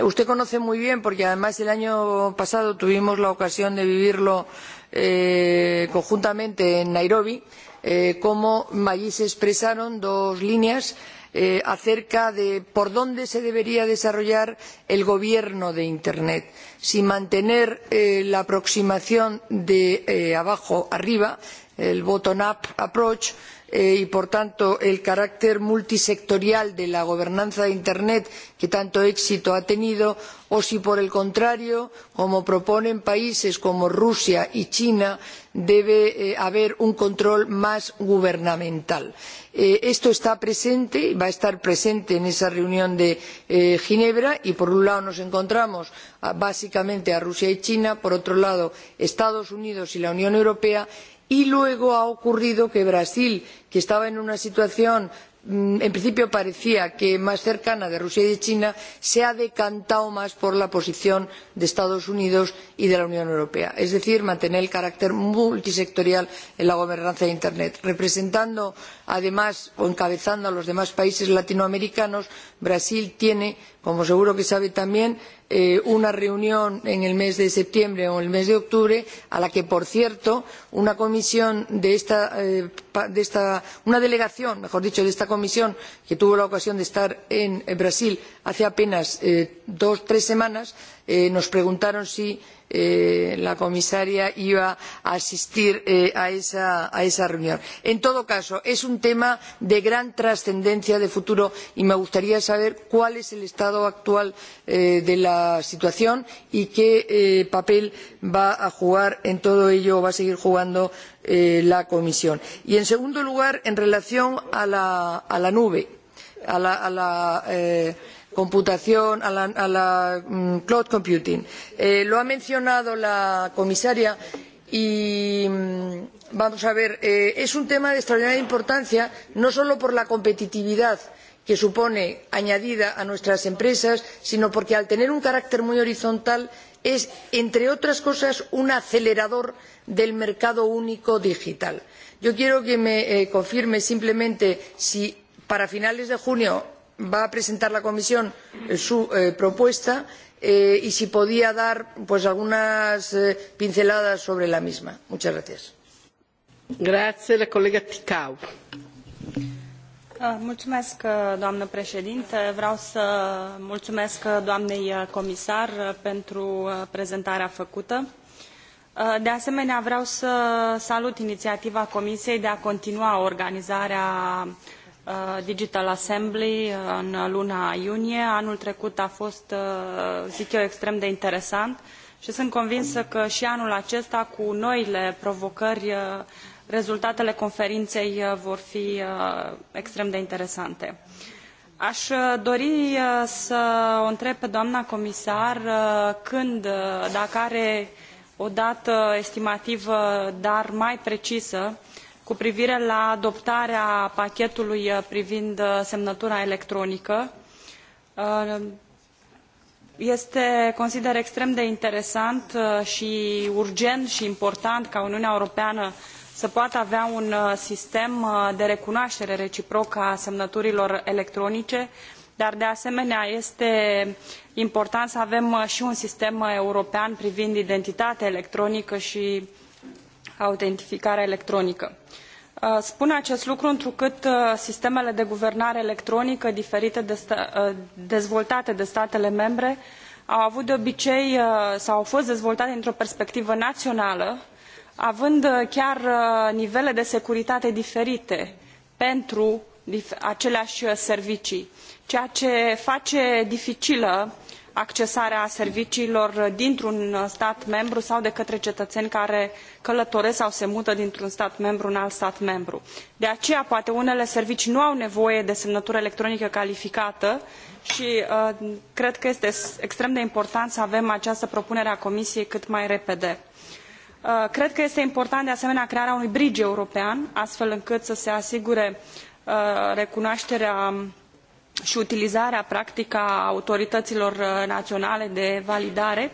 usted conoce muy bien, porque además el año pasado tuvimos la ocasión de vivirlo eh, conjuntamente en Nairobi, eh, cómo allí se expresaron dos líneas eh, eh, acerca de por dónde se debería desarrollar el gobierno de internet si mantener eh, la aproximación de eh, abajo arriba el bottom up approach o Eh, y por tanto el carácter multisectorial de la gobernanza de internet que tanto éxito ha tenido o si por el contrario como proponen países como rusia y china debe eh, haber un control más gubernamental. Eh, esto está presente va a estar presente en esa reunión de eh, ginebra y por un lado nos encontramos a, ah, básicamente a rusia y china por otro lado los estados unidos y la unión europea y luego ha ocurrido que brasil que estaba en una situación mm, en principio parecía que más cercana de rusia y de china se ha decantado más por la posición de los estados unidos y de la unión europea es decir mantener el carácter multisectorial en la gobernanza de internet representando además o encabezando a los demás países latinoamericanos brasil tiene como seguro que sabe también eh, una reunión en el mes de septiembre o en el mes de octubre a la que por cierto una comisión de esta, eh, de esta una delegación mejor dicho de esta comisión que tuvo la ocasión de estar en brasil hace apenas eh, dos o tres semanas eh, nos preguntaron si eh, la comisaria iba a asistir eh, a, esa, a esa reunión. en todo caso es un tema de gran trascendencia de futuro y me gustaría saber cuál es el estado actual eh, de la situación y qué eh, papel va a jugar en todo ello o va a seguir jugando eh, la comisión. y en segundo lugar en relación con la, la nube a la, a la eh, computación, a la, a la um, cloud computing. Eh, lo ha mencionado la comisaria y um, vamos a ver, eh, es un tema de extraordinaria importancia no solo por la competitividad que supone añadida a nuestras empresas, sino porque al tener un carácter muy horizontal es, entre otras cosas, un acelerador del mercado único digital. Yo quiero que me eh, confirme simplemente si para finales de junio va a presentar la comisión eh, su eh, propuesta eh, y si podía dar pues, algunas eh, pinceladas sobre la misma. Muchas gracias. Grazie, la colega Ticau. Ah, mulțumesc, doamnă președinte. Vreau să mulțumesc doamnei comisar pentru uh, prezentarea făcută. Uh, de asemenea, vreau să salut inițiativa Comisiei de a continua organizarea uh, Uh, Digital Assembly în luna iunie. Anul trecut a fost, uh, zic eu, extrem de interesant și sunt convinsă că și anul acesta, cu noile provocări, uh, rezultatele conferinței vor fi extrem de interesante. Aș dori să o întreb pe doamna comisar când, dacă are o dată estimativă, dar mai precisă, cu privire la adoptarea pachetului uh, privind uh, semnătura electronică. Uh, este, consider, extrem de interesant și urgent și important ca Uniunea Europeană să poată avea un sistem de recunoaștere reciprocă a semnăturilor electronice, dar de asemenea este important să avem și un sistem european privind identitatea electronică și autentificare electronică. Uh, spun acest lucru întrucât uh, sistemele de guvernare electronică diferite de sta, uh, dezvoltate de statele membre au avut de obicei sau au fost dezvoltate într o perspectivă națională, având chiar nivele de securitate diferite pentru aceleași servicii, ceea ce face dificilă accesarea serviciilor dintr un stat membru sau de către cetățeni care călătoresc sau se mută dintr un stat membru în alt stat membru. de aceea poate unele servicii nu au nevoie de semnătură electronică calificată și uh, cred că este extrem de important să avem această propunere a comisiei cât mai repede. Uh, cred că este important de asemenea crearea unui bridge european astfel încât să se asigure uh, recunoașterea și utilizarea practică a autorităților uh, naționale de validare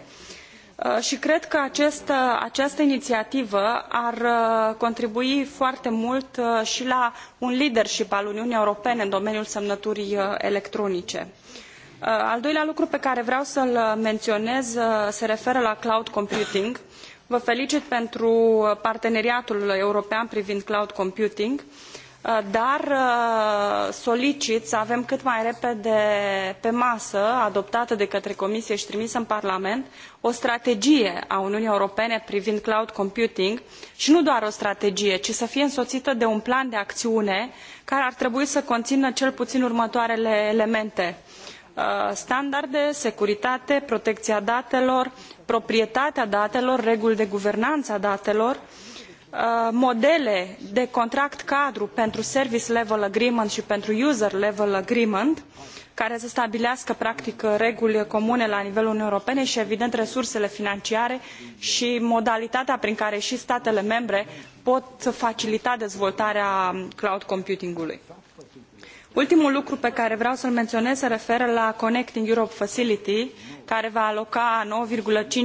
uh, și cred că acest, uh, această inițiativă ar contribui foarte mult și la un leadership al Uniunii Europene în domeniul semnăturii electronice. Al doilea lucru pe care vreau să-l menționez se referă la cloud computing. Vă felicit pentru parteneriatul european privind cloud computing. Uh, Uh, dar uh, solicit să avem cât mai repede pe masă, adoptată de către Comisie și trimisă în Parlament, o strategie a Uniunii Europene privind cloud computing și nu doar o strategie, ci să fie însoțită de un plan de acțiune care ar trebui să conțină cel puțin următoarele elemente uh, standarde, securitate, protecția datelor, proprietatea datelor, reguli de guvernanță a datelor, uh, Uh, modele de contract cadru pentru service level agreement i pentru user level agreement care să stabilească practic reguli comune la nivelul uniunii europene i evident resursele financiare i modalitatea prin care i statele membre pot facilita dezvoltarea cloud computing ului. Ultimul lucru pe care vreau să-l menționez se referă la Connecting Europe Facility, care va aloca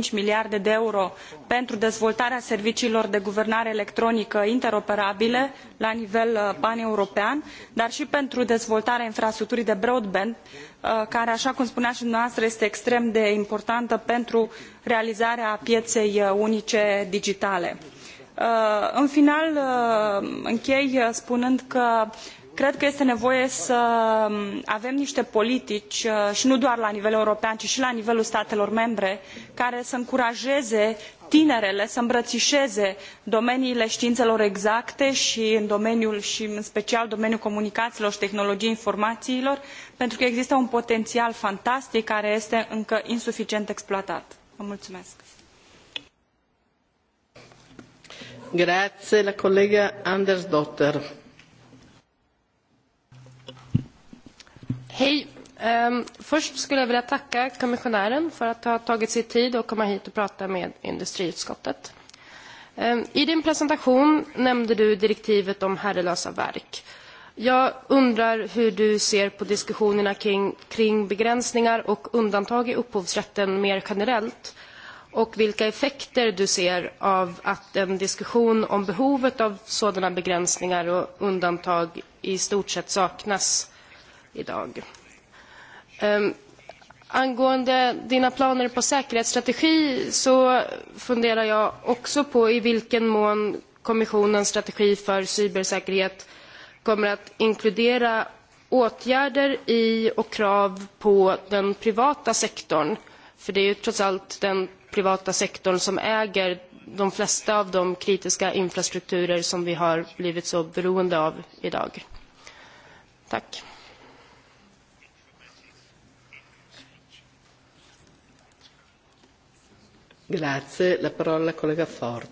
9,5 miliarde de euro pentru dezvoltarea serviciilor de guvernare electronică interoperabile la nivel uh, paneuropean, dar și pentru dezvoltarea infrastructurii de broadband, uh, care, așa cum spunea și dumneavoastră, este extrem de importantă pentru realizarea pieței uh, unice digitale. În final, închei spunând că cred că este nevoie să um, avem nite politici uh, i nu doar la nivel european ci i la nivelul statelor membre care să încurajeze tinerele să îmbrăieze domeniile tiinelor exacte i în domeniul i în special domeniul comunicaiilor i tehnologiei informaiilor pentru că există un potenial fantastic care este încă insuficient exploatat. Vă mulțumesc. Grazie, la collega Anders Dotter. Hej! Um, först skulle jag vilja tacka kommissionären för att ha tagit sig tid att komma hit och prata med industriutskottet. Um, I din presentation nämnde du direktivet om herrelösa verk. Jag undrar hur du ser på diskussionerna kring, kring begränsningar och undantag i upphovsrätten mer generellt och vilka effekter du ser av att en diskussion om behovet av sådana begränsningar och undantag i stort sett saknas idag. Um, angående dina planer på säkerhetsstrategi så funderar jag också på i vilken mån kommissionens strategi för cybersäkerhet kommer att inkludera åtgärder i och krav på den privata sektorn. För det är ju trots allt den privata sektorn som äger de flesta av de kritiska infrastrukturer som vi har blivit så beroende av idag. Tack. Grazie. La parola alla collega Ford.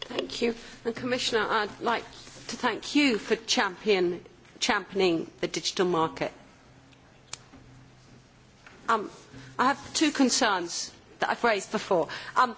Thank you. And Commissioner, I'd like to thank you for champion, championing the digital market. Um, I have two concerns that I've raised before. Um,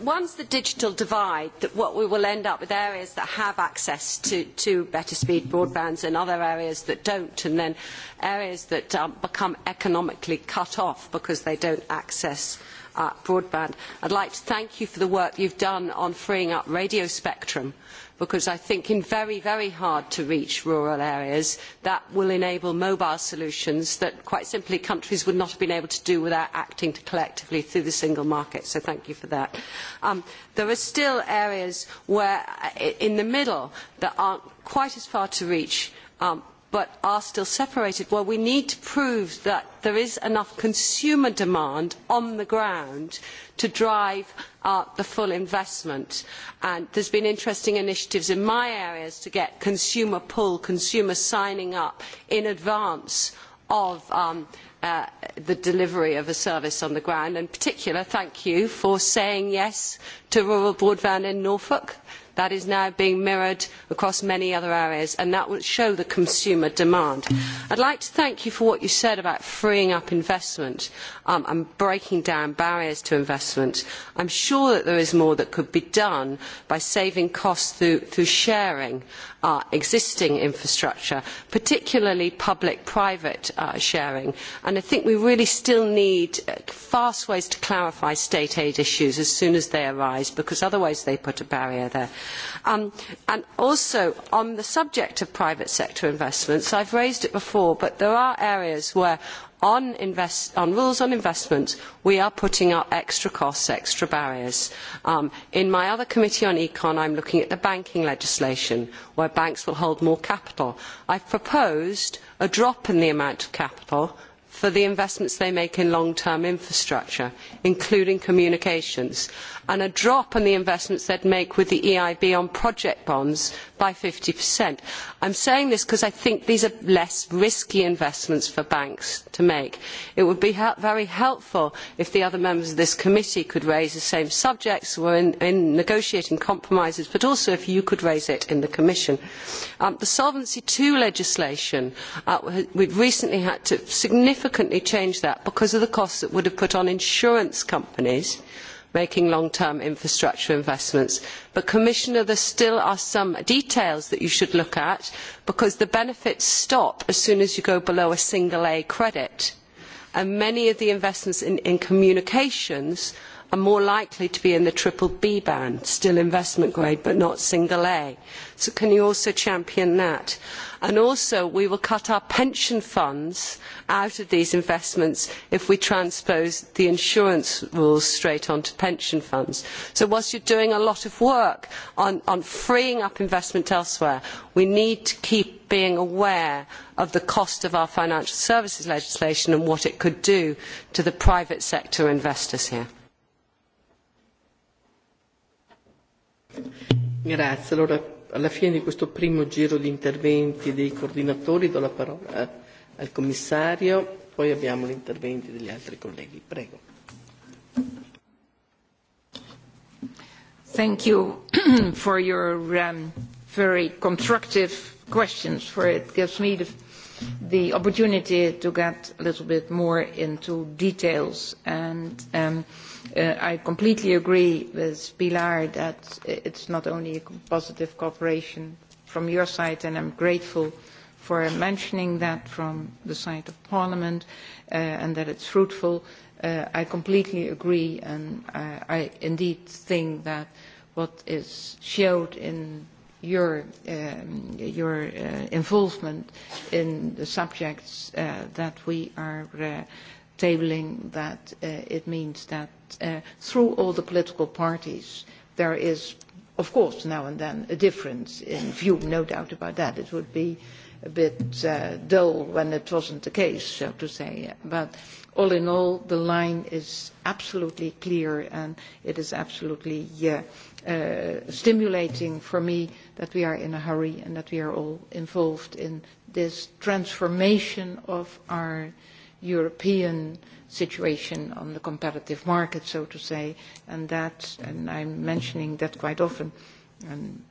one's the digital divide, that what we will end up with areas that have access to, to better speed broadbands and other areas that don't, and then areas that um, become economically cut off because they don't access uh, uh, broadband. I'd like to thank you for the work you've done on freeing up radio spectrum because I think in very, very hard to reach rural areas that will enable mobile solutions that quite simply countries would not have been able to do without acting to collectively through the single market. So thank you for that. Um, there are still areas where uh, in the middle that aren't quite as far to reach um, but are still separated. Well, we need to prove that there is enough consumer demand on the ground to drive uh, the full investment. And there's been interesting initiatives in my areas to get consumer pull, consumer signing up in advance of um, uh, the delivery of a service on the ground. In particular, thank you for saying yes to rural broadband in Norfolk That is now being mirrored across many other areas, and that will show the consumer demand. I'd like to thank you for what you said about freeing up investment um, and breaking down barriers to investment. I'm sure that there is more that could be done by saving costs through, through sharing uh, existing infrastructure, particularly public-private uh, sharing. And I think we really still need uh, fast ways to clarify state aid issues as soon as they arise, because otherwise they put a barrier there. Um, and also, on the subject of private sector investments, I've raised it before, but there are areas where on, invest, on rules on investment, we are putting up extra costs, extra barriers. Um, in my other committee on econ, I'm looking at the banking legislation, where banks will hold more capital. I've proposed a drop in the amount of capital for the investments they make in long-term infrastructure, including communications, and a drop in the investments they'd make with the EIB on project bonds by 50%. I'm saying this because I think these are less risky investments for banks to make. It would be he very helpful if the other members of this committee could raise the same subjects we're in, in negotiating compromises, but also if you could raise it in the Commission. Um, the Solvency II legislation, uh, we've recently had to significantly significantly change that because of the costs it would have put on insurance companies making long-term infrastructure investments. But, Commissioner, there still are some details that you should look at because the benefits stop as soon as you go below a single A credit. And many of the investments in, in communications and more likely to be in the triple B band, still investment grade but not single A. So can you also champion that? And also we will cut our pension funds out of these investments if we transpose the insurance rules straight onto pension funds. So whilst you're doing a lot of work on, on freeing up investment elsewhere, we need to keep being aware of the cost of our financial services legislation and what it could do to the private sector investors here. Grazie. Allora, alla fine di questo primo giro di interventi dei coordinatori do la parola eh, al commissario, poi abbiamo gli interventi degli altri colleghi. Prego. Thank you <clears throat> for your um, very constructive questions, for it gives me the, the opportunity to get a little bit more into details and um, Uh, I completely agree with Pilar that it's not only a positive cooperation from your side, and I'm grateful for mentioning that from the side of Parliament uh, and that it's fruitful. Uh, I completely agree, and I, I indeed think that what is showed in your, um, your uh, involvement in the subjects uh, that we are uh, tabling, that uh, it means that uh, through all the political parties, there is, of course, now and then a difference in view, no doubt about that. It would be a bit uh, dull when it wasn't the case, so to say. But all in all, the line is absolutely clear, and it is absolutely uh, uh, stimulating for me that we are in a hurry and that we are all involved in this transformation of our European uh, situation on the competitive market, so to say, and that, and I'm mentioning that quite often, and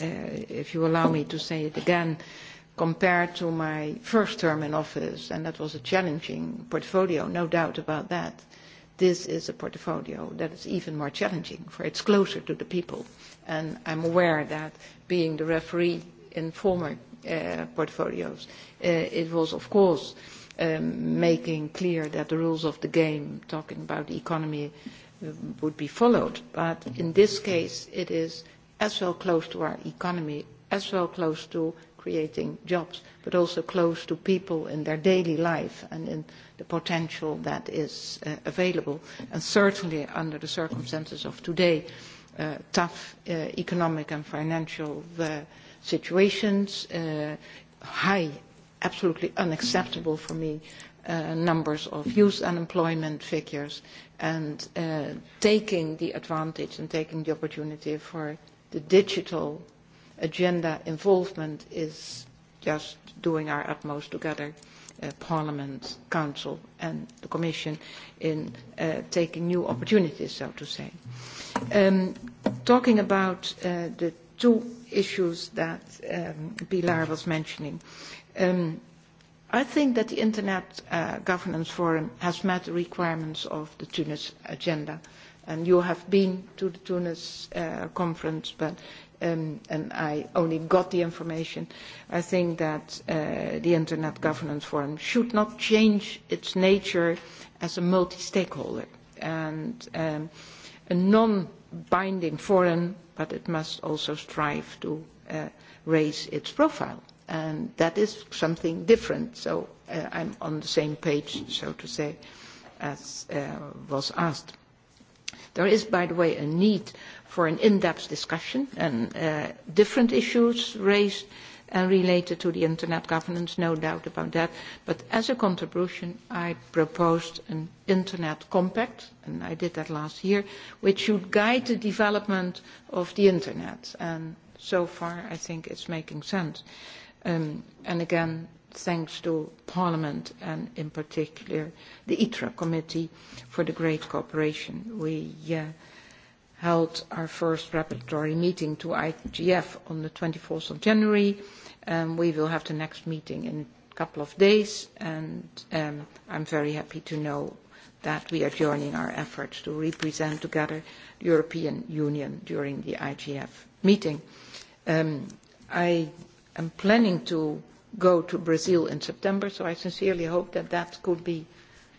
uh, if you allow me to say it again, compared to my first term in office, and that was a challenging portfolio, no doubt about that, this is a portfolio that is even more challenging, for it's closer to the people. And I'm aware that being the referee in former uh, portfolios, uh, it was, of course, uh, um, making clear that the rules of the game, talking about the economy, um, would be followed. But in this case, it is as well close to our economy, as well close to creating jobs, but also close to people in their daily life and in the potential that is uh, available. And certainly under the circumstances of today, uh, tough uh, economic and financial uh, situations, uh, high absolutely unacceptable for me uh, numbers of youth unemployment figures and uh, taking the advantage and taking the opportunity for the digital agenda involvement is just doing our utmost together, uh, Parliament, Council and the Commission, in uh, taking new opportunities, so to say. Um, talking about uh, the two issues that um, Pilar was mentioning, Um, I think that the Internet uh, Governance Forum has met the requirements of the Tunis agenda. And you have been to the Tunis uh, conference, but um, and I only got the information. I think that uh, the Internet Governance Forum should not change its nature as a multi-stakeholder and um, a non-binding forum, but it must also strive to uh, raise its profile and that is something different. So uh, I'm on the same page, so to say, as uh, was asked. There is, by the way, a need for an in-depth discussion and uh, different issues raised and related to the internet governance, no doubt about that. But as a contribution, I proposed an internet compact, and I did that last year, which should guide the development of the internet. And so far, I think it's making sense. Uh, Um, and again, thanks to Parliament and in particular the ITRA committee for the great cooperation. We uh, held our first preparatory meeting to IGF on the 24th of January. Um, we will have the next meeting in a couple of days, and um, I'm very happy to know that we are joining our efforts to represent together the European Union during the IGF meeting. Um, I am planning to go to Brazil in September, so I sincerely hope that that could be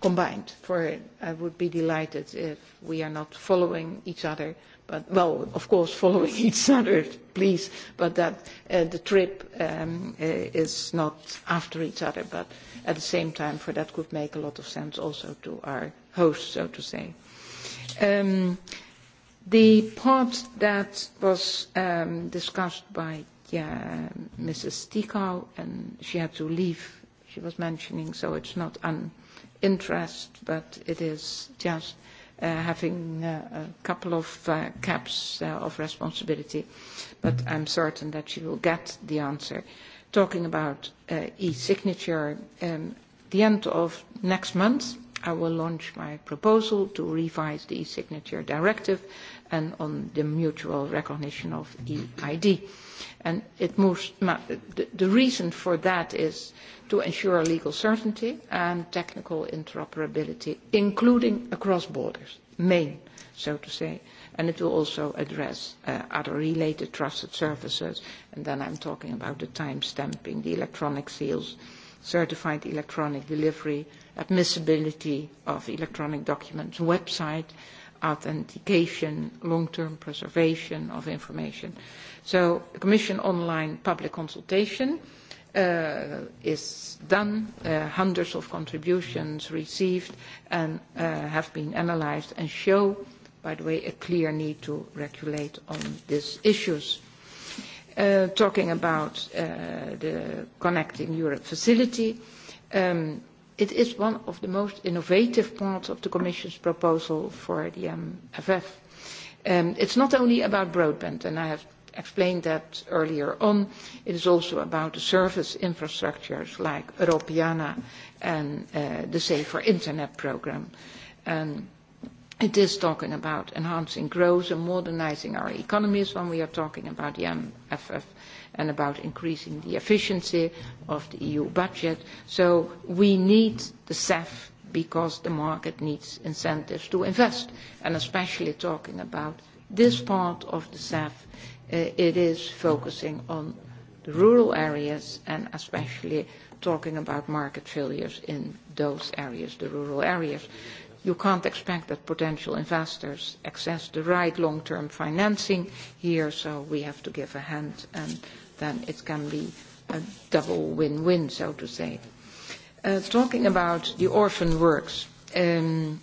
combined. For I would be delighted if we are not following each other, but well, of course, following <laughs> each other, please, but that uh, the trip um, uh, is not after each other, but at the same time, for that could make a lot of sense also to our host, so to say. Um, the part that was um, discussed by yeah, Mrs. Tikau, and she had to leave. She was mentioning, so it's not an interest, but it is just uh, having uh, a couple of uh, caps uh, of responsibility. But I'm certain that she will get the answer. Talking about uh, e-signature, um, the end of next month, I will launch my proposal to revise the e-signature directive and on the mutual recognition of EID. And it moves, the, the reason for that is to ensure legal certainty and technical interoperability, including across borders, main, so to say. And it will also address uh, other related trusted services. And then I'm talking about the time stamping, the electronic seals, certified electronic delivery, admissibility of electronic documents, website, uh, authentication, long-term preservation of information. So the Commission online public consultation uh, is done, uh, hundreds of contributions received and uh, have been analyzed and show, by the way, a clear need to regulate on these issues. Uh, talking about uh, the Connecting Europe facility, um, It is one of the most innovative parts of the Commission's proposal for the MFF. Um, um, it's not only about broadband, and I have explained that earlier on. It is also about the service infrastructures like Europeana and uh, the Safer Internet program. Um, it is talking about enhancing growth and modernizing our economies when we are talking about the MFF. Um, and about increasing the efficiency of the EU budget. So we need the CEF because the market needs incentives to invest. And especially talking about this part of the CEF, uh, it is focusing on the rural areas and especially talking about market failures in those areas, the rural areas. You can't expect that potential investors access the right long-term financing here, so we have to give a hand, and then it can be a double win-win, so to say. Uh, talking about the orphan works, um,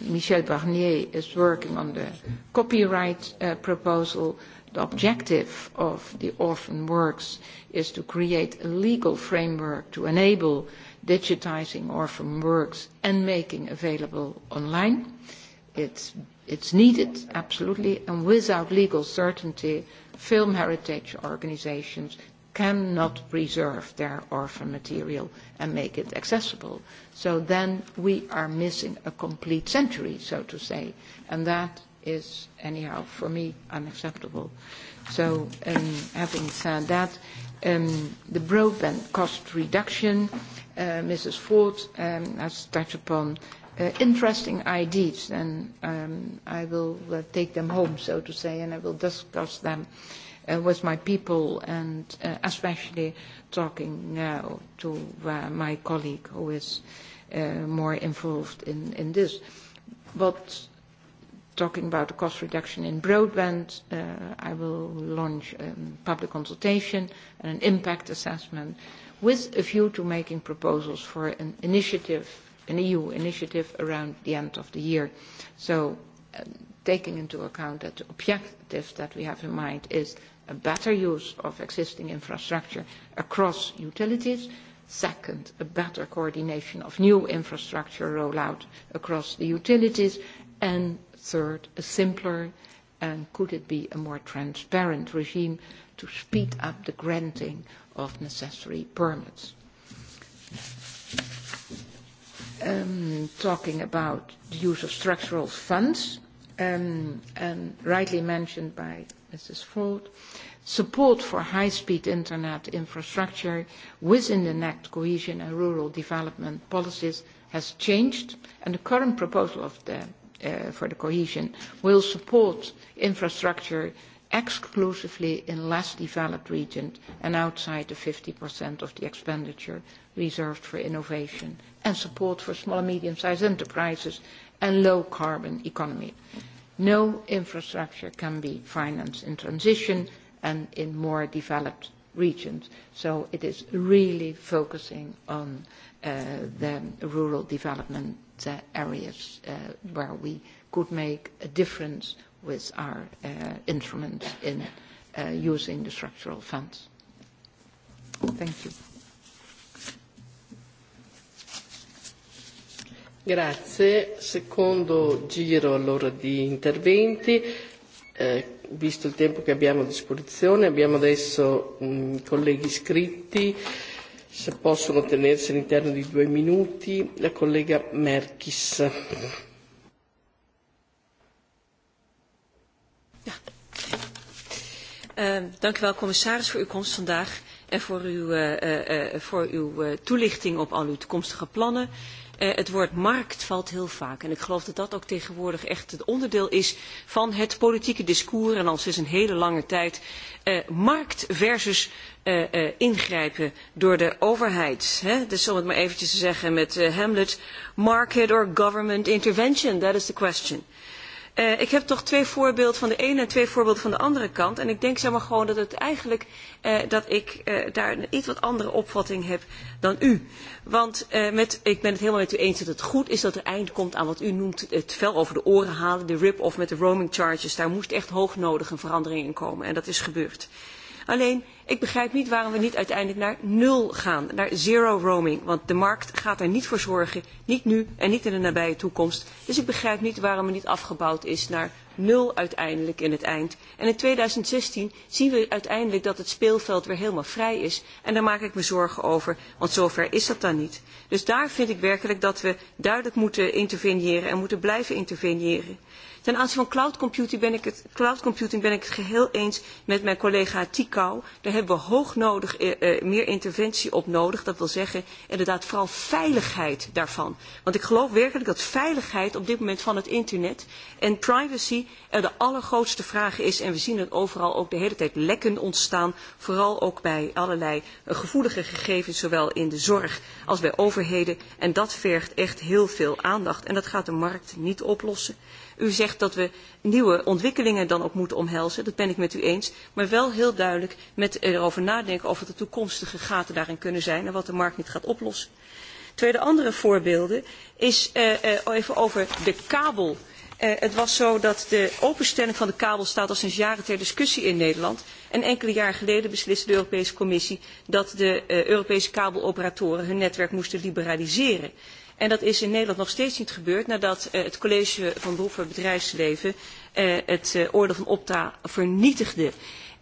Michel Barnier is working on the copyright uh, proposal. The objective of the orphan works is to create a legal framework to enable digitizing orphan works and making available online. It's, it's needed, absolutely, and without legal certainty, film heritage organizations cannot preserve their orphan material and make it accessible. So then we are missing a complete century, so to say, and that is, anyhow, for me, unacceptable. So um, having said that, um, the broadband cost reduction, uh, Mrs. Ford um, has touched upon, uh, interesting ideas, and um, I will uh, take them home, so to say, and I will discuss them uh, with my people, and uh, especially talking now to uh, my colleague who is uh, more involved in, in this. But talking about the cost reduction in broadband, uh, I will launch a um, public consultation and an impact assessment with a view to making proposals for an initiative an EU initiative around the end of the year. So uh, taking into account that the objective that we have in mind is a better use of existing infrastructure across utilities. Second, a better coordination of new infrastructure rollout across the utilities. And third, a simpler and could it be a more transparent regime to speed up the granting of necessary permits um, talking about the use of structural funds, um, and um, rightly mentioned by Mrs. Ford, support for high-speed internet infrastructure within the NACT cohesion and rural development policies has changed, and the current proposal of the, uh, for the cohesion will support infrastructure uh, exclusively in less developed regions and outside the 50% of the expenditure reserved for innovation and support for small and medium-sized enterprises and low-carbon economy. No infrastructure can be financed in transition and in more developed regions. So it is really focusing on uh, the rural development uh, areas uh, where we could make a difference with our uh, instrument in uh, using the structural funds. Thank you. Grazie. Secondo giro allora di interventi. Eh, visto il tempo che abbiamo a disposizione, abbiamo adesso mh, colleghi iscritti, se possono tenersi all'interno di due minuti, la collega Merchis. Uh, dank u wel, commissaris, voor uw komst vandaag en voor uw, uh, uh, voor uw uh, toelichting op al uw toekomstige plannen. Uh, het woord markt valt heel vaak. En ik geloof dat dat ook tegenwoordig echt het onderdeel is van het politieke discours. En al sinds een hele lange tijd uh, markt versus uh, uh, ingrijpen door de overheid. Hè? Dus om het maar eventjes te zeggen met uh, Hamlet, market or government intervention, that is the question. Uh, Uh, ik heb toch twee voorbeelden van de ene en twee voorbeelden van de andere kant. En ik denk zeg maar gewoon dat het eigenlijk uh, dat ik uh, daar een iets wat andere opvatting heb dan u. Want uh, met, ik ben het helemaal met u eens dat het goed is dat er eind komt aan wat u noemt het vel over de oren halen, de rip-off met de roaming charges. Daar moest echt hoog nodig een verandering in komen en dat is gebeurd. Alleen Ik begrijp niet waarom we niet uiteindelijk naar nul gaan, naar zero roaming. Want de markt gaat er niet voor zorgen, niet nu en niet in de nabije toekomst. Dus ik begrijp niet waarom het er niet afgebouwd is naar nul uiteindelijk in het eind. En in 2016 zien we uiteindelijk dat het speelveld weer helemaal vrij is. En daar maak ik me zorgen over, want zover is dat dan niet. Dus daar vind ik werkelijk dat we duidelijk moeten interveneren en moeten blijven interveneren. Ten aanzien van cloud computing ben ik het, cloud computing ben ik het geheel eens met mijn collega Tikau. Daar hebben we hoog nodig, uh, uh, meer interventie op nodig. Dat wil zeggen inderdaad vooral veiligheid daarvan. Want ik geloof werkelijk dat veiligheid op dit moment van het internet en privacy uh, de allergrootste vraag is. En we zien het overal ook de hele tijd lekken ontstaan. Vooral ook bij allerlei uh, gevoelige gegevens, zowel in de zorg als bij overheden. En dat vergt echt heel veel aandacht. En dat gaat de markt niet oplossen. U zegt dat we nieuwe ontwikkelingen dan ook moeten omhelzen. Dat ben ik met u eens. Maar wel heel duidelijk met erover nadenken of er de toekomstige gaten daarin kunnen zijn en wat de markt niet gaat oplossen. Tweede andere voorbeelden is uh, uh, even over de kabel. Uh, het was zo dat de openstelling van de kabel staat al sinds jaren ter discussie in Nederland. En enkele jaren geleden besliste de Europese Commissie dat de uh, Europese kabeloperatoren hun netwerk moesten liberaliseren. En dat is in Nederland nog steeds niet gebeurd nadat uh, het college van beroep voor bedrijfsleven uh, het uh, oordeel van Opta vernietigde. Uh,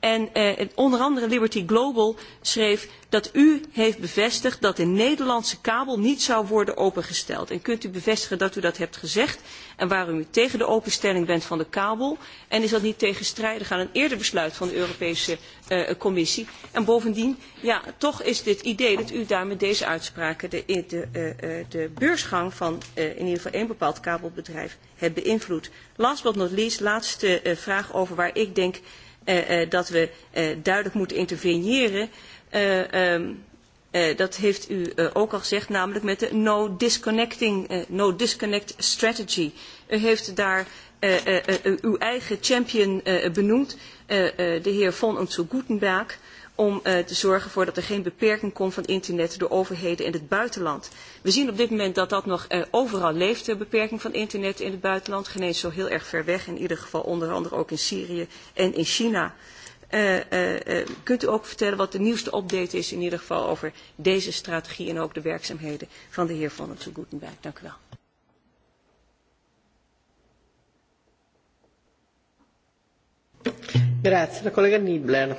En eh, onder andere Liberty Global schreef dat u heeft bevestigd dat de Nederlandse kabel niet zou worden opengesteld. En kunt u bevestigen dat u dat hebt gezegd en waarom u tegen de openstelling bent van de kabel? En is dat niet tegenstrijdig aan een eerder besluit van de Europese eh, Commissie? En bovendien, ja, toch is dit idee dat u daar met deze uitspraken de, de, de, eh, eh, de beursgang van eh, in ieder geval één bepaald kabelbedrijf hebt beïnvloed. Last but not least, laatste eh, vraag over waar ik denk uh, uh, dat we uh, duidelijk moeten interveneren. Uh, um, uh, dat heeft u uh, ook al gezegd, namelijk met de no, disconnecting, uh, no disconnect strategy. U heeft daar uh, uh, uh, uw eigen champion uh, benoemd, uh, uh, de heer Von Unzu Gutenberg. Uh, om uh, te zorgen voor dat er geen beperking komt van internet door overheden in het buitenland. We zien op dit moment dat dat nog uh, overal leeft, de beperking van internet in het buitenland. Geen eens zo heel erg ver weg, in ieder geval onder andere ook in Syrië en in China. Uh, uh, uh, kunt u ook vertellen wat de nieuwste update is in ieder geval over deze strategie en ook de werkzaamheden van de heer Van den Toe Gutenberg. Dank u wel. Grazie, la collega Nibler.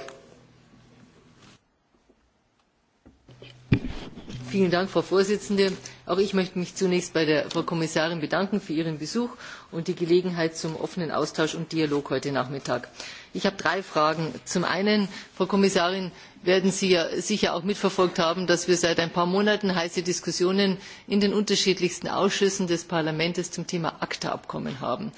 Vielen Dank, Frau Vorsitzende. Auch ich möchte mich zunächst bei der Frau Kommissarin bedanken für ihren Besuch und die Gelegenheit zum offenen Austausch und Dialog heute Nachmittag. Ich habe drei Fragen. Zum einen, Frau Kommissarin, werden Sie ja sicher auch mitverfolgt haben, dass wir seit ein paar Monaten heiße Diskussionen in den unterschiedlichsten Ausschüssen des Parlaments zum Thema ACTA-Abkommen haben.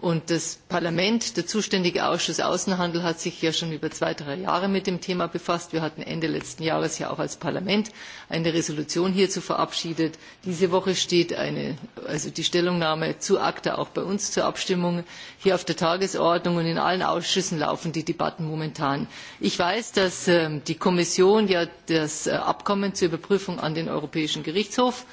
Und das Parlament, der zuständige Ausschuss Außenhandel, hat sich ja schon über zwei, drei Jahre mit dem Thema befasst. Wir hatten Ende letzten Jahres ja auch als Parlament eine Resolution hierzu verabschiedet. Diese Woche steht eine, also die Stellungnahme zu ACTA auch bei uns zur Abstimmung hier auf der Tagesordnung und in allen Ausschüssen laufen die Debatten momentan. Ich weiß, dass äh, die Kommission ja das äh, Abkommen zur Überprüfung an den Europäischen Gerichtshof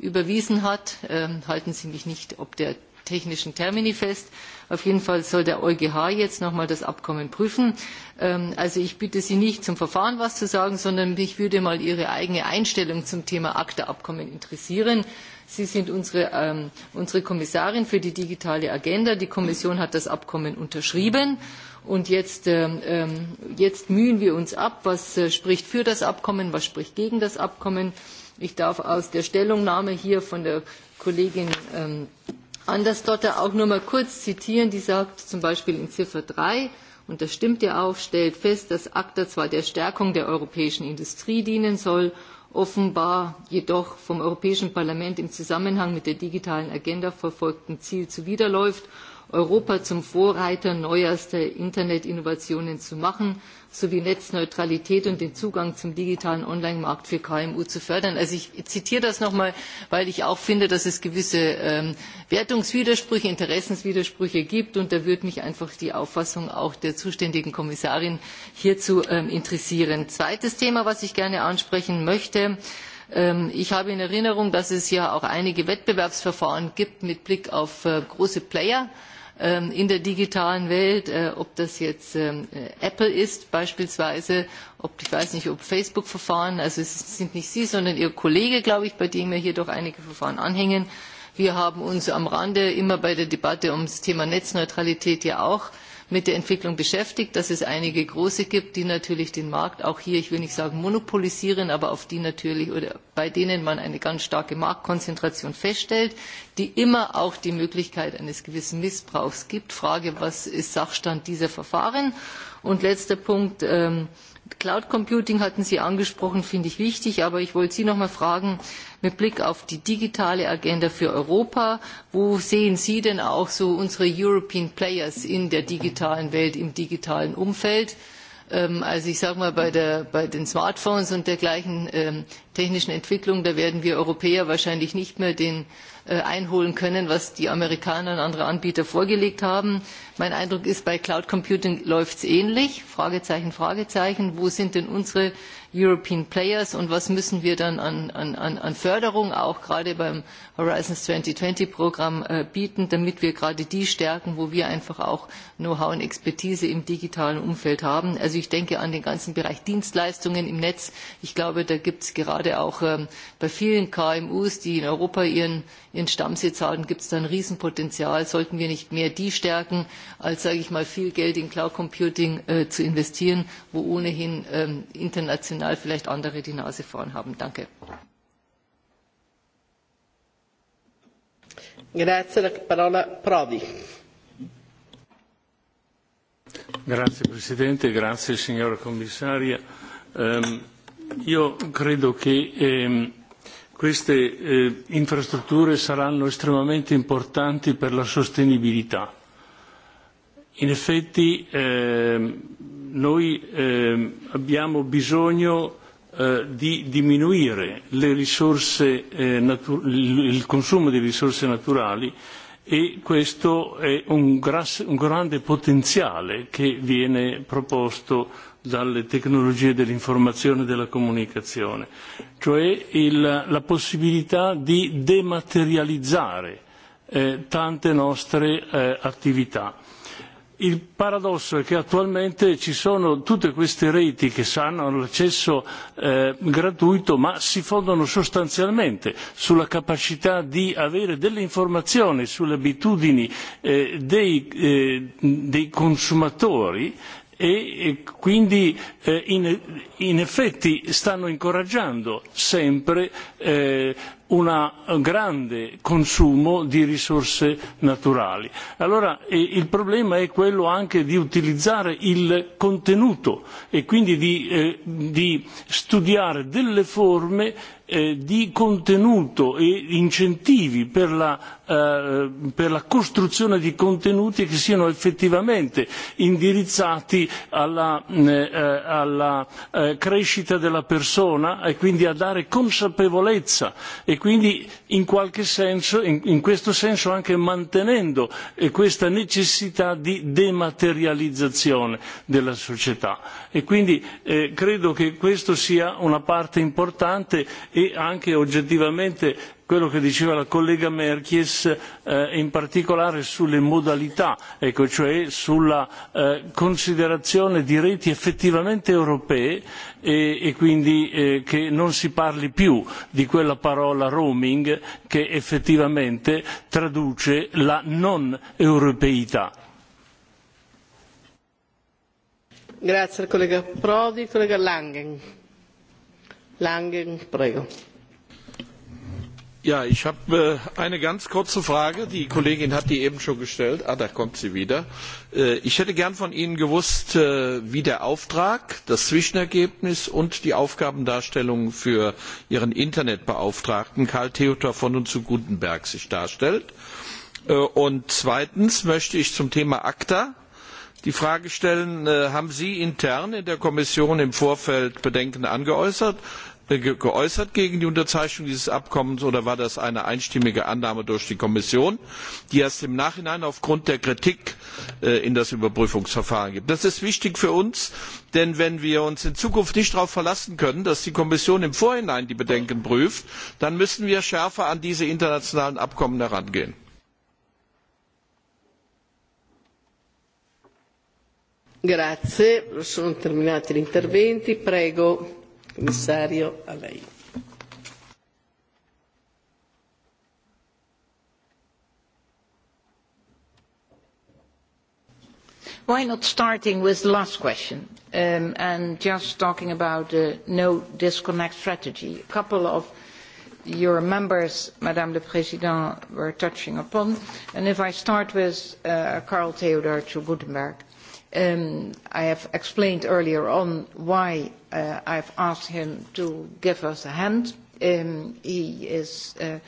überwiesen hat. Ähm, halten Sie mich nicht, ob der technischen Termini fest. Auf jeden Fall soll der EuGH jetzt nochmal das Abkommen prüfen. Ähm, also ich bitte Sie nicht zum Verfahren was zu sagen, sondern mich würde mal Ihre eigene Einstellung zum Thema ACTA-Abkommen interessieren. Sie sind unsere, ähm, unsere Kommissarin für die digitale Agenda. Die Kommission hat das Abkommen unterschrieben. Und jetzt, ähm, ähm, jetzt mühen wir uns ab, was äh, spricht für das Abkommen, was spricht gegen das Abkommen. Ich darf aus der Stellungnahme hier von der Kollegin ähm, Andersdotter auch nur mal kurz zitieren. Die sagt zum Beispiel in Ziffer 3, und das stimmt ja auch, stellt fest, dass ACTA zwar der Stärkung der europäischen Industrie dienen soll, offenbar jedoch vom Europäischen Parlament im Zusammenhang mit der digitalen Agenda verfolgtem Ziel zuwiderläuft Europa zum Vorreiter neuerster Internetinnovationen zu machen, sowie Netzneutralität und den Zugang zum digitalen Online-Markt für KMU zu fördern. Also ich zitiere das nochmal, weil ich auch finde, dass es gewisse ähm, Wertungswidersprüche, Interessenswidersprüche gibt. Und da würde mich einfach die Auffassung auch der zuständigen Kommissarin hierzu ähm, interessieren. Zweites Thema, was ich gerne ansprechen möchte. Ähm, ich habe in Erinnerung, dass es ja auch einige Wettbewerbsverfahren gibt mit Blick auf äh, große Player. Äh, Ähm, in der digitalen Welt, äh, ob das jetzt ähm, äh, Apple ist beispielsweise, ob ich weiß nicht, ob Facebook Verfahren, also es sind nicht Sie, sondern Ihr Kollege, glaube ich, bei dem ja hier doch einige Verfahren anhängen. Wir haben uns am Rande immer bei der Debatte ums Thema Netzneutralität ja auch äh, mit der Entwicklung beschäftigt, dass es einige große gibt, die natürlich den Markt auch hier, ich will nicht sagen monopolisieren, aber auf die natürlich oder bei denen man eine ganz starke Marktkonzentration feststellt, die immer auch die Möglichkeit eines gewissen Missbrauchs gibt. Frage, was ist Sachstand dieser Verfahren? Und letzter Punkt, ähm, Cloud Computing hatten Sie angesprochen, finde ich wichtig, aber ich wollte Sie noch mal fragen, mit Blick auf die digitale Agenda für Europa, wo sehen Sie denn auch so unsere European Players in der digitalen Welt, im digitalen Umfeld? Ähm, also ich sage mal, bei, der, bei den Smartphones und der gleichen ähm, technischen Entwicklung, da werden wir Europäer wahrscheinlich nicht mehr den äh, Äh, einholen können, was die Amerikaner und andere Anbieter vorgelegt haben. Mein Eindruck ist, bei Cloud Computing läuft es ähnlich. Fragezeichen, Fragezeichen. Wo sind denn unsere European Players und was müssen wir dann an, an, an Förderung auch gerade beim Horizons 2020 Programm äh, bieten, damit wir gerade die stärken, wo wir einfach auch Know-how und Expertise im digitalen Umfeld haben. Also ich denke an den ganzen Bereich Dienstleistungen im Netz. Ich glaube, da gibt es gerade auch ähm, bei vielen KMUs, die in Europa ihren ihren Stammsitz haben, gibt es da ein Riesenpotenzial. Sollten wir nicht mehr die stärken, als, sage ich mal, viel Geld in Cloud Computing äh, zu investieren, wo ohnehin ähm, international vielleicht andere die Nase vorn haben. Danke. Grazie, la parola Prodi. Grazie Presidente, grazie signora Commissaria. Um, io credo che um, queste eh, infrastrutture saranno estremamente importanti per la sostenibilità. In effetti eh, noi eh, abbiamo bisogno eh, di diminuire le risorse, eh, natu- il consumo di risorse naturali e questo è un, gras- un grande potenziale che viene proposto dalle tecnologie dell'informazione e della comunicazione, cioè il, la possibilità di dematerializzare eh, tante nostre eh, attività. Il paradosso è che attualmente ci sono tutte queste reti che hanno l'accesso eh, gratuito ma si fondano sostanzialmente sulla capacità di avere delle informazioni sulle abitudini eh, dei, eh, dei consumatori E, e quindi eh, in, in effetti stanno incoraggiando sempre eh, una, un grande consumo di risorse naturali. Allora eh, il problema è quello anche di utilizzare il contenuto e quindi di, eh, di studiare delle forme eh, di contenuto e incentivi per la, eh, per la costruzione di contenuti che siano effettivamente indirizzati alla, eh, eh alla eh, crescita della persona e quindi a dare consapevolezza e quindi in qualche senso in, in questo senso anche mantenendo eh, questa necessità di dematerializzazione della società e quindi eh, credo che questa sia una parte importante e anche oggettivamente quello che diceva la collega Merkies eh, in particolare sulle modalità, ecco, cioè sulla eh, considerazione di reti effettivamente europee e, e quindi eh, che non si parli più di quella parola roaming che effettivamente traduce la non europeità. Grazie al collega Prodi, collega Langen. Langen, prego. Ja, ich habe äh, eine ganz kurze Frage. Die Kollegin hat die eben schon gestellt. Ah, da kommt sie wieder. Äh, ich hätte gern von Ihnen gewusst, äh, wie der Auftrag, das Zwischenergebnis und die Aufgabendarstellung für Ihren Internetbeauftragten Karl Theodor von und zu Gutenberg sich darstellt. Äh, und zweitens möchte ich zum Thema ACTA die Frage stellen, äh, haben Sie intern in der Kommission im Vorfeld Bedenken angeäußert? ge geäußert gegen die Unterzeichnung dieses Abkommens oder war das eine einstimmige Annahme durch die Kommission, die erst im Nachhinein aufgrund der Kritik äh, in das Überprüfungsverfahren gibt? Das ist wichtig für uns, denn wenn wir uns in Zukunft nicht darauf verlassen können, dass die Kommission im Vorhinein die Bedenken prüft, dann müssen wir schärfer an diese internationalen Abkommen herangehen. Grazie, sono terminati gli interventi. Prego Commissario, a lei. Why not starting with the last question um, and just talking about the no disconnect strategy? A couple of your members, Madame the President, were touching upon. And if I start with uh, Carl Theodor to Gutenberg, um, I have explained earlier on why uh, I've asked him to give us a hand. Um, he is uh,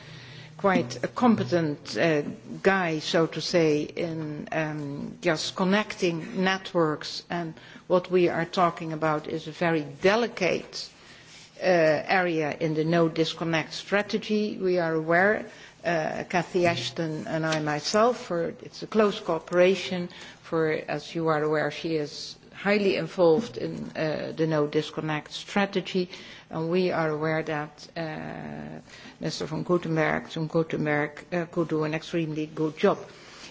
quite a competent uh, guy, so to say, in um, just connecting networks. And what we are talking about is a very delicate uh, area in the no disconnect strategy. We are aware, uh, Cathy Ashton and I myself, for, it's a close cooperation for, as you are aware, she is highly involved in uh, the no disconnect strategy, and we are aware that uh, Mr. von Gutenberg, von Gutenberg uh, could do an extremely good job.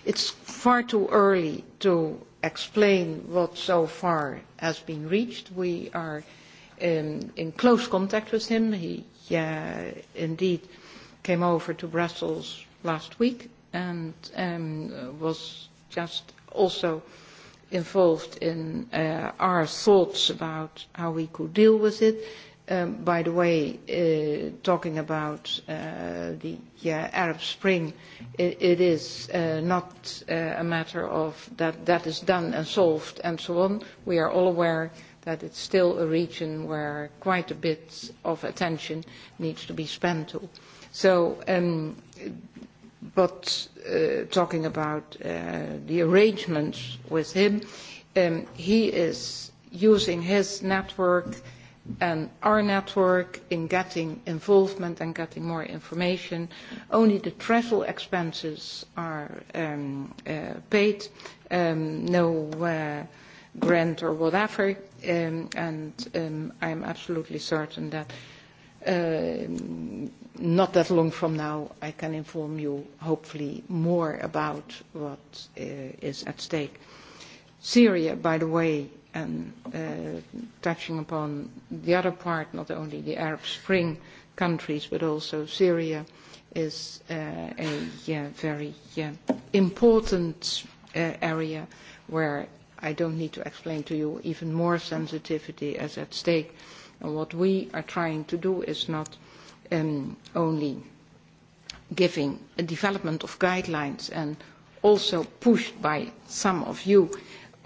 It's far too early to explain what so far has been reached. We are in, um, in close contact with him. He uh, indeed came over to Brussels last week and um, was just also uh, involved in uh, our thoughts about how we could deal with it. Um, by the way, uh, talking about uh, the uh, Arab Spring, it, it is uh, not uh, a matter of that that is done and solved and so on. We are all aware that it's still a region where quite a bit of attention needs to be spent to. So um, but uh, talking about uh, the arrangements with him, um, he is using his network and our network in getting involvement and getting more information. Only the travel expenses are um, uh, paid, um, no uh, grant or whatever, um, and um, I'm absolutely certain that uh, Uh, not that long from now, I can inform you, hopefully, more about what uh, is at stake. Syria, by the way, and um, uh, touching upon the other part, not only the Arab Spring countries, but also Syria, is uh, a yeah, very yeah, important uh, area where I don't need to explain to you even more sensitivity is at stake. Uh, And what we are trying to do is not um, only giving a development of guidelines and also pushed by some of you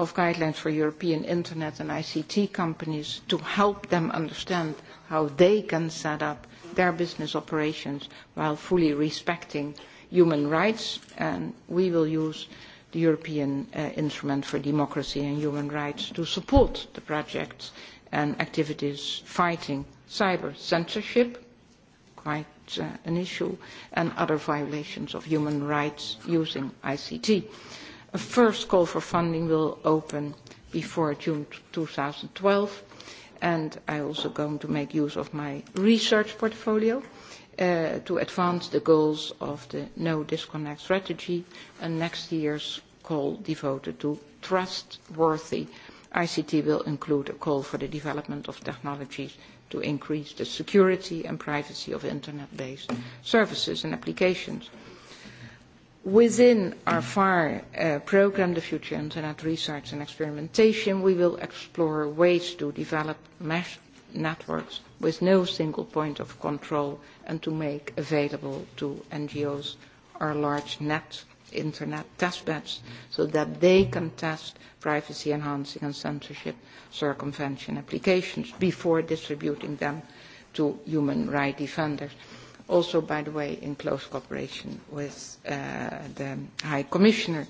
of guidelines for European internet and ICT companies to help them understand how they can set up their business operations while fully respecting human rights. And we will use the European uh, Instrument for Democracy and Human Rights to support the projects uh, and activities fighting cyber censorship, quite uh, an issue, and other violations of human rights using ICT. A first call for funding will open before June 2012, and I'm also going to make use of my research portfolio uh, to advance the goals of the No Disconnect strategy and next year's call devoted to trustworthy ICT will include a call for the development of technologies to increase the security and privacy of internet-based services and applications. Within our FAR uh, program, the Future Internet Research and Experimentation, we will explore ways to develop mesh networks with no single point of control and to make available to NGOs our large net internet test beds so that they can test privacy enhancing and censorship circumvention applications before distributing them to human rights defenders. Also, by the way, in close cooperation with uh, the High Commissioner.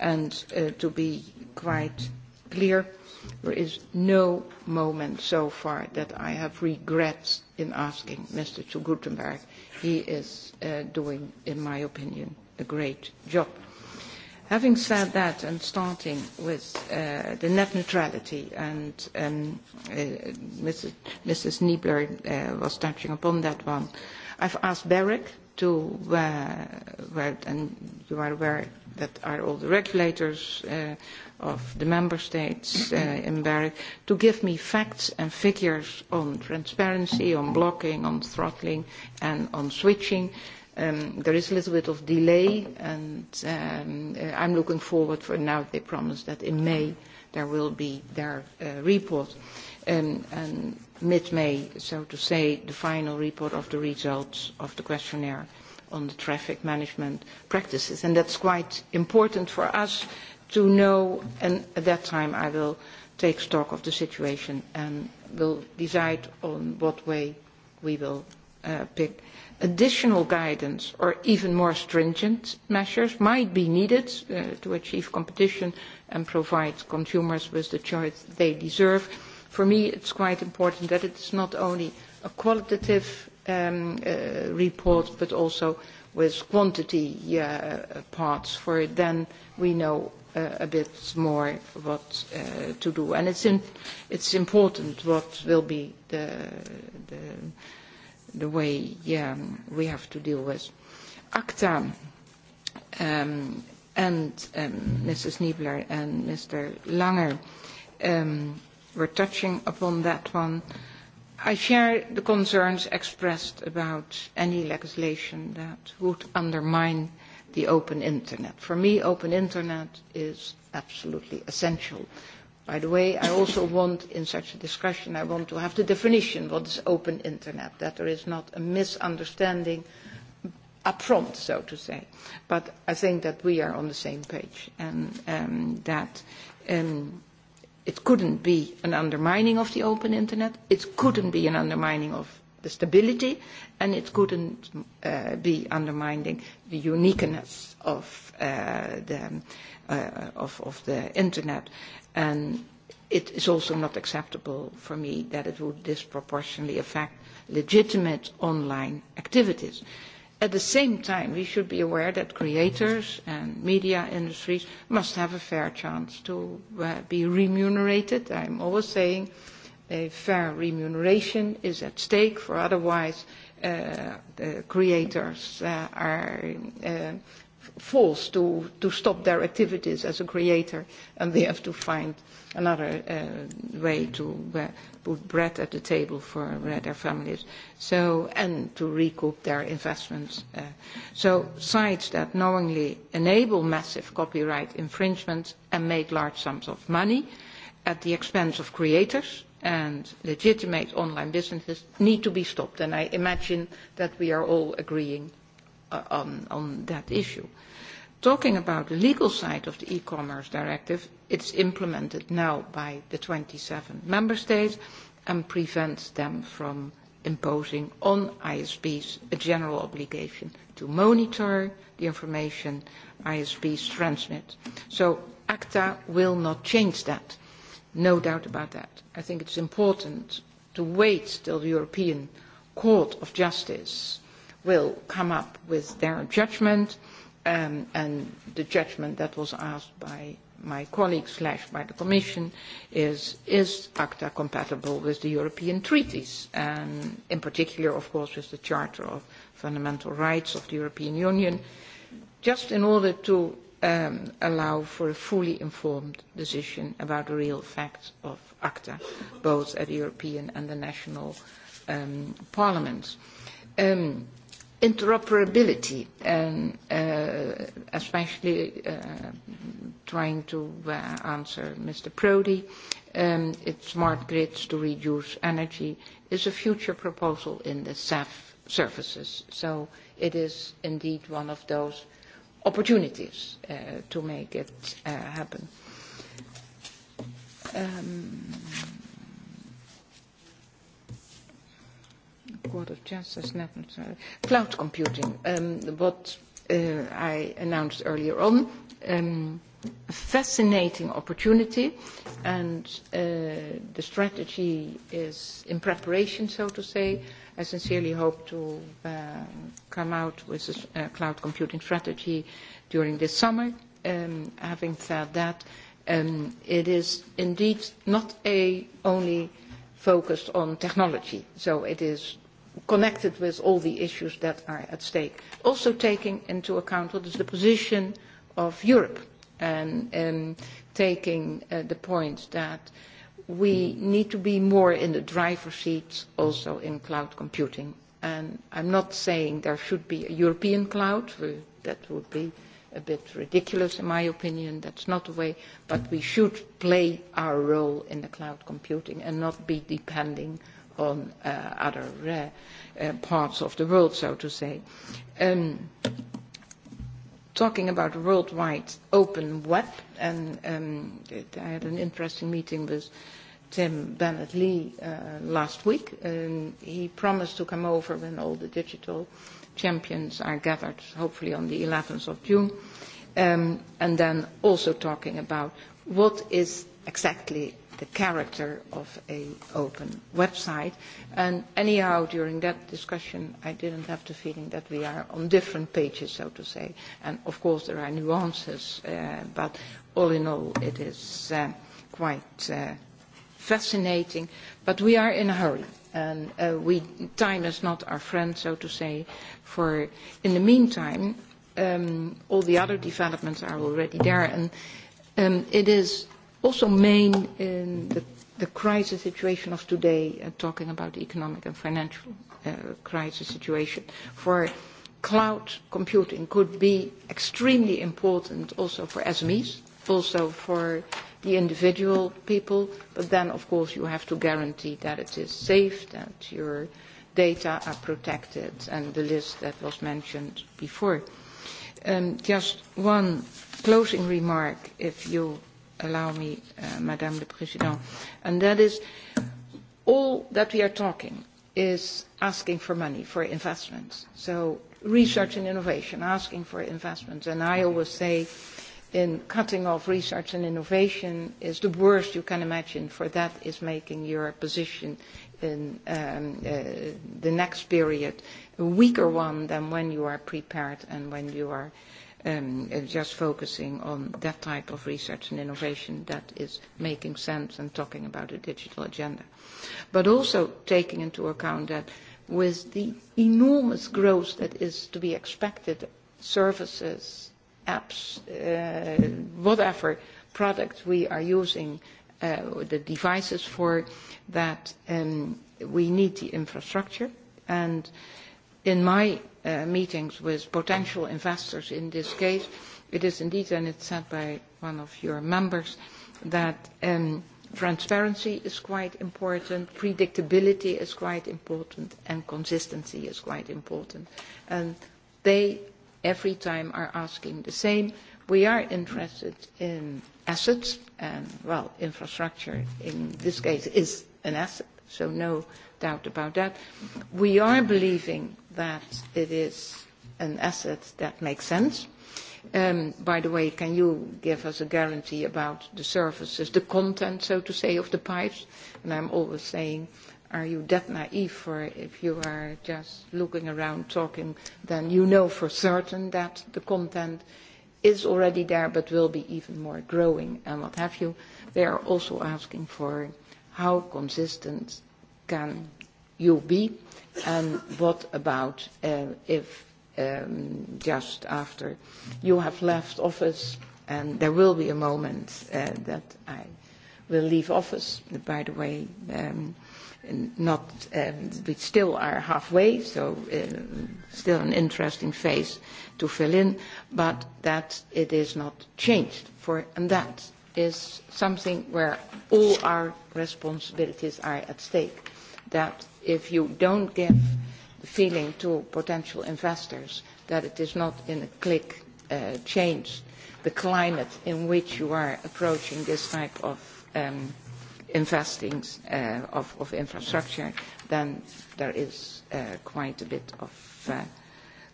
And uh, to be quite clear, there is no moment so far that I have regrets in asking Mr. Gutenberg. He is uh, doing, in my opinion, a great job. Having said that, and starting with uh, the net neutrality, and um, uh, Mrs. Mrs. Niebler uh, was touching upon that one, I've asked BEREC to, uh, where, and you are aware that are all the regulators uh, of the member states uh, in BEREC, to give me facts and figures on transparency, on blocking, on throttling, and on switching. Uh, um, there is a little bit of delay, and um, uh, I'm looking forward for now. They promised that in May there will be their uh, report, um, and mid-May, so to say, the final report of the results of the questionnaire on the traffic management practices. And that's quite important for us to know, and at that time I will take stock of the situation and will decide on what way we will uh, pick additional guidance or even more stringent measures might be needed uh, to achieve competition and provide consumers with the choice they deserve. For me, it's quite important that it's not only a qualitative um, uh, report, but also with quantity uh, uh parts, for then we know uh, a bit more what uh, to do. And it's, in, it's important what will be the, the the way um, we have to deal with. ACTA um, and um, Mrs. Niebler and Mr. Langer um, were touching upon that one. I share the concerns expressed about any legislation that would undermine the open internet. For me, open internet is absolutely essential By the way, I also want, in such a discussion, I want to have the definition what is open internet, that there is not a misunderstanding upfront, so to say. But I think that we are on the same page and um, that um, it couldn't be an undermining of the open internet, it couldn't be an undermining of the stability, and it couldn't uh, be undermining the uniqueness of, uh, the, uh, of, of the internet. And it is also not acceptable for me that it would disproportionately affect legitimate online activities. At the same time, we should be aware that creators and media industries must have a fair chance to uh, be remunerated. I'm always saying a fair remuneration is at stake, for otherwise uh, the creators uh, are uh, forced to, to stop their activities as a creator and they have to find another uh, way to uh, put bread at the table for uh, their families so, and to recoup their investments. Uh, so sites that knowingly enable massive copyright infringements and make large sums of money at the expense of creators and legitimate online businesses need to be stopped and I imagine that we are all agreeing uh, on, on that issue. Talking about the legal side of the e-commerce directive, it's implemented now by the 27 member states and prevents them from imposing on ISPs a general obligation to monitor the information ISPs transmit. So ACTA will not change that, no doubt about that. I think it's important to wait till the European Court of Justice will come up with their judgment um, and the judgment that was asked by my colleague slash by the Commission is, is ACTA compatible with the European treaties and in particular of course with the Charter of Fundamental Rights of the European Union just in order to um, allow for a fully informed decision about the real facts of ACTA both at the European and the national um, parliaments. Um, interoperability, um, uh, especially uh, trying to uh, answer Mr. Prodi, um, it's smart grids to reduce energy is a future proposal in the SAF services. So it is indeed one of those opportunities uh, to make it uh, happen. Um, Quarter just as Cloud computing, um, what uh, I announced earlier on, um, fascinating opportunity, and uh, the strategy is in preparation, so to say. I sincerely hope to uh, come out with a uh, cloud computing strategy during this summer. Um, having said that, um, it is indeed not a only focused on technology, so it is connected with all the issues that are at stake. Also taking into account what is the position of Europe and, and taking uh, the point that we need to be more in the driver's seat also in cloud computing. And I'm not saying there should be a European cloud. That would be a bit ridiculous in my opinion. That's not the way. But we should play our role in the cloud computing and not be depending on on uh, other uh, uh, parts of the world, so to say. Um, talking about the World Wide Open Web, and um, it, I had an interesting meeting with Tim Bennett-Lee uh, last week. Um, he promised to come over when all the digital champions are gathered, hopefully on the 11th of June um, and then also talking about what is exactly the character of an open website. And anyhow, during that discussion, I didn't have the feeling that we are on different pages, so to say. And of course, there are nuances, uh, but all in all, it is uh, quite uh, fascinating. But we are in a hurry. And uh, we, time is not our friend, so to say. For in the meantime, um, all the other developments are already there. And um, it is also main in the, the crisis situation of today, uh, talking about the economic and financial uh, crisis situation, for cloud computing could be extremely important also for SMEs, also for the individual people, but then of course you have to guarantee that it is safe, that your data are protected, and the list that was mentioned before. Uh, Um, just one closing remark, if you allow me, uh, Madame le Président, and that is all that we are talking is asking for money for investments. So research and innovation, asking for investments. And I always say in cutting off research and innovation is the worst you can imagine, for that is making your position in um, uh, the next period uh, a weaker one than when you are prepared and when you are um, just focusing on that type of research and innovation that is making sense and talking about a digital agenda. But also taking into account that with the enormous growth that is to be expected, services, apps, uh, whatever product we are using, uh, the devices for, that um, we need the infrastructure. And uh, in my uh, meetings with potential investors in this case, it is indeed, and it's said by one of your members, that um, transparency is quite important, predictability is quite important, and consistency is quite important. And they, every time, are asking the same. We are interested in assets, and, well, infrastructure in this case is an asset, so no uh, doubt about that. We are believing that it is an asset that makes sense. Um, by the way, can you give us a guarantee about the services, the content, so to say, of the pipes? And I'm always saying, are you that naive for if you are just looking around talking, then you know for certain that the content is already there but will be even more growing and what have you. They are also asking for how consistent can you be? And what about uh, if um, just after you have left office, and there will be a moment uh, that I will leave office, by the way, um, not, um, we still are halfway, so uh, still an interesting phase to fill in, but that it is not changed for, and that is something where all our responsibilities are at stake that if you don't give the feeling to potential investors that it is not in a click uh, change, the climate in which you are approaching this type of um, investing uh, of, of infrastructure, then there is uh, quite a bit of uh,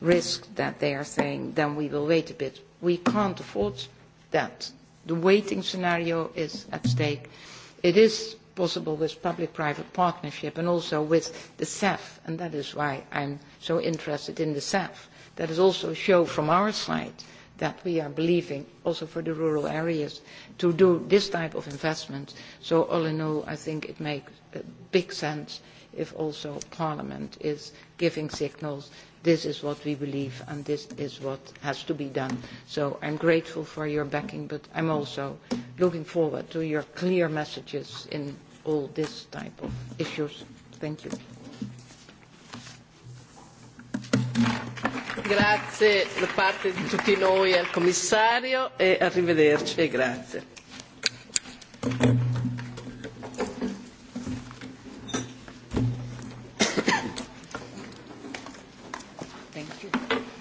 risk that they are saying, then we will wait a bit. We can't afford that. The waiting scenario is at stake. It is possible with public-private partnership and also with the CEF, and that is why I'm so interested in the CEF. That is also a show from our side that we are believing, also for the rural areas, to do this type of investment. So all in all, I think it makes big sense if also Parliament is giving signals This is what we believe and this is what has to be done. So I'm grateful for your backing, but I'm also looking forward to your clear messages in all this type of issues. Thank you. Grazie da parte di tutti noi al commissario e arrivederci e grazie.